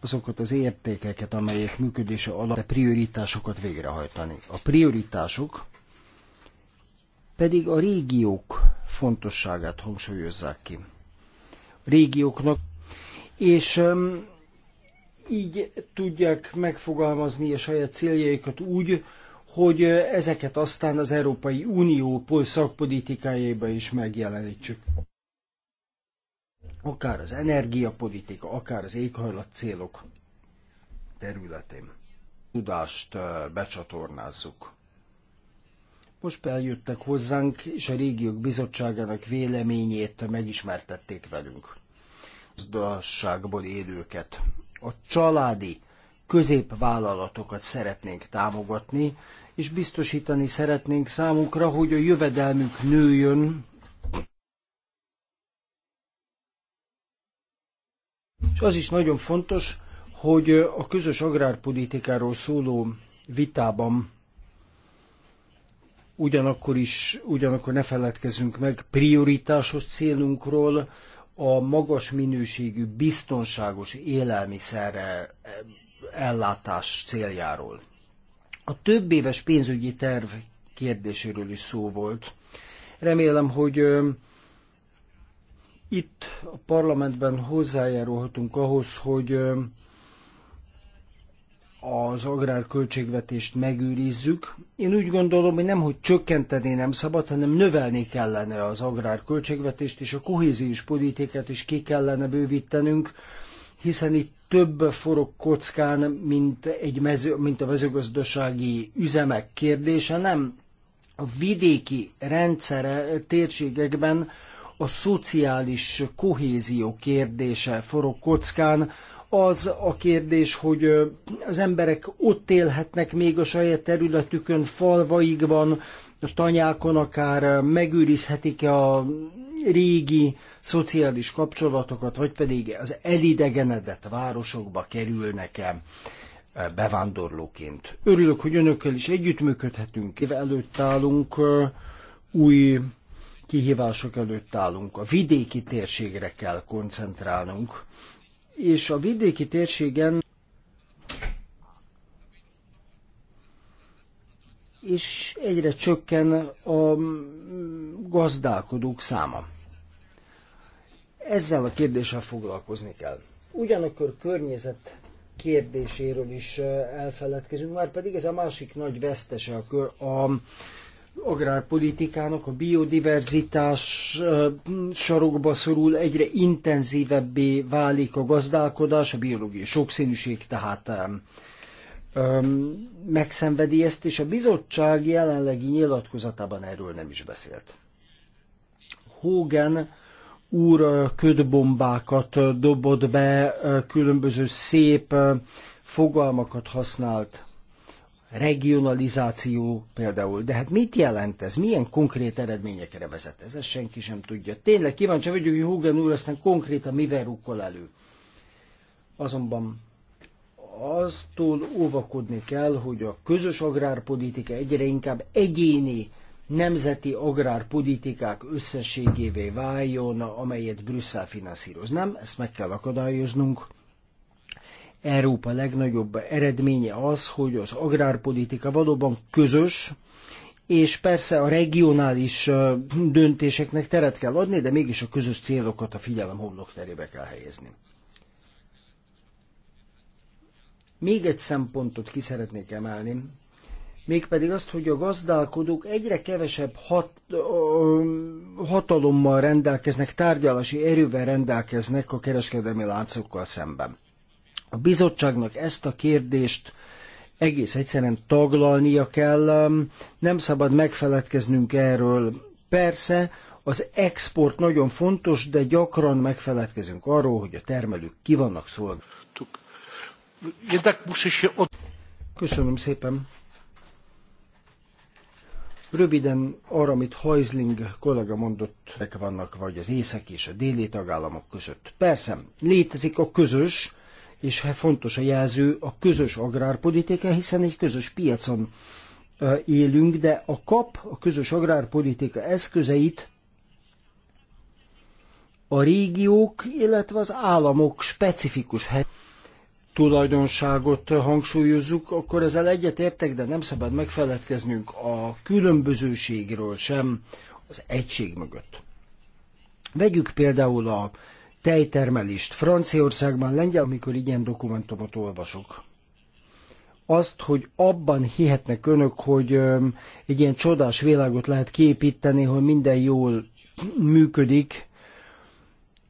azokat az értékeket, amelyek működése alatt a prioritásokat végrehajtani. A prioritások pedig a régiók fontosságát hangsúlyozzák ki. A régióknak, és így tudják megfogalmazni a saját céljaikat úgy, hogy ezeket aztán az Európai Unió szakpolitikájába is megjelenítsük akár az energiapolitika, akár az éghajlat célok területén. Tudást becsatornázzuk. Most eljöttek hozzánk, és a régiók bizottságának véleményét megismertették velünk. Gazdaságból élőket, a családi középvállalatokat szeretnénk támogatni, és biztosítani szeretnénk számukra, hogy a jövedelmük nőjön, És az is nagyon fontos, hogy a közös agrárpolitikáról szóló vitában ugyanakkor is, ugyanakkor ne feledkezzünk meg prioritásos célunkról, a magas minőségű, biztonságos élelmiszerre e, ellátás céljáról. A több éves pénzügyi terv kérdéséről is szó volt. Remélem, hogy itt a parlamentben hozzájárulhatunk ahhoz, hogy az agrárköltségvetést megőrizzük. Én úgy gondolom, hogy nem, hogy csökkenteni nem szabad, hanem növelni kellene az agrárköltségvetést, és a kohéziós politikát is ki kellene bővítenünk, hiszen itt több forog kockán, mint, egy mező, mint a mezőgazdasági üzemek kérdése, nem a vidéki rendszere térségekben a szociális kohézió kérdése forog kockán, az a kérdés, hogy az emberek ott élhetnek még a saját területükön, falvaig van, a tanyákon akár megőrizhetik a régi szociális kapcsolatokat, vagy pedig az elidegenedett városokba kerülnek-e bevándorlóként. Örülök, hogy önökkel is együttműködhetünk. Előtt állunk új kihívások előtt állunk. A vidéki térségre kell koncentrálnunk, és a vidéki térségen és egyre csökken a gazdálkodók száma. Ezzel a kérdéssel foglalkozni kell. Ugyanakkor környezet kérdéséről is eh, elfeledkezünk, már pedig ez a másik nagy vesztese a, kör, a agrárpolitikának a biodiverzitás sarokba szorul, egyre intenzívebbé válik a gazdálkodás, a biológiai sokszínűség tehát öm, megszenvedi ezt, és a bizottság jelenlegi nyilatkozatában erről nem is beszélt. Hogan úr ködbombákat dobott be, különböző szép fogalmakat használt regionalizáció például. De hát mit jelent ez? Milyen konkrét eredményekre vezet ez? Ezt senki sem tudja. Tényleg kíváncsi vagyok, hogy Hogan úr aztán konkrétan mivel rukkol elő. Azonban aztól óvakodni kell, hogy a közös agrárpolitika egyre inkább egyéni nemzeti agrárpolitikák összességévé váljon, amelyet Brüsszel finanszíroz. Nem, ezt meg kell akadályoznunk Európa legnagyobb eredménye az, hogy az agrárpolitika valóban közös, és persze a regionális döntéseknek teret kell adni, de mégis a közös célokat a figyelem terébe kell helyezni. Még egy szempontot ki szeretnék emelni, mégpedig azt, hogy a gazdálkodók egyre kevesebb hat, ö, hatalommal rendelkeznek, tárgyalási erővel rendelkeznek a kereskedelmi láncokkal szemben. A bizottságnak ezt a kérdést egész egyszerűen taglalnia kell, nem szabad megfeledkeznünk erről. Persze, az export nagyon fontos, de gyakran megfeledkezünk arról, hogy a termelők ki vannak szólva. Köszönöm szépen. Röviden arra, amit Heisling kollega mondott, vannak vagy az észak és a déli tagállamok között. Persze, létezik a közös, és hát fontos a jelző a közös agrárpolitika, hiszen egy közös piacon élünk, de a kap, a közös agrárpolitika eszközeit a régiók, illetve az államok specifikus hely tulajdonságot hangsúlyozzuk, akkor ezzel egyetértek, de nem szabad megfeledkeznünk a különbözőségről sem az egység mögött. Vegyük például a tejtermelést Franciaországban, Lengyel, amikor ilyen dokumentumot olvasok. Azt, hogy abban hihetnek önök, hogy egy ilyen csodás világot lehet képíteni, hogy minden jól működik,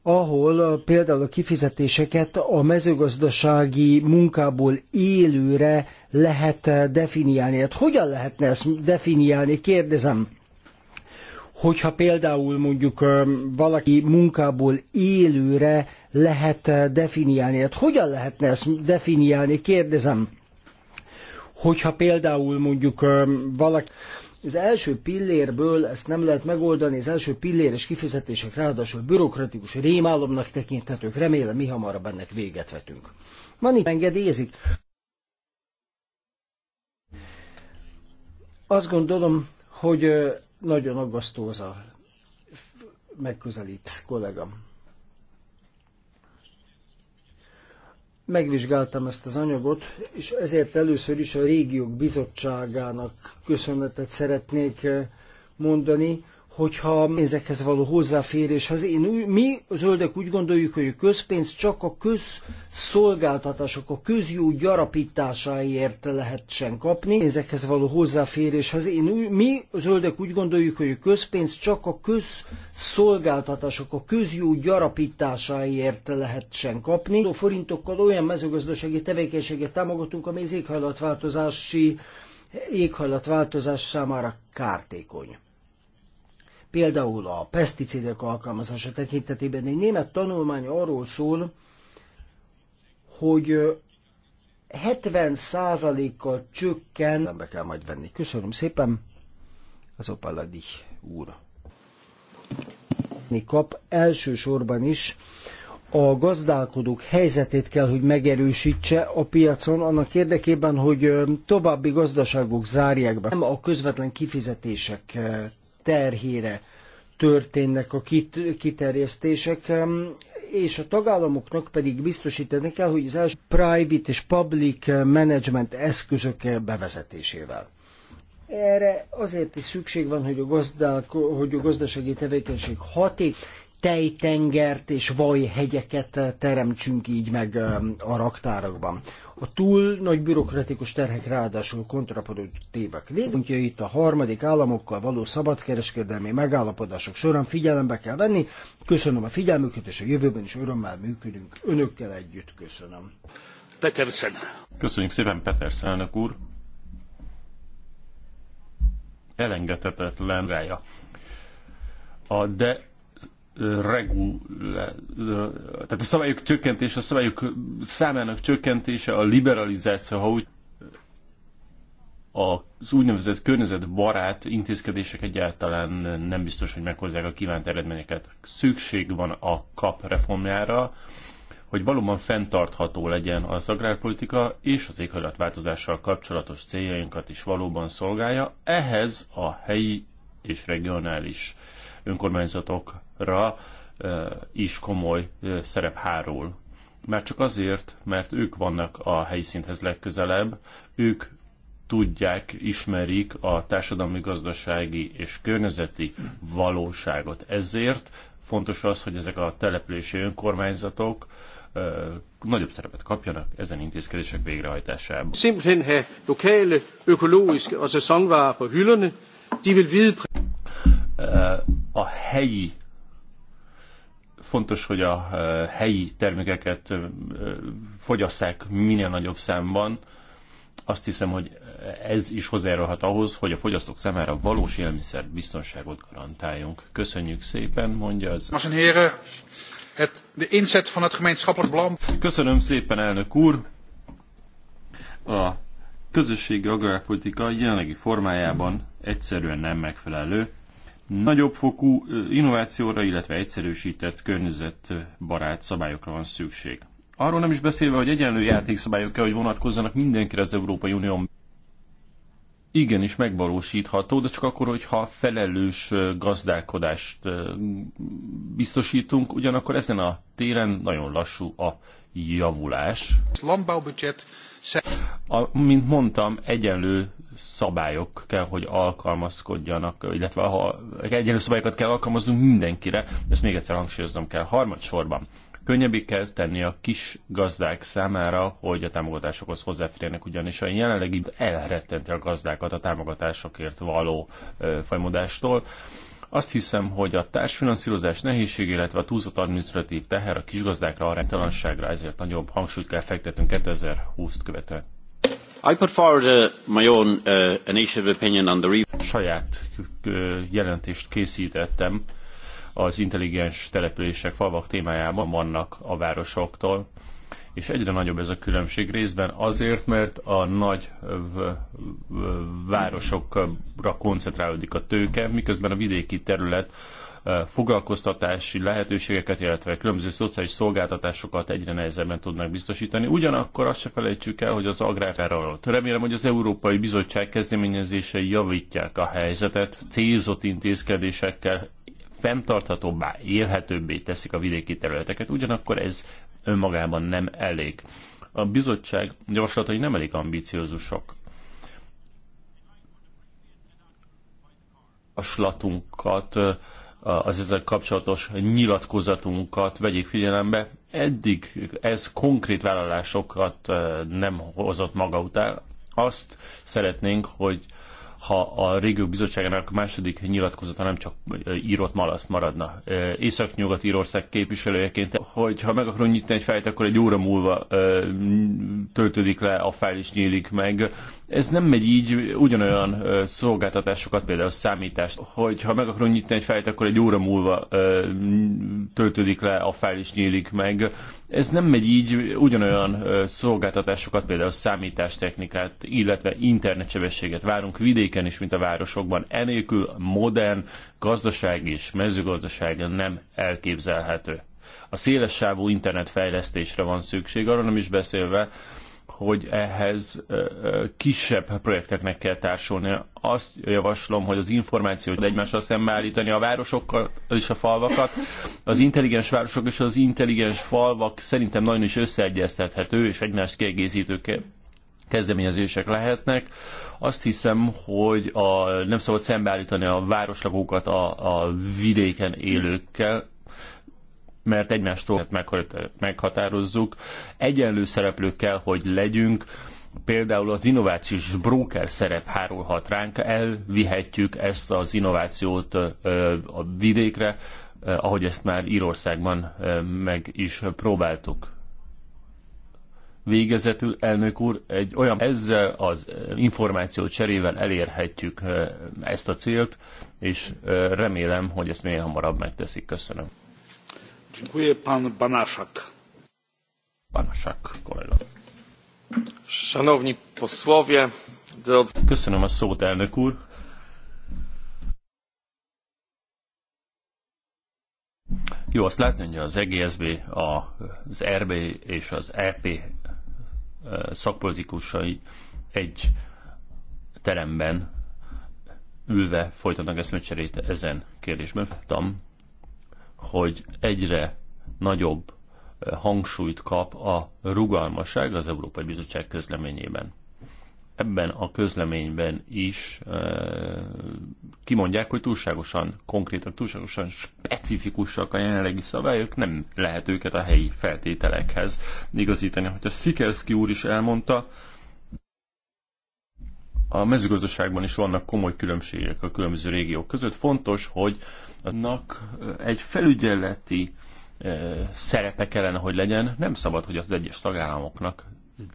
ahol például a kifizetéseket a mezőgazdasági munkából élőre lehet definiálni. Hát hogyan lehetne ezt definiálni, kérdezem hogyha például mondjuk valaki munkából élőre lehet definiálni. Hát hogyan lehetne ezt definiálni? Kérdezem, hogyha például mondjuk valaki az első pillérből ezt nem lehet megoldani, az első pilléres kifizetések ráadásul bürokratikus rémálomnak tekinthetők, remélem mi hamarabb ennek véget vetünk. Van itt engedélyezik. Azt gondolom, hogy nagyon aggasztó az a megközelít kollégám. Megvizsgáltam ezt az anyagot, és ezért először is a régiók bizottságának köszönetet szeretnék eh, mondani, hogyha pénzekhez való hozzáféréshez. Én, mi, zöldek úgy gondoljuk, hogy a közpénz csak a közszolgáltatások, a közjó gyarapításáért lehetsen kapni. Pénzekhez való hozzáféréshez. Én, mi, zöldek úgy gondoljuk, hogy a közpénz csak a közszolgáltatások, a közjó gyarapításáért lehetsen kapni. A forintokkal olyan mezőgazdasági tevékenységet támogatunk, amely az éghajlatváltozási éghajlatváltozás számára kártékony. Például a peszticidek alkalmazása tekintetében egy német tanulmány arról szól, hogy 70%-kal csökken. Nem Be kell majd venni. Köszönöm szépen. Az opaladi úr. Kap elsősorban is a gazdálkodók helyzetét kell, hogy megerősítse a piacon annak érdekében, hogy további gazdaságok zárják be. Nem a közvetlen kifizetések terhére történnek a kit- kiterjesztések, és a tagállamoknak pedig biztosítani kell, hogy az első private és public management eszközök bevezetésével. Erre azért is szükség van, hogy a, gazdák, hogy a gazdasági tevékenység haték, tejtengert és vajhegyeket teremtsünk így meg a raktárakban. A túl nagy bürokratikus terhek ráadásul Végpontja itt a harmadik államokkal való szabadkereskedelmi megállapodások során figyelembe kell venni. Köszönöm a figyelmüket, és a jövőben is örömmel működünk. Önökkel együtt köszönöm. Petersen. Köszönjük szépen, Petersen elnök úr. Elengedhetetlen rája. A de regul, tehát a szabályok csökkentése, a szabályok számának csökkentése, a liberalizáció, ha úgy az úgynevezett környezetbarát intézkedések egyáltalán nem biztos, hogy meghozzák a kívánt eredményeket. Szükség van a kap reformjára, hogy valóban fenntartható legyen az agrárpolitika, és az éghajlatváltozással kapcsolatos céljainkat is valóban szolgálja. Ehhez a helyi és regionális önkormányzatok ra is komoly szerep hárul. Már csak azért, mert ők vannak a helyszínhez legközelebb, ők tudják, ismerik a társadalmi, gazdasági és környezeti valóságot. Ezért fontos az, hogy ezek a települési önkormányzatok ö, nagyobb szerepet kapjanak ezen intézkedések végrehajtásában. Simplen ha lokale, ökológiske a sæsonvarer på De vil vide... A helyi fontos, hogy a eh, helyi termékeket eh, fogyasszák minél nagyobb számban. Azt hiszem, hogy ez is hozzájárulhat ahhoz, hogy a fogyasztók számára valós élmiszer biztonságot garantáljunk. Köszönjük szépen, mondja az... Köszönöm szépen, elnök úr! A közösségi agrárpolitika jelenlegi formájában egyszerűen nem megfelelő Nagyobb fokú innovációra, illetve egyszerűsített környezetbarát szabályokra van szükség. Arról nem is beszélve, hogy egyenlő játékszabályok kell, hogy vonatkozzanak mindenkire az Európai Unión. Igenis megvalósítható, de csak akkor, hogyha felelős gazdálkodást biztosítunk, ugyanakkor ezen a téren nagyon lassú a javulás. A, mint mondtam, egyenlő szabályok kell, hogy alkalmazkodjanak, illetve ha egyenlő szabályokat kell alkalmaznunk mindenkire, ezt még egyszer hangsúlyoznom kell. Harmadsorban könnyebbé kell tenni a kis gazdák számára, hogy a támogatásokhoz hozzáférjenek, ugyanis a jelenlegi elrettenti a gazdákat a támogatásokért való ö, azt hiszem, hogy a társfinanszírozás nehézség, illetve a túlzott administratív teher a kisgazdákra aránytalanságra, ezért nagyobb hangsúlyt kell fektetnünk 2020-t követően. I put forward uh, my own uh, initiative opinion on the Saját uh, jelentést készítettem az intelligens települések, falvak témájában vannak a városoktól és egyre nagyobb ez a különbség részben azért, mert a nagy városokra koncentrálódik a tőke, miközben a vidéki terület e, foglalkoztatási lehetőségeket, illetve különböző szociális szolgáltatásokat egyre nehezebben tudnak biztosítani. Ugyanakkor azt se felejtsük el, hogy az agrárterület. Remélem, hogy az Európai Bizottság kezdeményezései javítják a helyzetet, célzott intézkedésekkel fenntarthatóbbá, élhetőbbé teszik a vidéki területeket. Ugyanakkor ez önmagában nem elég. A bizottság javaslatai nem elég ambíciózusok. A slatunkat, az ezzel kapcsolatos nyilatkozatunkat vegyék figyelembe. Eddig ez konkrét vállalásokat eh, nem hozott maga után. Azt szeretnénk, hogy ha a régiók bizottságának a második nyilatkozata nem csak írott malaszt maradna. Észak-nyugat Írország képviselőjeként, hogyha meg akarunk nyitni egy fejt, akkor egy óra múlva töltődik le, a fájl is nyílik meg. Ez nem megy így, ugyanolyan szolgáltatásokat, például számítást, hogyha meg akarunk nyitni egy fejt, akkor egy óra múlva töltődik le, a fájl is nyílik meg. Ez nem megy így, ugyanolyan szolgáltatásokat, például számítástechnikát, illetve internetsebességet várunk vidék vidéken is, mint a városokban. Enélkül modern gazdaság és mezőgazdaság nem elképzelhető. A széles sávú internetfejlesztésre van szükség, arra nem is beszélve, hogy ehhez kisebb projekteknek kell társulni. Azt javaslom, hogy az információt egymással szembeállítani a városokkal és a falvakat. Az intelligens városok és az intelligens falvak szerintem nagyon is összeegyeztethető és egymást kiegészítő kezdeményezések lehetnek. Azt hiszem, hogy a, nem szabad szembeállítani a városlakókat a, a vidéken élőkkel, mert egymástól meghatározzuk. Egyenlő szereplők kell, hogy legyünk. Például az innovációs broker szerep hárulhat ránk, elvihetjük ezt az innovációt a vidékre, ahogy ezt már Írországban meg is próbáltuk. Végezetül, elnök úr, egy olyan ezzel az információ cserével elérhetjük ezt a célt, és remélem, hogy ezt minél hamarabb megteszik. Köszönöm. Dziękuję pan Banaszak. Banaszak, kollega. Szanowni posłowie, drodzy... Köszönöm a szót, elnök úr. Jó, azt látni, hogy az EGSB, az RB és az EP szakpolitikusai egy teremben ülve folytatnak eszmecserét ezen kérdésben. Fettem, hogy egyre nagyobb hangsúlyt kap a rugalmasság az Európai Bizottság közleményében ebben a közleményben is kimondják, hogy túlságosan konkrétak, túlságosan specifikusak a jelenlegi szabályok, nem lehet őket a helyi feltételekhez igazítani. Hogy a Szikerszki úr is elmondta, a mezőgazdaságban is vannak komoly különbségek a különböző régiók között. Fontos, hogy annak egy felügyeleti szerepe kellene, hogy legyen. Nem szabad, hogy az egyes tagállamoknak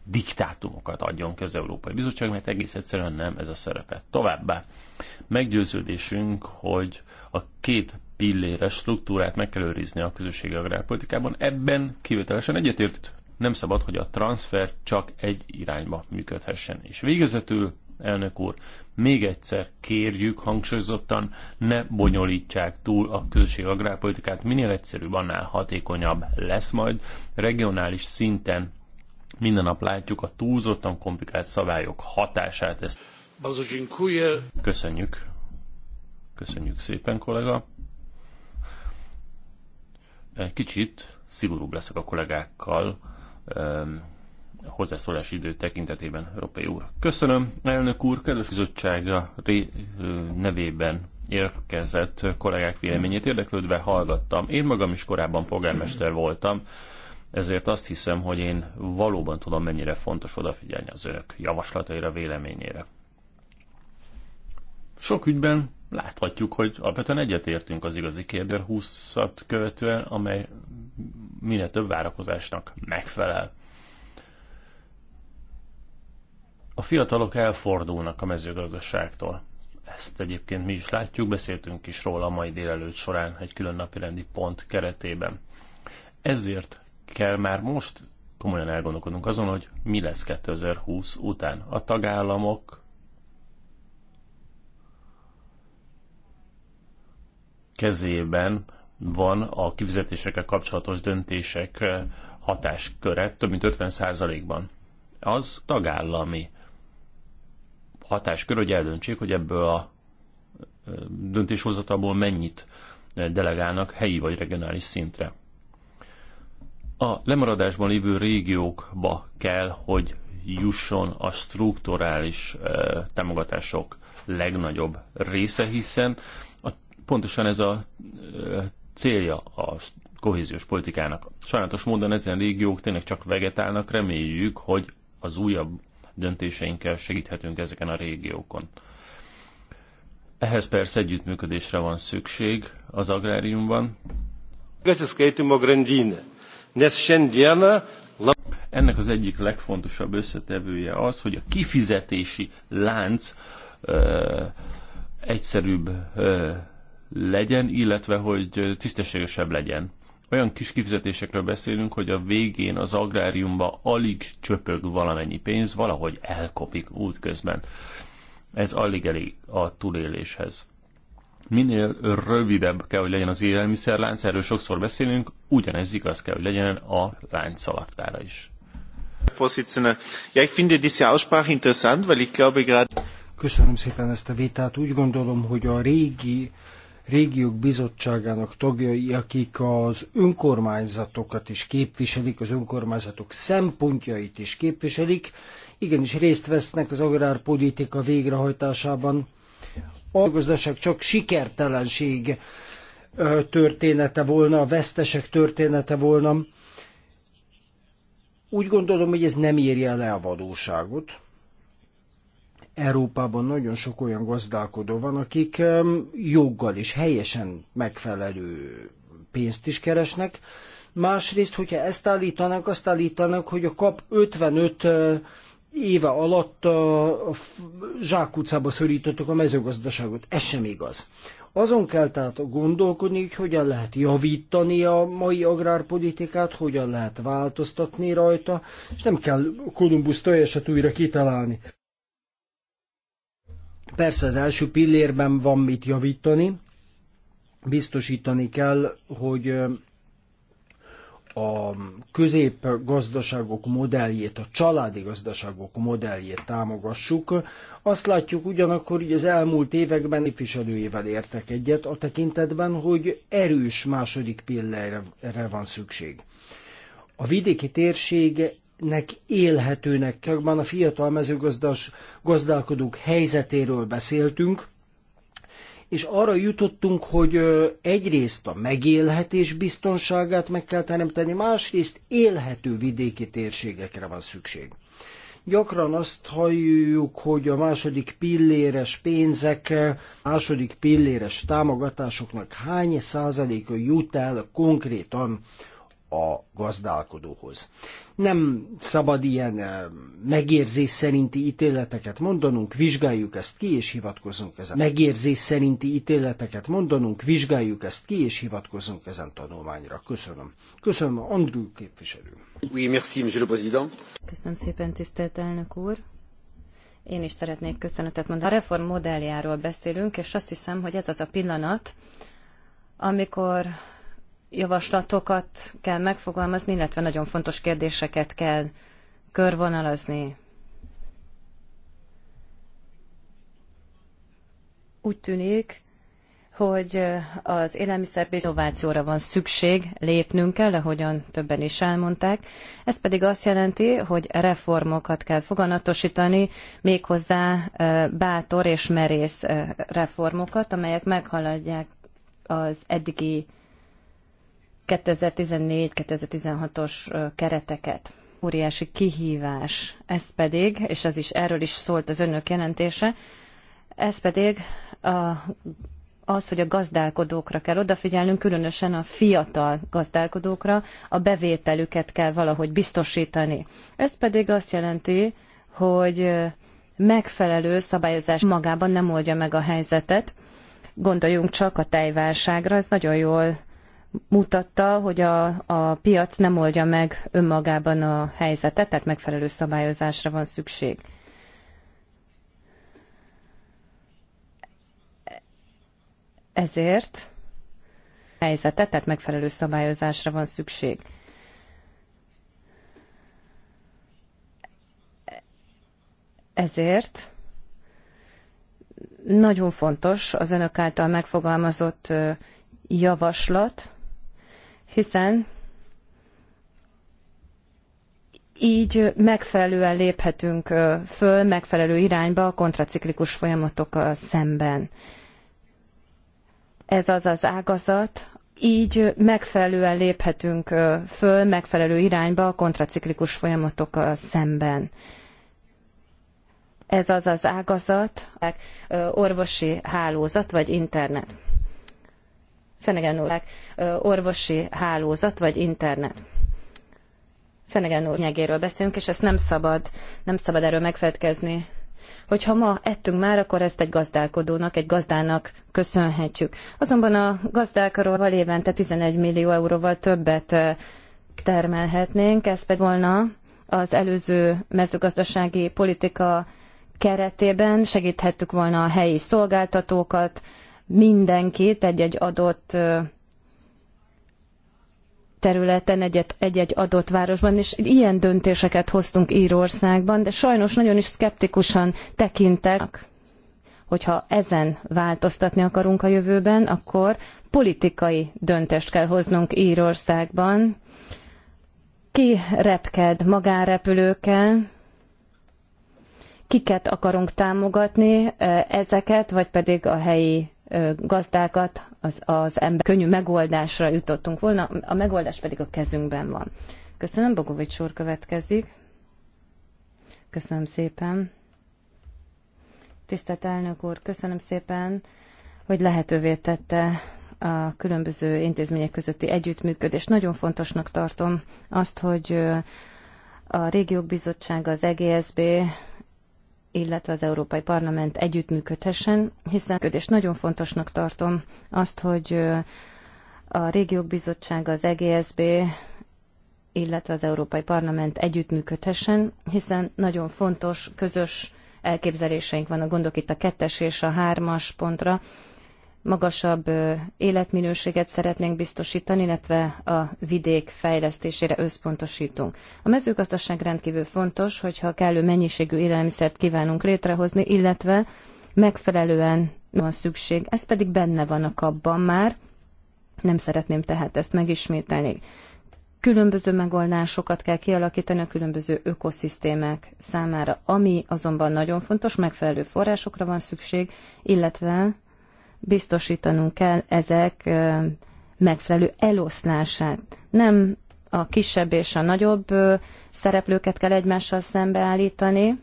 diktátumokat adjon ki az Európai Bizottság, mert egész egyszerűen nem ez a szerepe. Továbbá meggyőződésünk, hogy a két pilléres struktúrát meg kell őrizni a közösségi agrárpolitikában. Ebben kivételesen egyetért nem szabad, hogy a transfer csak egy irányba működhessen. És végezetül, elnök úr, még egyszer kérjük hangsúlyozottan, ne bonyolítsák túl a közösség agrárpolitikát, minél egyszerűbb, annál hatékonyabb lesz majd. Regionális szinten minden nap látjuk a túlzottan komplikált szabályok hatását. Ezt Köszönjük. Köszönjük szépen, kollega. kicsit szigorúbb leszek a kollégákkal a hozzászólási idő tekintetében, Ropé úr. Köszönöm, elnök úr, kedves bizottsága nevében érkezett kollégák véleményét érdeklődve hallgattam. Én magam is korábban polgármester voltam, ezért azt hiszem, hogy én valóban tudom, mennyire fontos odafigyelni az önök javaslataira, véleményére. Sok ügyben láthatjuk, hogy alapvetően egyetértünk az igazi kérdőr 20 követően, amely minél több várakozásnak megfelel. A fiatalok elfordulnak a mezőgazdaságtól. Ezt egyébként mi is látjuk, beszéltünk is róla a mai délelőtt során egy külön napirendi pont keretében. Ezért kell már most komolyan elgondolkodnunk azon, hogy mi lesz 2020 után. A tagállamok kezében van a kifizetésekkel kapcsolatos döntések eh, hatásköre, több mint 50%-ban. Az tagállami hatáskör, hogy eldöntsék, hogy ebből a eh, döntéshozatából mennyit eh, delegálnak helyi vagy regionális szintre a lemaradásban lévő régiókba kell, hogy jusson a strukturális támogatások legnagyobb része, hiszen a, pontosan ez a célja a kohéziós politikának. Sajnálatos módon ezen régiók tényleg csak vegetálnak, reméljük, hogy az újabb döntéseinkkel segíthetünk ezeken a régiókon. Ehhez persze együttműködésre van szükség az agráriumban. Gracias, Grandine. Ennek az egyik legfontosabb összetevője az, hogy a kifizetési lánc ö, egyszerűbb ö, legyen, illetve hogy tisztességesebb legyen. Olyan kis kifizetésekről beszélünk, hogy a végén az agráriumba alig csöpög valamennyi pénz, valahogy elkopik útközben. Ez alig elég a túléléshez minél rövidebb kell, hogy legyen az élelmiszerlánc, erről sokszor beszélünk, ugyanez igaz kell, hogy legyen a lánc alattára is. Köszönöm szépen ezt a vitát. Úgy gondolom, hogy a régi régiók bizottságának tagjai, akik az önkormányzatokat is képviselik, az önkormányzatok szempontjait is képviselik, igenis részt vesznek az agrárpolitika végrehajtásában, a gazdaság csak sikertelenség története volna, a vesztesek története volna. Úgy gondolom, hogy ez nem írja le a valóságot. Európában nagyon sok olyan gazdálkodó van, akik joggal és helyesen megfelelő pénzt is keresnek. Másrészt, hogyha ezt állítanak, azt állítanak, hogy a kap 55 éve alatt a zsákutcába szorítottuk a mezőgazdaságot. Ez sem igaz. Azon kell tehát gondolkodni, hogy hogyan lehet javítani a mai agrárpolitikát, hogyan lehet változtatni rajta, és nem kell Kolumbusz tojását újra kitalálni. Persze az első pillérben van mit javítani, biztosítani kell, hogy a középgazdaságok modelljét, a családi gazdaságok modelljét támogassuk. Azt látjuk ugyanakkor, hogy az elmúlt években képviselőjével értek egyet a tekintetben, hogy erős második pillére van szükség. A vidéki térség nek élhetőnek. a fiatal mezőgazdálkodók helyzetéről beszéltünk, és arra jutottunk, hogy egyrészt a megélhetés biztonságát meg kell teremteni, másrészt élhető vidéki térségekre van szükség. Gyakran azt halljuk, hogy a második pilléres pénzek, második pilléres támogatásoknak hány százaléka jut el konkrétan a gazdálkodóhoz. Nem szabad ilyen eh, megérzés szerinti ítéleteket mondanunk, vizsgáljuk ezt ki, és hivatkozunk ezen. Megérzés szerinti ítéleteket mondanunk, vizsgáljuk ezt ki, és hivatkozunk ezen tanulmányra. Köszönöm. Köszönöm, Andrew képviselő. Oui, merci, monsieur le président. Köszönöm szépen, tisztelt elnök úr. Én is szeretnék köszönetet mondani. A reform modelljáról beszélünk, és azt hiszem, hogy ez az a pillanat, amikor javaslatokat kell megfogalmazni, illetve nagyon fontos kérdéseket kell körvonalazni. Úgy tűnik, hogy az élelmiszer innovációra van szükség, lépnünk kell, ahogyan többen is elmondták. Ez pedig azt jelenti, hogy reformokat kell foganatosítani, méghozzá bátor és merész reformokat, amelyek meghaladják az eddigi 2014-2016-os kereteket. Óriási kihívás. Ez pedig, és ez is erről is szólt az önök jelentése, ez pedig a, az, hogy a gazdálkodókra kell odafigyelnünk, különösen a fiatal gazdálkodókra, a bevételüket kell valahogy biztosítani. Ez pedig azt jelenti, hogy megfelelő szabályozás magában nem oldja meg a helyzetet. Gondoljunk csak a tejválságra, ez nagyon jól mutatta, hogy a, a piac nem oldja meg önmagában a helyzetet, tehát megfelelő szabályozásra van szükség. Ezért helyzetet, tehát megfelelő szabályozásra van szükség. Ezért nagyon fontos az önök által megfogalmazott javaslat, hiszen így megfelelően léphetünk föl, megfelelő irányba a kontraciklikus folyamatokkal szemben. Ez az az ágazat, így megfelelően léphetünk föl, megfelelő irányba a kontraciklikus folyamatokkal szemben. Ez az az ágazat, orvosi hálózat vagy internet. Fenegen orvosi hálózat vagy internet. Fenegen nyegéről beszélünk, és ezt nem szabad, nem szabad erről hogy Hogyha ma ettünk már, akkor ezt egy gazdálkodónak, egy gazdának köszönhetjük. Azonban a gazdákról val évente 11 millió euróval többet termelhetnénk, ez pedig volna az előző mezőgazdasági politika keretében segíthettük volna a helyi szolgáltatókat, mindenkit egy-egy adott területen, egy-egy adott városban, és ilyen döntéseket hoztunk Írországban, de sajnos nagyon is szkeptikusan tekintek, hogyha ezen változtatni akarunk a jövőben, akkor politikai döntést kell hoznunk Írországban. Ki repked magánrepülőkkel, kiket akarunk támogatni, ezeket, vagy pedig a helyi gazdákat az, az ember könnyű megoldásra jutottunk volna, a megoldás pedig a kezünkben van. Köszönöm, Bogovics sor következik. Köszönöm szépen. Tisztelt elnök úr, köszönöm szépen, hogy lehetővé tette a különböző intézmények közötti együttműködést. Nagyon fontosnak tartom azt, hogy a Régiók Bizottsága, az EGSB, illetve az Európai Parlament együttműködhessen, hiszen és nagyon fontosnak tartom azt, hogy a Régiók Bizottsága, az EGSB, illetve az Európai Parlament együttműködhessen, hiszen nagyon fontos közös elképzeléseink vannak, gondok itt a kettes és a hármas pontra, magasabb életminőséget szeretnénk biztosítani, illetve a vidék fejlesztésére összpontosítunk. A mezőgazdaság rendkívül fontos, hogyha kellő mennyiségű élelmiszert kívánunk létrehozni, illetve megfelelően van szükség. Ez pedig benne van a kapban már, nem szeretném tehát ezt megismételni. Különböző megoldásokat kell kialakítani a különböző ökoszisztémák számára, ami azonban nagyon fontos, megfelelő forrásokra van szükség, illetve biztosítanunk kell ezek megfelelő eloszlását. Nem a kisebb és a nagyobb szereplőket kell egymással szembeállítani,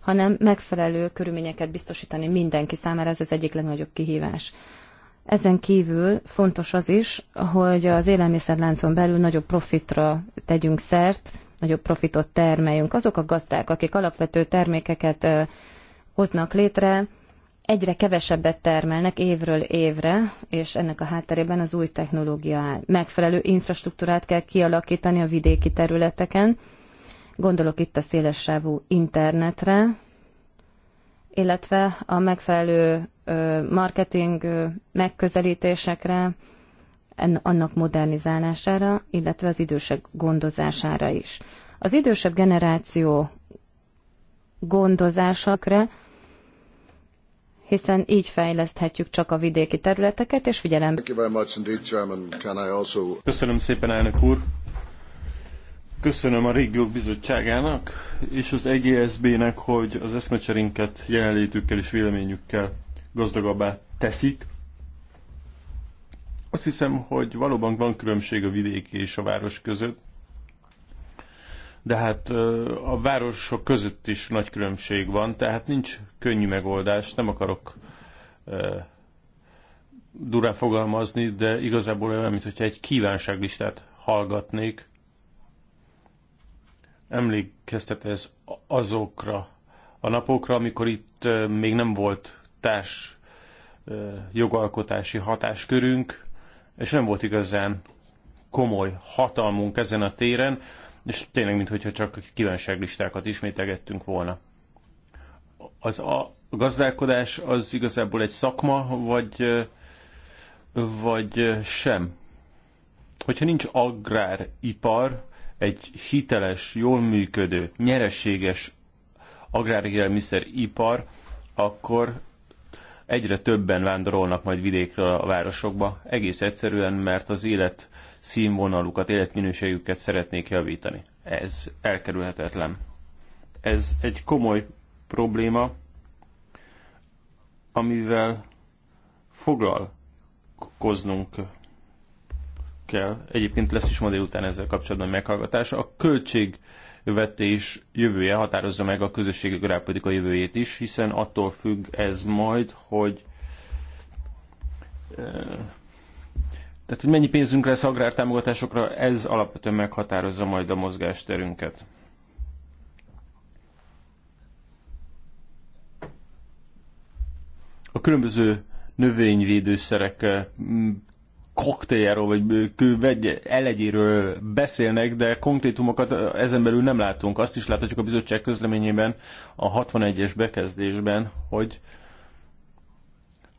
hanem megfelelő körülményeket biztosítani mindenki számára, ez az egyik legnagyobb kihívás. Ezen kívül fontos az is, hogy az élelmiszerláncon belül nagyobb profitra tegyünk szert, nagyobb profitot termeljünk. Azok a gazdák, akik alapvető termékeket hoznak létre, egyre kevesebbet termelnek évről évre, és ennek a hátterében az új technológia áll. Megfelelő infrastruktúrát kell kialakítani a vidéki területeken, gondolok itt a szélessávú internetre, illetve a megfelelő marketing megközelítésekre, annak modernizálására, illetve az idősek gondozására is. Az idősebb generáció gondozásakra hiszen így fejleszthetjük csak a vidéki területeket, és figyelem. Köszönöm szépen, elnök úr! Köszönöm a Régiók Bizottságának és az EGSB-nek, hogy az eszmecserénket jelenlétükkel és véleményükkel gazdagabbá teszik. Azt hiszem, hogy valóban van különbség a vidéki és a város között, de hát a városok között is nagy különbség van, tehát nincs könnyű megoldás, nem akarok durán fogalmazni, de igazából olyan, mint hogyha egy kívánságlistát hallgatnék. Emlékeztet ez azokra a napokra, amikor itt még nem volt társ jogalkotási hatáskörünk, és nem volt igazán komoly hatalmunk ezen a téren és tényleg, mintha csak kívánságlistákat ismételgettünk volna. Az a gazdálkodás az igazából egy szakma, vagy, vagy sem? Hogyha nincs agráripar, egy hiteles, jól működő, nyereséges agrárélelmiszeripar, akkor egyre többen vándorolnak majd vidékről a városokba, egész egyszerűen, mert az élet színvonalukat, életminőségüket szeretnék javítani. Ez elkerülhetetlen. Ez egy komoly probléma, amivel foglalkoznunk kell. Egyébként lesz is ma délután ezzel kapcsolatban meghallgatása. A költségvetés jövője határozza meg a közösségi agrárpolitika jövőjét is, hiszen attól függ ez majd, hogy eh, tehát, hogy mennyi pénzünk lesz agrártámogatásokra, ez alapvetően meghatározza majd a mozgásterünket. A különböző növényvédőszerek eh, koktéljáról eh, vagy elegyéről beszélnek, de konkrétumokat eh, ezen belül nem látunk. Azt is láthatjuk a bizottság közleményében, a 61-es bekezdésben, hogy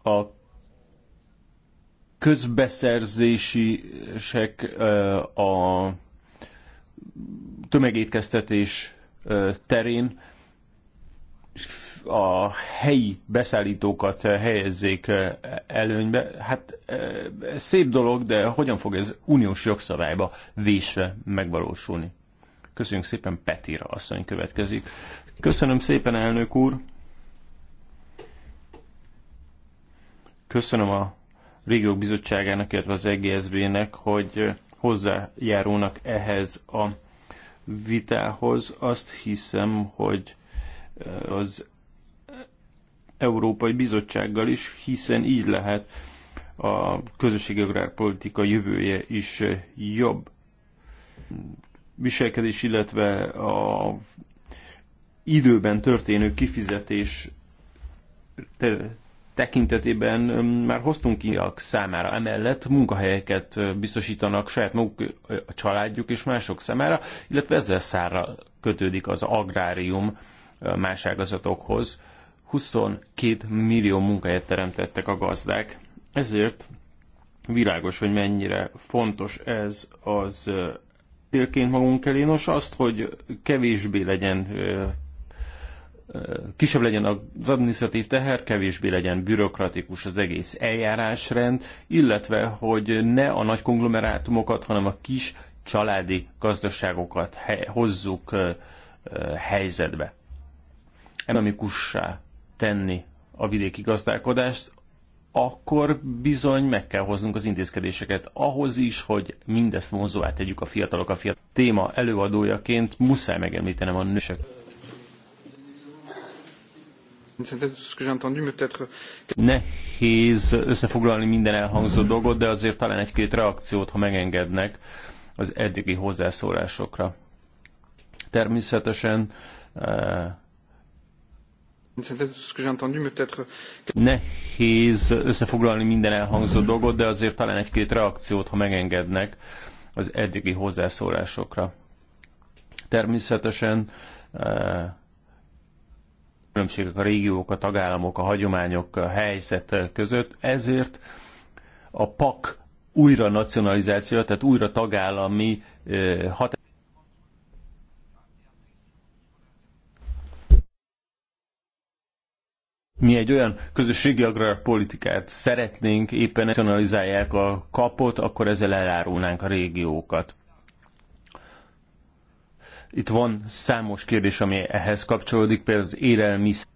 a közbeszerzések a tömegétkeztetés terén a helyi beszállítókat helyezzék előnybe. Hát szép dolog, de hogyan fog ez uniós jogszabályba vésve megvalósulni? Köszönjük szépen, Petira asszony következik. Köszönöm szépen, elnök úr! Köszönöm a régiók bizottságának, illetve az EGSB-nek, hogy hozzájárulnak ehhez a vitához. Azt hiszem, hogy eh, az Európai Bizottsággal is, hiszen így lehet a közösségi agrárpolitika jövője is eh, jobb viselkedés, illetve a időben történő kifizetés tekintetében már hoztunk ki a számára. Emellett munkahelyeket biztosítanak saját maguk, a családjuk és mások számára, illetve ezzel szára kötődik az agrárium más ágazatokhoz. 22 millió munkahelyet teremtettek a gazdák. Ezért világos, hogy mennyire fontos ez az térként magunk elé. Nos, azt, hogy kevésbé legyen kisebb legyen az administratív teher, kevésbé legyen bürokratikus az egész eljárásrend, illetve hogy ne a nagy konglomerátumokat, hanem a kis családi gazdaságokat hozzuk helyzetbe. Enamikussá tenni a vidéki gazdálkodást, akkor bizony meg kell hoznunk az intézkedéseket ahhoz is, hogy mindezt vonzóvá tegyük a fiatalok a fiatal téma előadójaként, muszáj megemlítenem a nősek Euh, nehéz összefoglalni minden elhangzó dolgot, de azért talán egy-két reakciót, ha megengednek az eddigi hozzászólásokra. Természetesen euh, euh, Nehéz összefoglalni minden elhangzó dolgot, de azért talán egy-két reakciót, ha megengednek az eddigi hozzászólásokra. Természetesen különbségek a régiók, a tagállamok, a hagyományok, a helyzet között, ezért a PAK újra nacionalizáció, tehát újra tagállami eh, hat Mi egy olyan közösségi agrárpolitikát szeretnénk, éppen nacionalizálják a kapot, akkor ezzel elárulnánk a régiókat. Itt van számos kérdés, ami ehhez kapcsolódik, például az élelmiszer.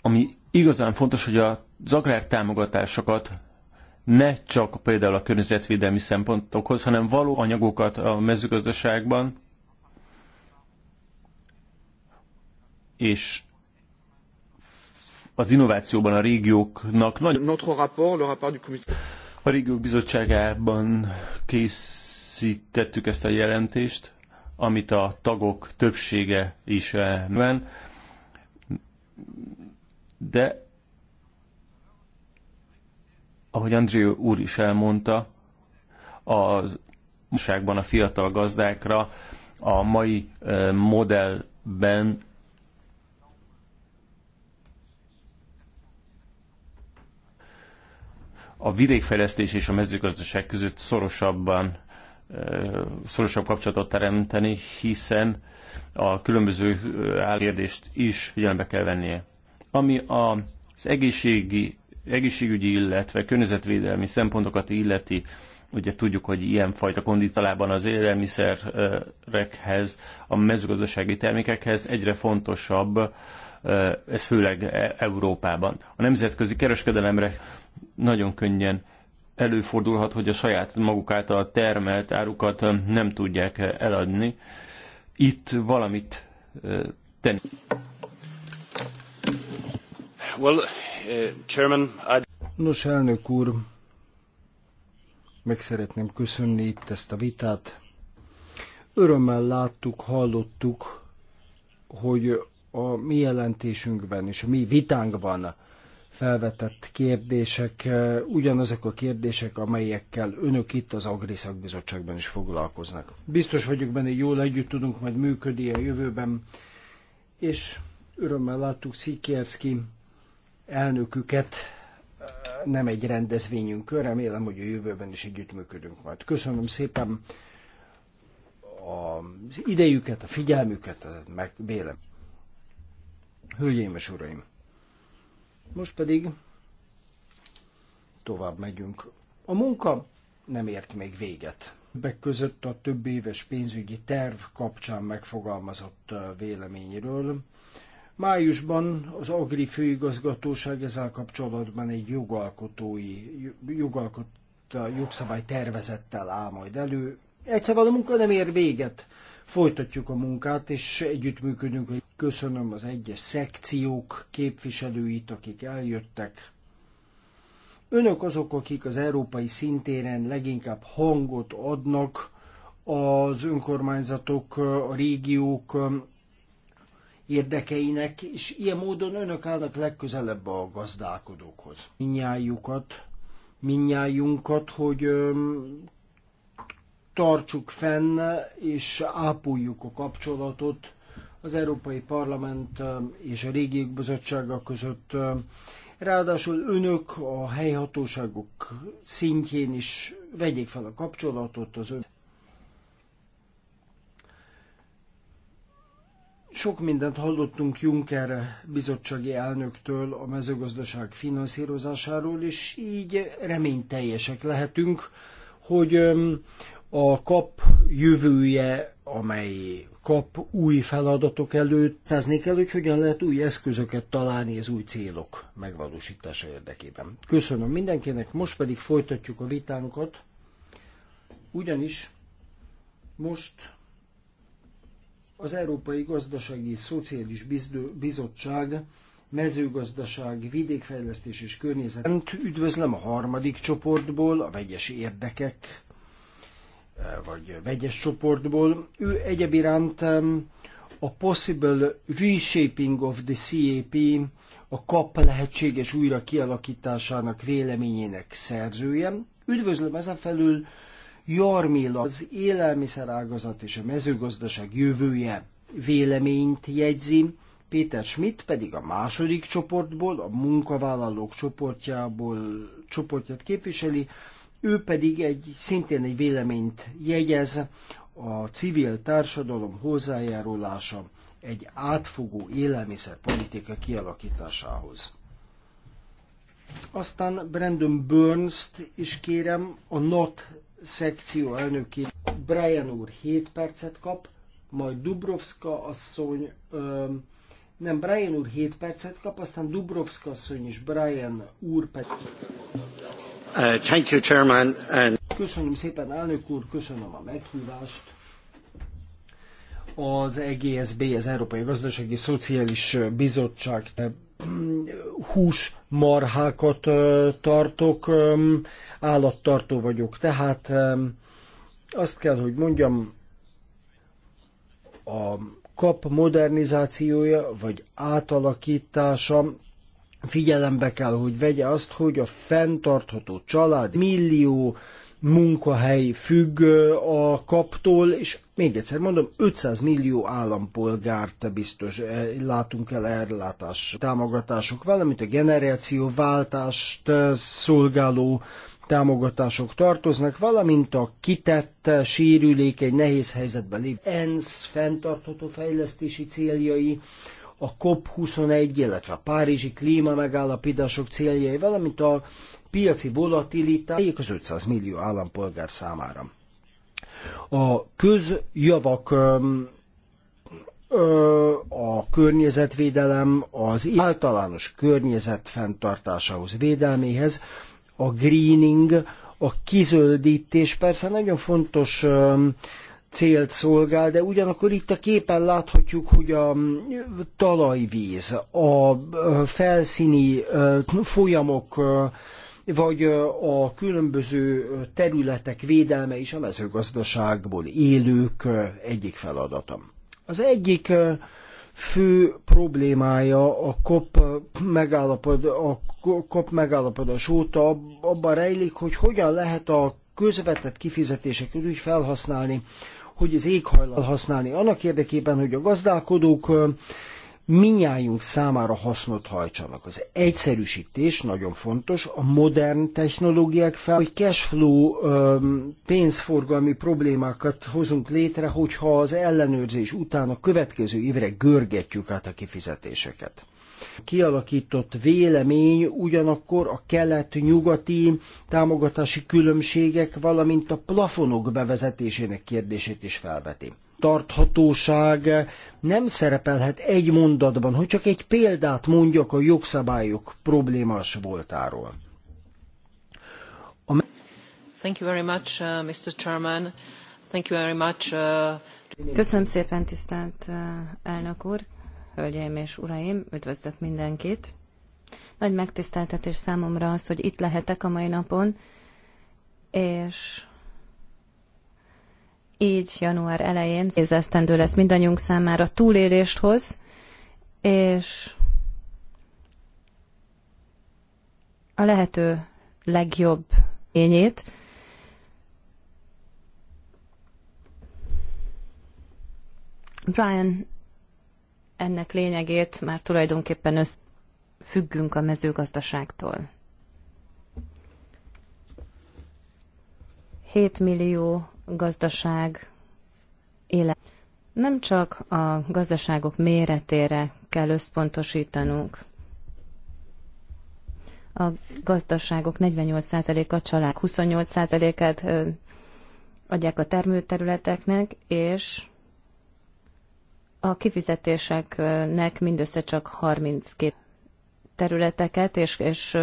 Ami igazán fontos, hogy az agrártámogatásokat ne csak például a környezetvédelmi szempontokhoz, hanem való anyagokat a mezőgazdaságban, és az innovációban a régióknak nagy... rapport, rapport A régiók bizottságában kész készítettük ezt a jelentést, amit a tagok többsége is van, eh, de ahogy André úr is elmondta, az újságban a fiatal gazdákra a mai eh, modellben a vidékfejlesztés és a mezőgazdaság között szorosabban szorosabb kapcsolatot teremteni, hiszen a különböző állérdést is figyelembe kell vennie. Ami az egészségi, egészségügyi, illetve környezetvédelmi szempontokat illeti, ugye tudjuk, hogy ilyenfajta kondicionálban az élelmiszerekhez, a mezőgazdasági termékekhez egyre fontosabb, ez főleg e-, Európában. A nemzetközi kereskedelemre nagyon könnyen előfordulhat, hogy a saját maguk által termelt árukat nem tudják eladni. Itt valamit tenni. Well, uh, chairman, I... Nos, elnök úr, meg szeretném köszönni itt ezt a vitát. Örömmel láttuk, hallottuk, hogy a mi jelentésünkben és a mi vitánkban felvetett kérdések, ugyanazok a kérdések, amelyekkel önök itt az Agri Szakbizottságban is foglalkoznak. Biztos vagyok benne, hogy jól együtt tudunk majd működni a jövőben, és örömmel láttuk Szikierszki elnöküket nem egy rendezvényünkön, remélem, hogy a jövőben is együttműködünk majd. Köszönöm szépen az idejüket, a figyelmüket, meg vélem. Hölgyeim és uraim! Most pedig tovább megyünk. A munka nem ért még véget. Többek között a több éves pénzügyi terv kapcsán megfogalmazott véleményről. Májusban az Agri főigazgatóság ezzel kapcsolatban egy jogalkotói, jogalkot, jogszabály tervezettel áll majd elő. Egyszerűen szóval a munka nem ér véget. Folytatjuk a munkát, és együttműködünk. Köszönöm az egyes szekciók képviselőit, akik eljöttek. Önök azok, akik az európai szintéren leginkább hangot adnak az önkormányzatok, a régiók érdekeinek, és ilyen módon önök állnak legközelebb a gazdálkodókhoz. Minnyájukat, minnyájunkat, hogy tartsuk fenn és ápoljuk a kapcsolatot az Európai Parlament um, és a Régiók Bizottsága között. Um, ráadásul önök a helyhatóságok szintjén is vegyék fel a kapcsolatot az ön. Sok mindent hallottunk Juncker bizottsági elnöktől a mezőgazdaság finanszírozásáról, és így reményteljesek lehetünk, hogy um, a kap jövője, amely kap új feladatok előtt, tezni kell, hogy hogyan lehet új eszközöket találni az új célok megvalósítása érdekében. Köszönöm mindenkinek, most pedig folytatjuk a vitánkat, ugyanis most az Európai Gazdasági Szociális Bizottság mezőgazdaság, vidékfejlesztés és környezet. Üdvözlöm a harmadik csoportból, a vegyes érdekek vagy vegyes csoportból. Ő egyebiránt a Possible Reshaping of the CAP, a KAP lehetséges újra kialakításának véleményének szerzője. Üdvözlöm ezen felül Jarmila, az élelmiszerágazat és a mezőgazdaság jövője véleményt jegyzi, Péter Schmidt pedig a második csoportból, a munkavállalók csoportjából csoportját képviseli, ő pedig egy, szintén egy véleményt jegyez, a civil társadalom hozzájárulása egy átfogó élelmiszerpolitika kialakításához. Aztán Brandon Burns-t is kérem, a NOT szekció elnöki Brian úr 7 percet kap, majd Dubrovska asszony, ö, nem, Brian úr 7 percet kap, aztán Dubrovska asszony és Brian úr pedig. Uh, thank you, Chairman. And... Köszönöm szépen, elnök úr, köszönöm a meghívást. Az EGSB, az Európai Gazdasági Szociális Bizottság hús marhákat tartok, állattartó vagyok. Tehát azt kell, hogy mondjam, a kap modernizációja vagy átalakítása figyelembe kell, hogy vegye azt, hogy a fenntartható család millió munkahely függ a kaptól, és még egyszer mondom, 500 millió állampolgárt biztos látunk el ellátás támogatások, valamint a generációváltást szolgáló támogatások tartoznak, valamint a kitett, egy nehéz helyzetben lévő ENSZ fenntartható fejlesztési céljai, a COP21, illetve a Párizsi klíma megállapítások céljai, valamint a piaci volatilitás az 500 millió állampolgár számára. A közjavak a környezetvédelem az általános környezet fenntartásához, védelméhez, a greening, a kizöldítés persze nagyon fontos célt szolgál, de ugyanakkor itt a képen láthatjuk, hogy a talajvíz, a felszíni folyamok, vagy a különböző területek védelme is a mezőgazdaságból élők egyik feladata. Az egyik fő problémája a COP, megállapod, a COP megállapodás óta abban rejlik, hogy hogyan lehet a közvetett kifizetéseket úgy felhasználni, hogy az éghajlal használni, annak érdekében, hogy a gazdálkodók minnyájunk számára hasznot hajtsanak. Az egyszerűsítés nagyon fontos, a modern technológiák fel, hogy cashflow pénzforgalmi problémákat hozunk létre, hogyha az ellenőrzés után a következő évre görgetjük át a kifizetéseket. Kialakított vélemény ugyanakkor a kelet-nyugati támogatási különbségek, valamint a plafonok bevezetésének kérdését is felveti tarthatóság nem szerepelhet egy mondatban, hogy csak egy példát mondjak a jogszabályok problémás voltáról. A... Thank you very much, uh, Mr. Chairman. Thank you very much. Uh... Köszönöm szépen, tisztelt uh, elnök úr hölgyeim és uraim, üdvözlök mindenkit. Nagy megtiszteltetés számomra az, hogy itt lehetek a mai napon, és így január elején nézesztendő lesz mindannyiunk számára túlélést hoz, és a lehető legjobb ényét. Brian ennek lényegét már tulajdonképpen összfüggünk a mezőgazdaságtól. 7 millió gazdaság éle. Nem csak a gazdaságok méretére kell összpontosítanunk. A gazdaságok 48%-a család, 28%-át adják a termőterületeknek, és a kifizetéseknek mindössze csak 32 területeket, és, és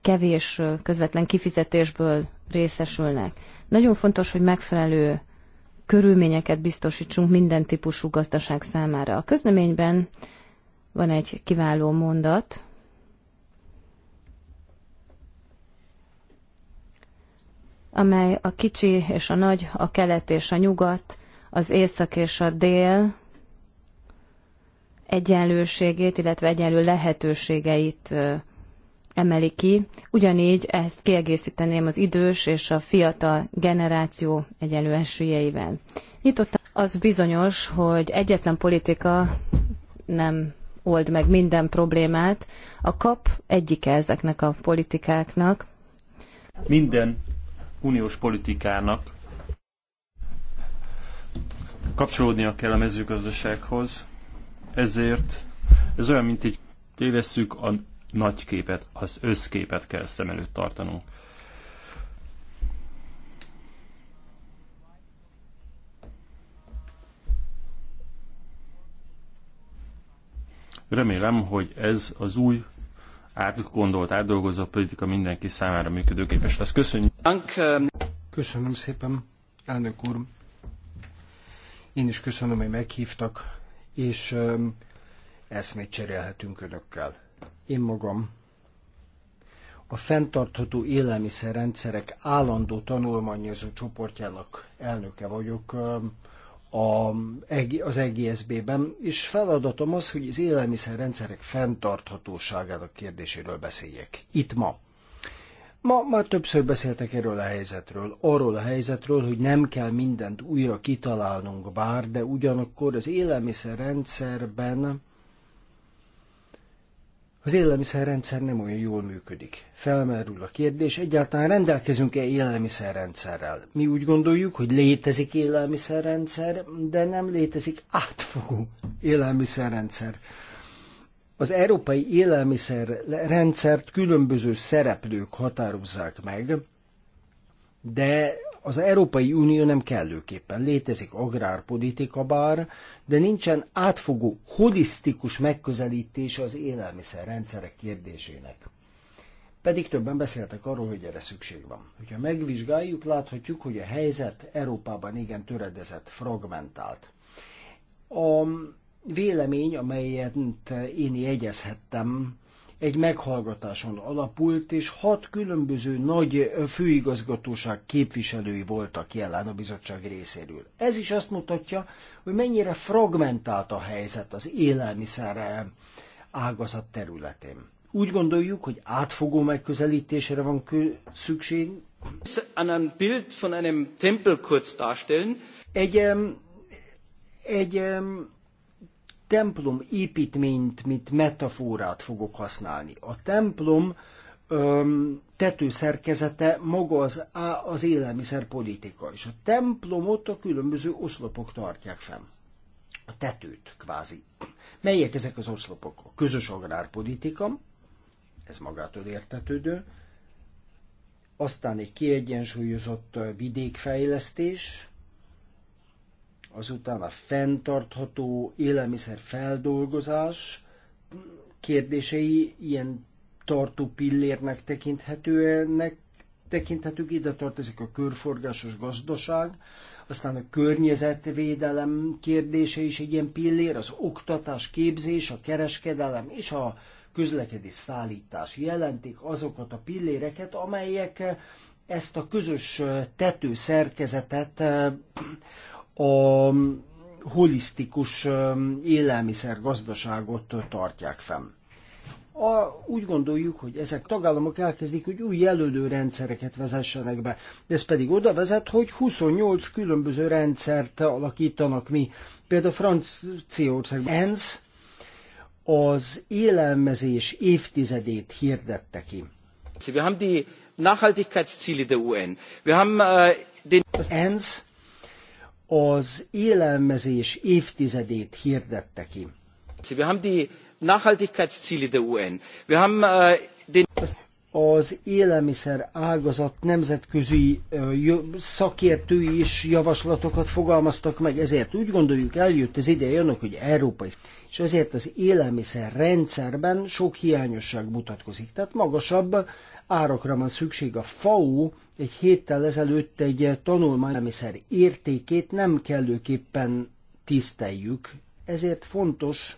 kevés közvetlen kifizetésből részesülnek. Nagyon fontos, hogy megfelelő körülményeket biztosítsunk minden típusú gazdaság számára. A közleményben van egy kiváló mondat, amely a kicsi és a nagy, a kelet és a nyugat, az észak és a dél egyenlőségét, illetve egyenlő lehetőségeit emeli ki. Ugyanígy ezt kiegészíteném az idős és a fiatal generáció egyenlő esélyeivel. Nyitottan az bizonyos, hogy egyetlen politika nem old meg minden problémát. A kap egyik ezeknek a politikáknak. Minden uniós politikának kapcsolódnia kell a mezőgazdasághoz, ezért ez olyan, mint egy tévesszük a nagy képet, az összképet kell szem előtt tartanunk. Remélem, hogy ez az új átgondolt, átdolgozott politika mindenki számára működőképes lesz. Köszönjük! Köszönöm szépen, elnök úr! Én is köszönöm, hogy meghívtak, és eszmét cserélhetünk önökkel. Én magam a fenntartható élelmiszerrendszerek állandó tanulmányozó csoportjának elnöke vagyok a, az EGSB-ben, és feladatom az, hogy az élelmiszerrendszerek fenntarthatóságának kérdéséről beszéljek. Itt ma. Ma már többször beszéltek erről a helyzetről, arról a helyzetről, hogy nem kell mindent újra kitalálnunk bár, de ugyanakkor az élelmiszerrendszerben az élelmiszerrendszer nem olyan jól működik. Felmerül a kérdés, egyáltalán rendelkezünk-e élelmiszerrendszerrel? Mi úgy gondoljuk, hogy létezik élelmiszerrendszer, de nem létezik átfogó élelmiszerrendszer az európai élelmiszerrendszert különböző szereplők határozzák meg, de az Európai Unió nem kellőképpen létezik agrárpolitika bár, de nincsen átfogó, holisztikus megközelítése az élelmiszerrendszerek kérdésének. Pedig többen beszéltek arról, hogy erre szükség van. Hogyha megvizsgáljuk, láthatjuk, hogy a helyzet Európában igen töredezett, fragmentált. A vélemény, amelyet én jegyezhettem, egy meghallgatáson alapult, és hat különböző nagy főigazgatóság képviselői voltak jelen a bizottság részéről. Ez is azt mutatja, hogy mennyire fragmentált a helyzet az élelmiszer ágazat területén. Úgy gondoljuk, hogy átfogó megközelítésre van szükség. Bild von einem Tempel kurz darstellen. Egy, egy templom építményt, mint metaforát fogok használni. A templom öm, tetőszerkezete maga az, az élelmiszerpolitika, és a templomot a különböző oszlopok tartják fenn. A tetőt kvázi. Melyek ezek az oszlopok? A közös agrárpolitika, ez magától értetődő, aztán egy kiegyensúlyozott vidékfejlesztés, azután a fenntartható élelmiszer feldolgozás kérdései ilyen tartó pillérnek tekinthetőnek tekinthetők, ide tartozik a körforgásos gazdaság, aztán a környezetvédelem kérdése is egy ilyen pillér, az oktatás, képzés, a kereskedelem és a közlekedés szállítás jelentik azokat a pilléreket, amelyek ezt a közös tetőszerkezetet a holisztikus um, élelmiszergazdaságot tartják fenn. A, úgy gondoljuk, hogy ezek tagállamok elkezdik, hogy új rendszereket vezessenek be. Ez pedig oda vezet, hogy 28 különböző rendszert alakítanak mi. Például Franciaországban ENSZ az élelmezés évtizedét hirdette ki. UN. Äh, az ENSZ az élelmezés évtizedét hirdette ki. Wir haben die Nachhaltigkeitsziele der UN. Wir haben äh, den az élelmiszer ágazat nemzetközi szakértői is javaslatokat fogalmaztak meg, ezért úgy gondoljuk, eljött az ideje annak, hogy európai, és ezért az élelmiszer rendszerben sok hiányosság mutatkozik. Tehát magasabb árakra van szükség. A FAO egy héttel ezelőtt egy tanulmányelmiszer értékét nem kellőképpen tiszteljük, ezért fontos,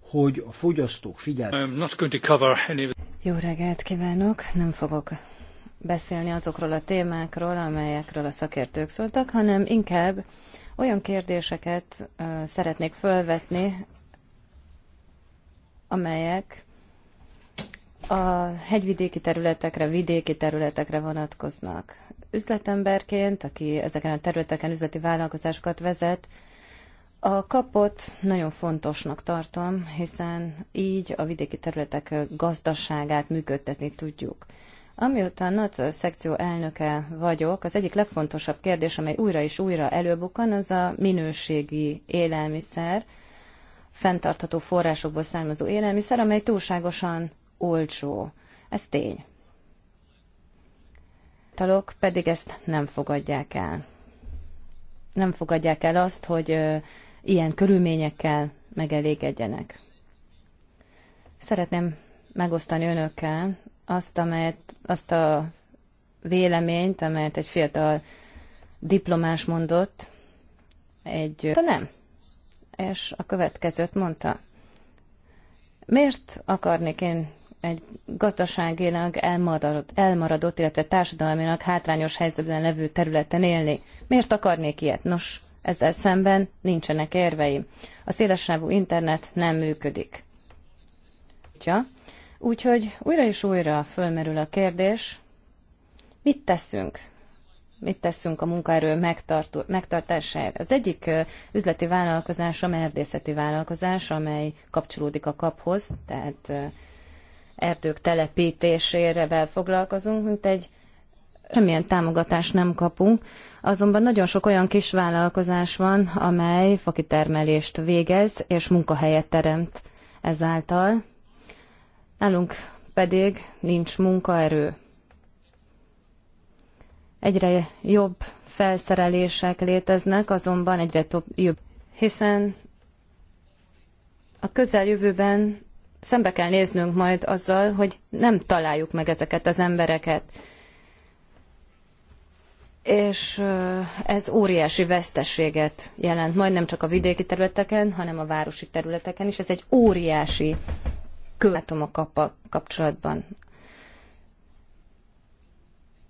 hogy a fogyasztók figyeljenek. Any... Jó reggelt kívánok! Nem fogok beszélni azokról a témákról, amelyekről a szakértők szóltak, hanem inkább olyan kérdéseket uh, szeretnék felvetni, amelyek a hegyvidéki területekre, vidéki területekre vonatkoznak. Üzletemberként, aki ezeken a területeken üzleti vállalkozásokat vezet, a kapot nagyon fontosnak tartom, hiszen így a vidéki területek gazdaságát működtetni tudjuk. Amióta a NAT szekció elnöke vagyok, az egyik legfontosabb kérdés, amely újra és újra előbukkan, az a minőségi élelmiszer, fenntartható forrásokból származó élelmiszer, amely túlságosan olcsó. Ez tény. Talok pedig ezt nem fogadják el. Nem fogadják el azt, hogy ilyen körülményekkel megelégedjenek. Szeretném megosztani önökkel azt, amelyet, azt a véleményt, amelyet egy fiatal diplomás mondott, egy ö, nem. És a következőt mondta. Miért akarnék én egy gazdaságilag elmaradott, elmaradott, illetve társadalmilag hátrányos helyzetben levő területen élni. Miért akarnék ilyet? Nos, ezzel szemben nincsenek érveim. A szélesávú internet nem működik. Ja. Úgyhogy újra és újra fölmerül a kérdés, mit teszünk? Mit teszünk a munkaerő megtartásáért? Az egyik üzleti vállalkozás a merdészeti vállalkozás, amely kapcsolódik a kaphoz, tehát erdők telepítésével foglalkozunk, mint egy semmilyen támogatást nem kapunk, azonban nagyon sok olyan kis vállalkozás van, amely fakitermelést végez és munkahelyet teremt ezáltal. Nálunk pedig nincs munkaerő. Egyre jobb felszerelések léteznek, azonban egyre több jobb, hiszen a közeljövőben szembe kell néznünk majd azzal, hogy nem találjuk meg ezeket az embereket. És ez óriási veszteséget jelent, majdnem csak a vidéki területeken, hanem a városi területeken is. Ez egy óriási a kapcsolatban.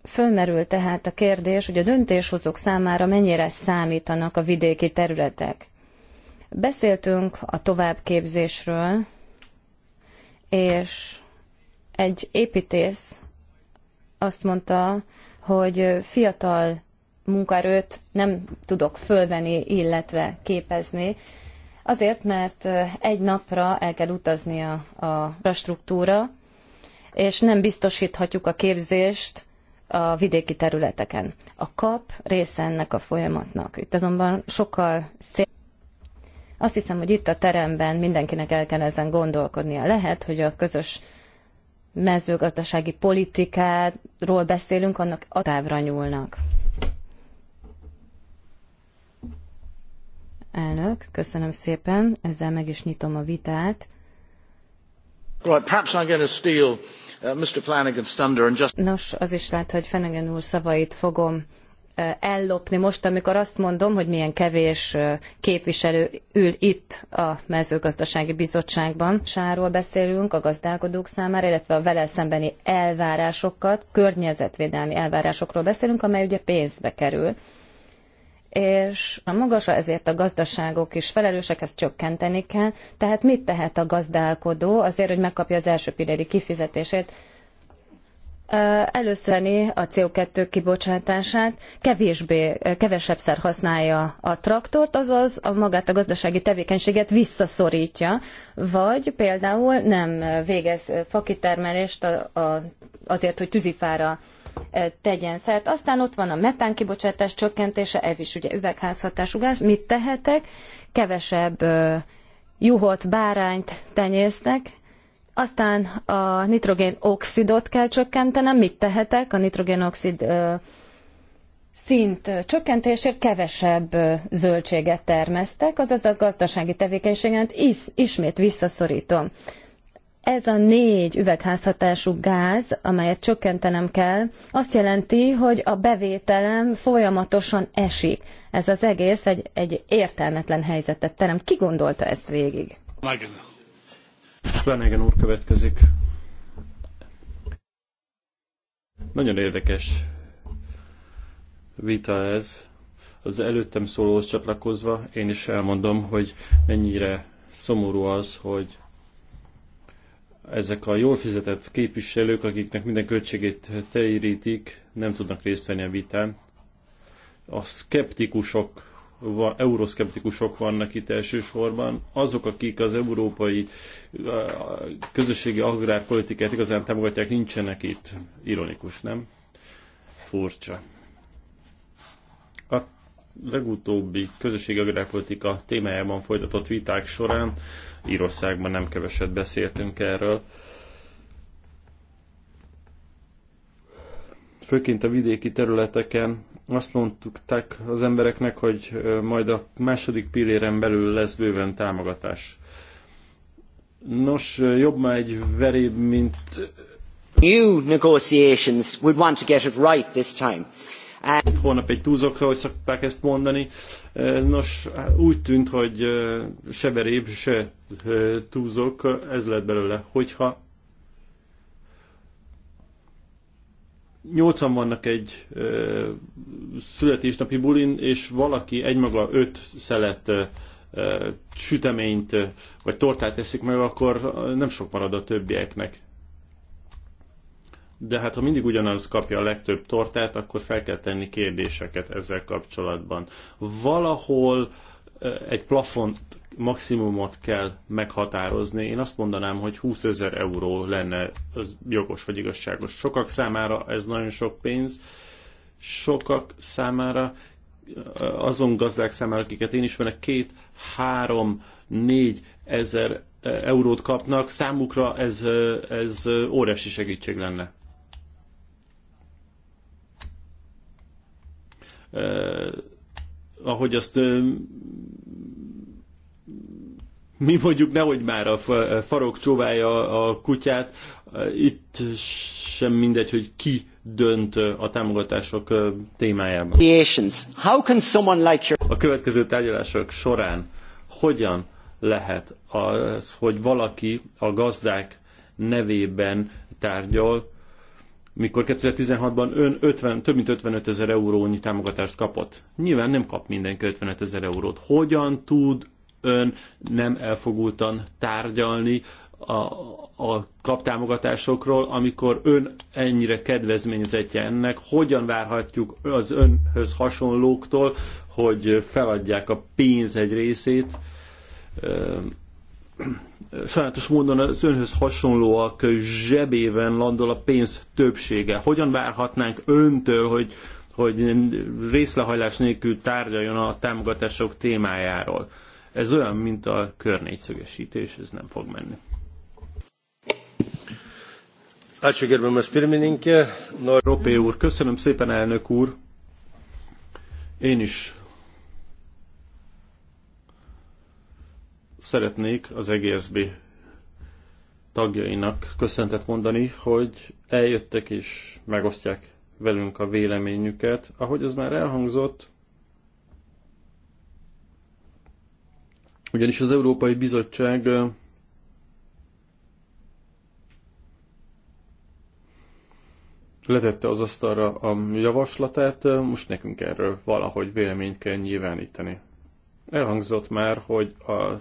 Fölmerül tehát a kérdés, hogy a döntéshozók számára mennyire számítanak a vidéki területek. Beszéltünk a továbbképzésről, és egy építész azt mondta, hogy fiatal munkaerőt nem tudok fölvenni, illetve képezni, azért, mert egy napra el kell utaznia a struktúra, és nem biztosíthatjuk a képzést a vidéki területeken. A kap része ennek a folyamatnak. Itt azonban sokkal szép azt hiszem, hogy itt a teremben mindenkinek el kell ezen gondolkodnia. Lehet, hogy a közös mezőgazdasági politikáról beszélünk, annak a távra nyúlnak. Elnök, köszönöm szépen, ezzel meg is nyitom a vitát. Uh, Nos, az is lehet, hogy Fenegen úr szavait fogom ellopni most, amikor azt mondom, hogy milyen kevés képviselő ül itt a mezőgazdasági bizottságban. Sáról beszélünk a gazdálkodók számára, illetve a vele szembeni elvárásokat, környezetvédelmi elvárásokról beszélünk, amely ugye pénzbe kerül és a magasra ezért a gazdaságok is felelősek, ezt csökkenteni kell. Tehát mit tehet a gazdálkodó azért, hogy megkapja az első pilléri kifizetését? előszörni a CO2 kibocsátását, kevésbé, kevesebbszer használja a traktort, azaz a magát a gazdasági tevékenységet visszaszorítja, vagy például nem végez fakitermelést azért, hogy tűzifára tegyen szert. Aztán ott van a metán kibocsátás csökkentése, ez is ugye üvegházhatású gáz. Mit tehetek? Kevesebb juhot, bárányt tenyésznek, aztán a nitrogén oxidot kell csökkentenem. Mit tehetek? A nitrogén oxid szint csökkentésért kevesebb zöldséget termesztek, azaz a gazdasági tevékenységet is, ismét visszaszorítom. Ez a négy üvegházhatású gáz, amelyet csökkentenem kell, azt jelenti, hogy a bevételem folyamatosan esik. Ez az egész egy, egy értelmetlen helyzetet terem. Ki gondolta ezt végig? Megjön. Flanagan úr következik. Nagyon érdekes vita ez. Az előttem szólóhoz csatlakozva én is elmondom, hogy mennyire szomorú az, hogy ezek a jól fizetett képviselők, akiknek minden költségét teírítik, nem tudnak részt venni a vitán. A szkeptikusok euroszkeptikusok vannak itt elsősorban, azok, akik az európai közösségi agrárpolitikát igazán támogatják, nincsenek itt. Ironikus, nem? Furcsa. A legutóbbi közösségi agrárpolitika témájában folytatott viták során Írországban nem keveset beszéltünk erről. főként a vidéki területeken azt mondtuk az embereknek, hogy majd a második pilléren belül lesz bőven támogatás. Nos, jobb már egy veréb, mint... New negotiations would want to get it right this time. And... Holnap egy túlzokra, hogy szokták ezt mondani. Nos, úgy tűnt, hogy se veréb, se túzok, ez lett belőle. Hogyha nyolcan vannak egy ö, születésnapi bulin, és valaki egymaga öt szelet ö, ö, süteményt ö, vagy tortát eszik meg, akkor nem sok marad a többieknek. De hát ha mindig ugyanaz kapja a legtöbb tortát, akkor fel kell tenni kérdéseket ezzel kapcsolatban. Valahol ö, egy plafont maximumot kell meghatározni. Én azt mondanám, hogy 20 ezer euró lenne az jogos vagy igazságos. Sokak számára ez nagyon sok pénz, sokak számára, azon gazdák számára, akiket én ismerek, két, három, négy ezer eurót kapnak, számukra ez, ez óriási segítség lenne. Eh, ahogy azt eh, mi mondjuk nehogy már a farok csóválja a kutyát, itt sem mindegy, hogy ki dönt a támogatások témájában. How can someone like your... A következő tárgyalások során hogyan lehet az, hogy valaki a gazdák nevében tárgyal, mikor 2016-ban ön 50, több mint 55 ezer eurónyi támogatást kapott. Nyilván nem kap mindenki 55 ezer eurót. Hogyan tud ön nem elfogultan tárgyalni a, a kaptámogatásokról, amikor ön ennyire kedvezményezetje ennek, hogyan várhatjuk az önhöz hasonlóktól, hogy feladják a pénz egy részét. Sajnálatos módon az önhöz hasonlóak zsebében landol a pénz többsége. Hogyan várhatnánk öntől, hogy, hogy részlehajlás nélkül tárgyaljon a támogatások témájáról? Ez olyan, mint a kör négyszögesítés, ez nem fog menni. Ačiū gerbiamas pirmininkė. Ropé úr, köszönöm szépen, elnök úr. Én is szeretnék az EGSB tagjainak köszöntet mondani, hogy eljöttek és megosztják velünk a véleményüket. Ahogy ez már elhangzott, Ugyanis az Európai Bizottság letette az asztalra a javaslatát, most nekünk erről valahogy véleményt kell nyilvánítani. Elhangzott már, hogy a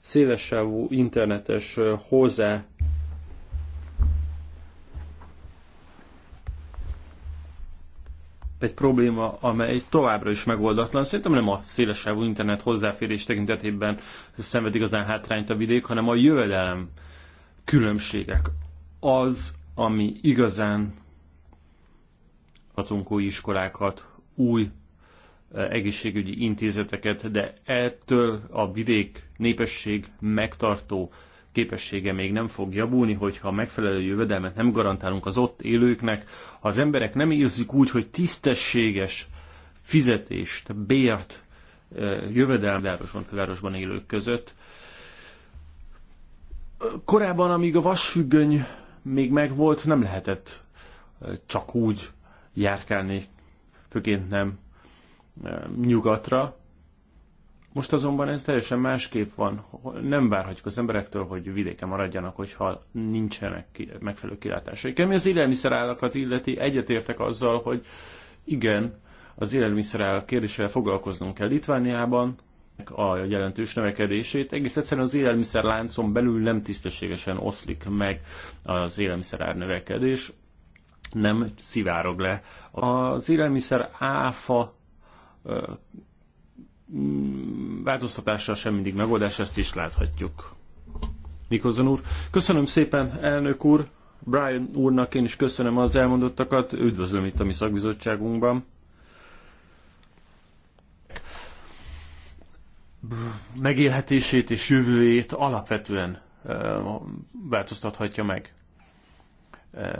szélessávú internetes hozzá egy probléma, amely továbbra is megoldatlan. Szerintem nem a szélesávú internet hozzáférés tekintetében szenved igazán hátrányt a vidék, hanem a jövedelem különbségek. Az, ami igazán adunk új iskolákat, új eh, egészségügyi intézeteket, de ettől a vidék népesség megtartó képessége még nem fog javulni, hogyha megfelelő jövedelmet nem garantálunk az ott élőknek, ha az emberek nem érzik úgy, hogy tisztességes fizetést, bért, jövedelmárosban, fővárosban élők között. Korábban, amíg a vasfüggöny még megvolt, nem lehetett csak úgy járkálni, főként nem nyugatra, most azonban ez teljesen másképp van. Nem várhatjuk az emberektől, hogy vidéken maradjanak, hogyha nincsenek megfelelő kilátásaik. Ami az élelmiszerállakat illeti, egyetértek azzal, hogy igen, az élelmiszerállak kérdésével foglalkoznunk kell Litvániában, a jelentős növekedését. Egész egyszerűen az élelmiszerláncon belül nem tisztességesen oszlik meg az élelmiszerár növekedés, nem szivárog le. Az élelmiszer áfa Mm, változtatással sem mindig megoldás, ezt is láthatjuk. Nikozon úr. Köszönöm szépen, elnök úr, Brian úrnak én is köszönöm az elmondottakat, üdvözlöm itt a mi szakbizottságunkban. Megélhetését és jövőjét alapvetően eh, változtathatja meg. Eh,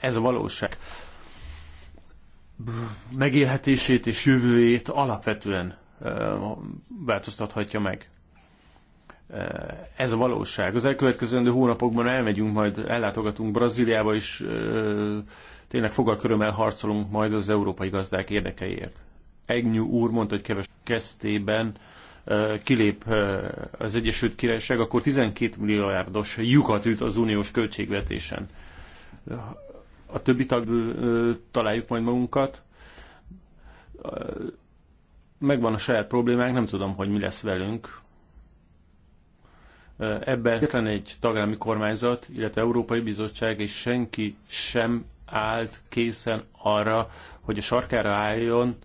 ez a valóság. Megélhetését és jövőjét alapvetően változtathatja meg. Ez a valóság. Az elkövetkezendő hónapokban elmegyünk, majd ellátogatunk Brazíliába, és tényleg fogalkörömmel harcolunk majd az európai gazdák érdekeiért. Egnyú úr mondta, hogy keves kezdtében kilép az Egyesült Királyság, akkor 12 milliárdos lyukat üt az uniós költségvetésen. A többi tagból találjuk majd magunkat megvan a saját problémánk, nem tudom, hogy mi lesz velünk. Ebben egyetlen egy tagállami kormányzat, illetve Európai Bizottság és senki sem állt készen arra, hogy a sarkára álljon,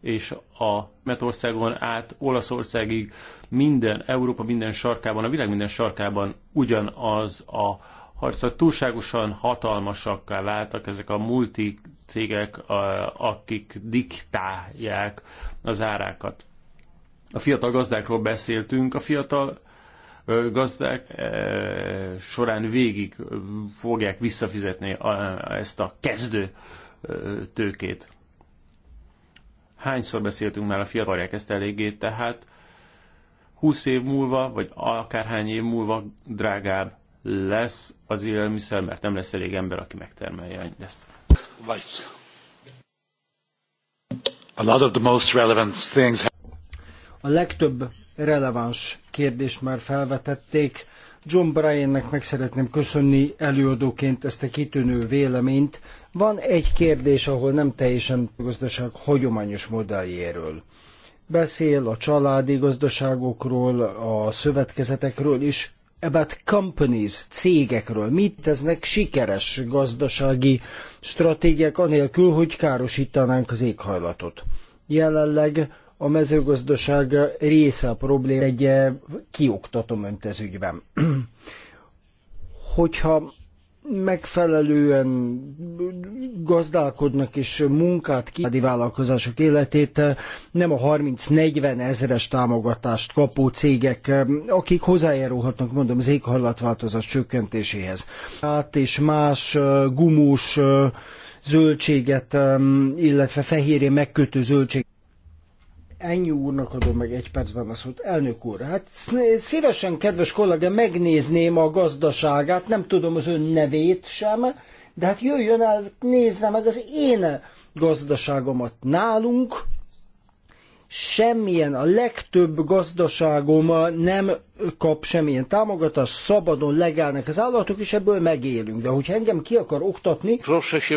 és a Metországon át Olaszországig minden, Európa minden sarkában, a világ minden sarkában ugyanaz a harcok. Túlságosan hatalmasakká váltak ezek a multi cégek, akik diktálják az árákat. A fiatal gazdákról beszéltünk, a fiatal gazdák során végig fogják visszafizetni ezt a kezdő tőkét. Hányszor beszéltünk már a fiatalják ezt eléggé, tehát 20 év múlva, vagy akárhány év múlva drágább lesz az élelmiszer, mert nem lesz elég ember, aki megtermelje ezt. A a legtöbb releváns kérdést már felvetették. John Bryannek meg szeretném köszönni előadóként ezt a kitűnő véleményt. Van egy kérdés, ahol nem teljesen gazdaság hagyományos modelljéről. Beszél a családi gazdaságokról, a szövetkezetekről is, about companies, cégekről. Mit tesznek sikeres gazdasági stratégiák anélkül, hogy károsítanánk az éghajlatot? Jelenleg a mezőgazdaság része a probléma egy eh, kioktatom öntezügyben. Hogyha megfelelően gazdálkodnak és munkát kiadi vállalkozások életét, nem a 30-40 ezeres támogatást kapó cégek, akik hozzájárulhatnak, mondom, az éghajlatváltozás csökkentéséhez. Hát és más gumós zöldséget, illetve fehérje megkötő zöldséget Ennyi úrnak adom meg egy percben azt, hogy elnök úr, hát szívesen, kedves kollega, megnézném a gazdaságát, nem tudom az ön nevét sem, de hát jöjjön el, nézze meg az én gazdaságomat nálunk, semmilyen, a legtöbb gazdaságom nem kap semmilyen támogatást, szabadon legelnek az állatok, és ebből megélünk. De hogyha engem ki akar oktatni... Proszę się,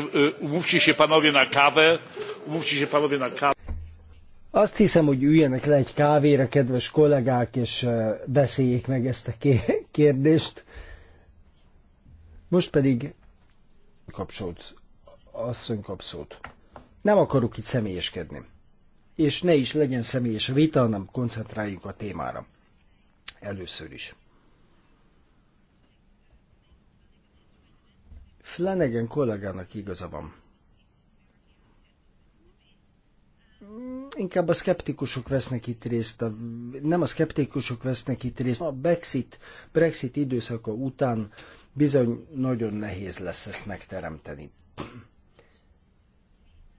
uh, się panowie na kawę, się panowie na kawę. Azt hiszem, hogy üljenek le egy kávéra, kedves kollégák, és beszéljék meg ezt a kérdést. Most pedig kapcsolt, asszony kapcsolt. Nem akarok itt személyeskedni. És ne is legyen személyes a vita, hanem koncentráljunk a témára. Először is. Flanagan kollégának igaza van. inkább a szkeptikusok vesznek itt részt, a, nem a szkeptikusok vesznek itt részt, a Brexit, Brexit időszaka után bizony nagyon nehéz lesz ezt megteremteni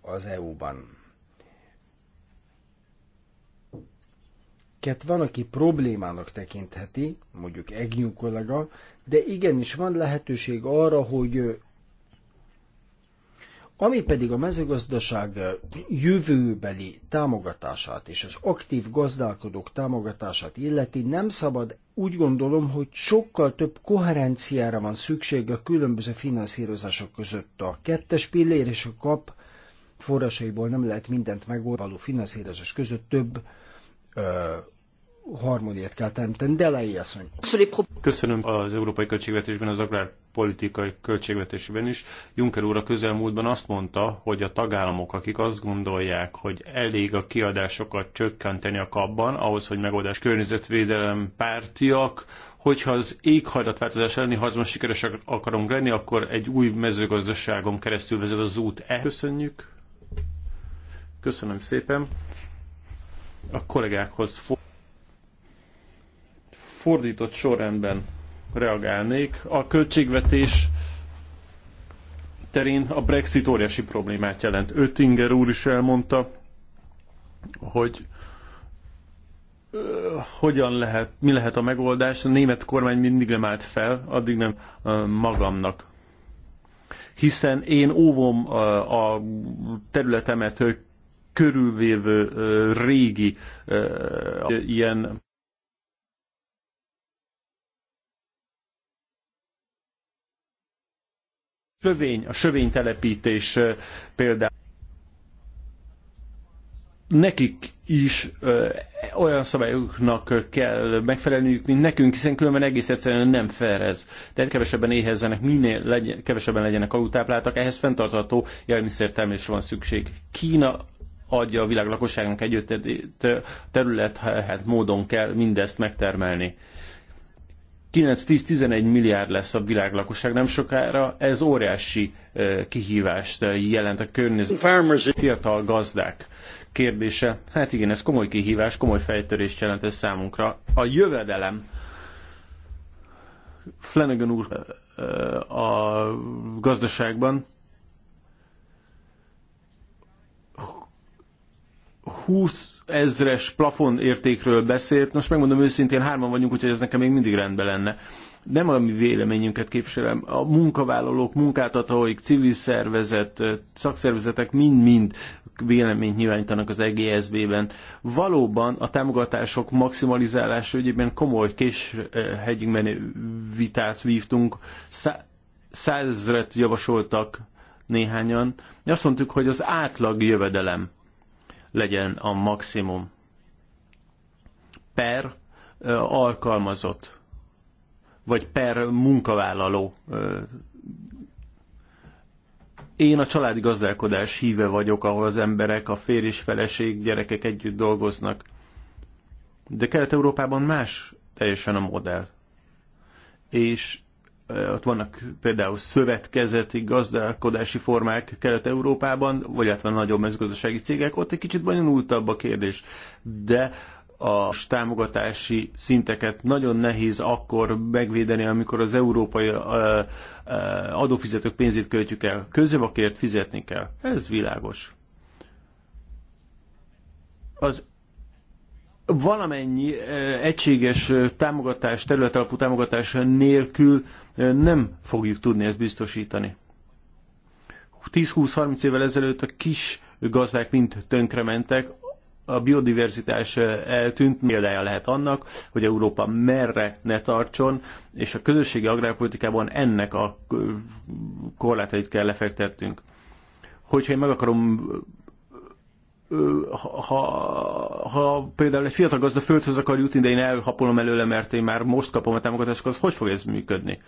az EU-ban. Ket van, aki problémának tekintheti, mondjuk Egnyú kollega, de igenis van lehetőség arra, hogy ami pedig a mezőgazdaság jövőbeli támogatását és az aktív gazdálkodók támogatását illeti, nem szabad úgy gondolom, hogy sokkal több koherenciára van szükség a különböző finanszírozások között. A kettes pillér és a kap forrásaiból nem lehet mindent megoldani, való finanszírozás között több ö, harmóniát kell teremteni. De Lei asszony. Köszönöm az európai költségvetésben, az agrárpolitikai költségvetésben is. Juncker úr a közelmúltban azt mondta, hogy a tagállamok, akik azt gondolják, hogy elég a kiadásokat csökkenteni a kapban, ahhoz, hogy megoldás környezetvédelem pártiak, hogyha az éghajlatváltozás elleni harcban sikeresek akarunk lenni, akkor egy új mezőgazdaságon keresztül vezet az út. E. Köszönjük. Köszönöm szépen. A kollégákhoz fog fordított sorrendben reagálnék. A költségvetés terén a Brexit óriási problémát jelent. Öttinger úr is elmondta, hogy hogyan lehet, mi lehet a megoldás. A német kormány mindig nem állt fel, addig nem magamnak. Hiszen én óvom a területemet körülvévő régi ilyen sövény, a sövénytelepítés telepítés például nekik is ö, olyan szabályoknak kell megfelelniük, mint nekünk, hiszen különben egész egyszerűen nem fair ez. Tehát kevesebben éhezzenek, minél legyen, kevesebben legyenek alultápláltak, ehhez fenntartható termésre van szükség. Kína adja a világ lakosságnak egyöttet terület, hát módon kell mindezt megtermelni. 9-10-11 milliárd lesz a világ lakosság nem sokára, ez óriási kihívást jelent a környezet. Fiatal gazdák kérdése. Hát igen, ez komoly kihívás, komoly fejtörést jelent ez számunkra. A jövedelem Flanagan úr a gazdaságban 20 ezres plafon értékről beszélt, most megmondom őszintén, hárman vagyunk, úgyhogy ez nekem még mindig rendben lenne. Nem a mi véleményünket képviselem. A munkavállalók, munkáltatóik, civil szervezet, szakszervezetek mind-mind véleményt nyilvánítanak az EGSB-ben. Valóban a támogatások maximalizálása ügyében komoly késhegyig menő vitát vívtunk. százezret javasoltak néhányan. Mi azt mondtuk, hogy az átlag jövedelem legyen a maximum per alkalmazott, vagy per munkavállaló. Én a családi gazdálkodás híve vagyok, ahol az emberek, a férj és feleség, gyerekek együtt dolgoznak. De Kelet-Európában más teljesen a modell. És ott vannak például szövetkezeti gazdálkodási formák Kelet-Európában, vagy hát van nagyobb mezőgazdasági cégek, ott egy kicsit bonyolultabb a kérdés, de a támogatási szinteket nagyon nehéz akkor megvédeni, amikor az európai adófizetők pénzét költjük el. Közövakért fizetni kell. Ez világos. Az valamennyi egységes támogatás, területalapú támogatás nélkül nem fogjuk tudni ezt biztosítani. 10-20-30 évvel ezelőtt a kis gazdák mind tönkrementek, a biodiverzitás eltűnt, példája lehet annak, hogy Európa merre ne tartson, és a közösségi agrárpolitikában ennek a korlátait kell lefektetnünk. Hogyha én meg akarom ha, ha például egy fiatal gazda földhöz akar jutni, de én elhapolom előle, mert én már most kapom a támogatást, akkor hogy fog ez működni?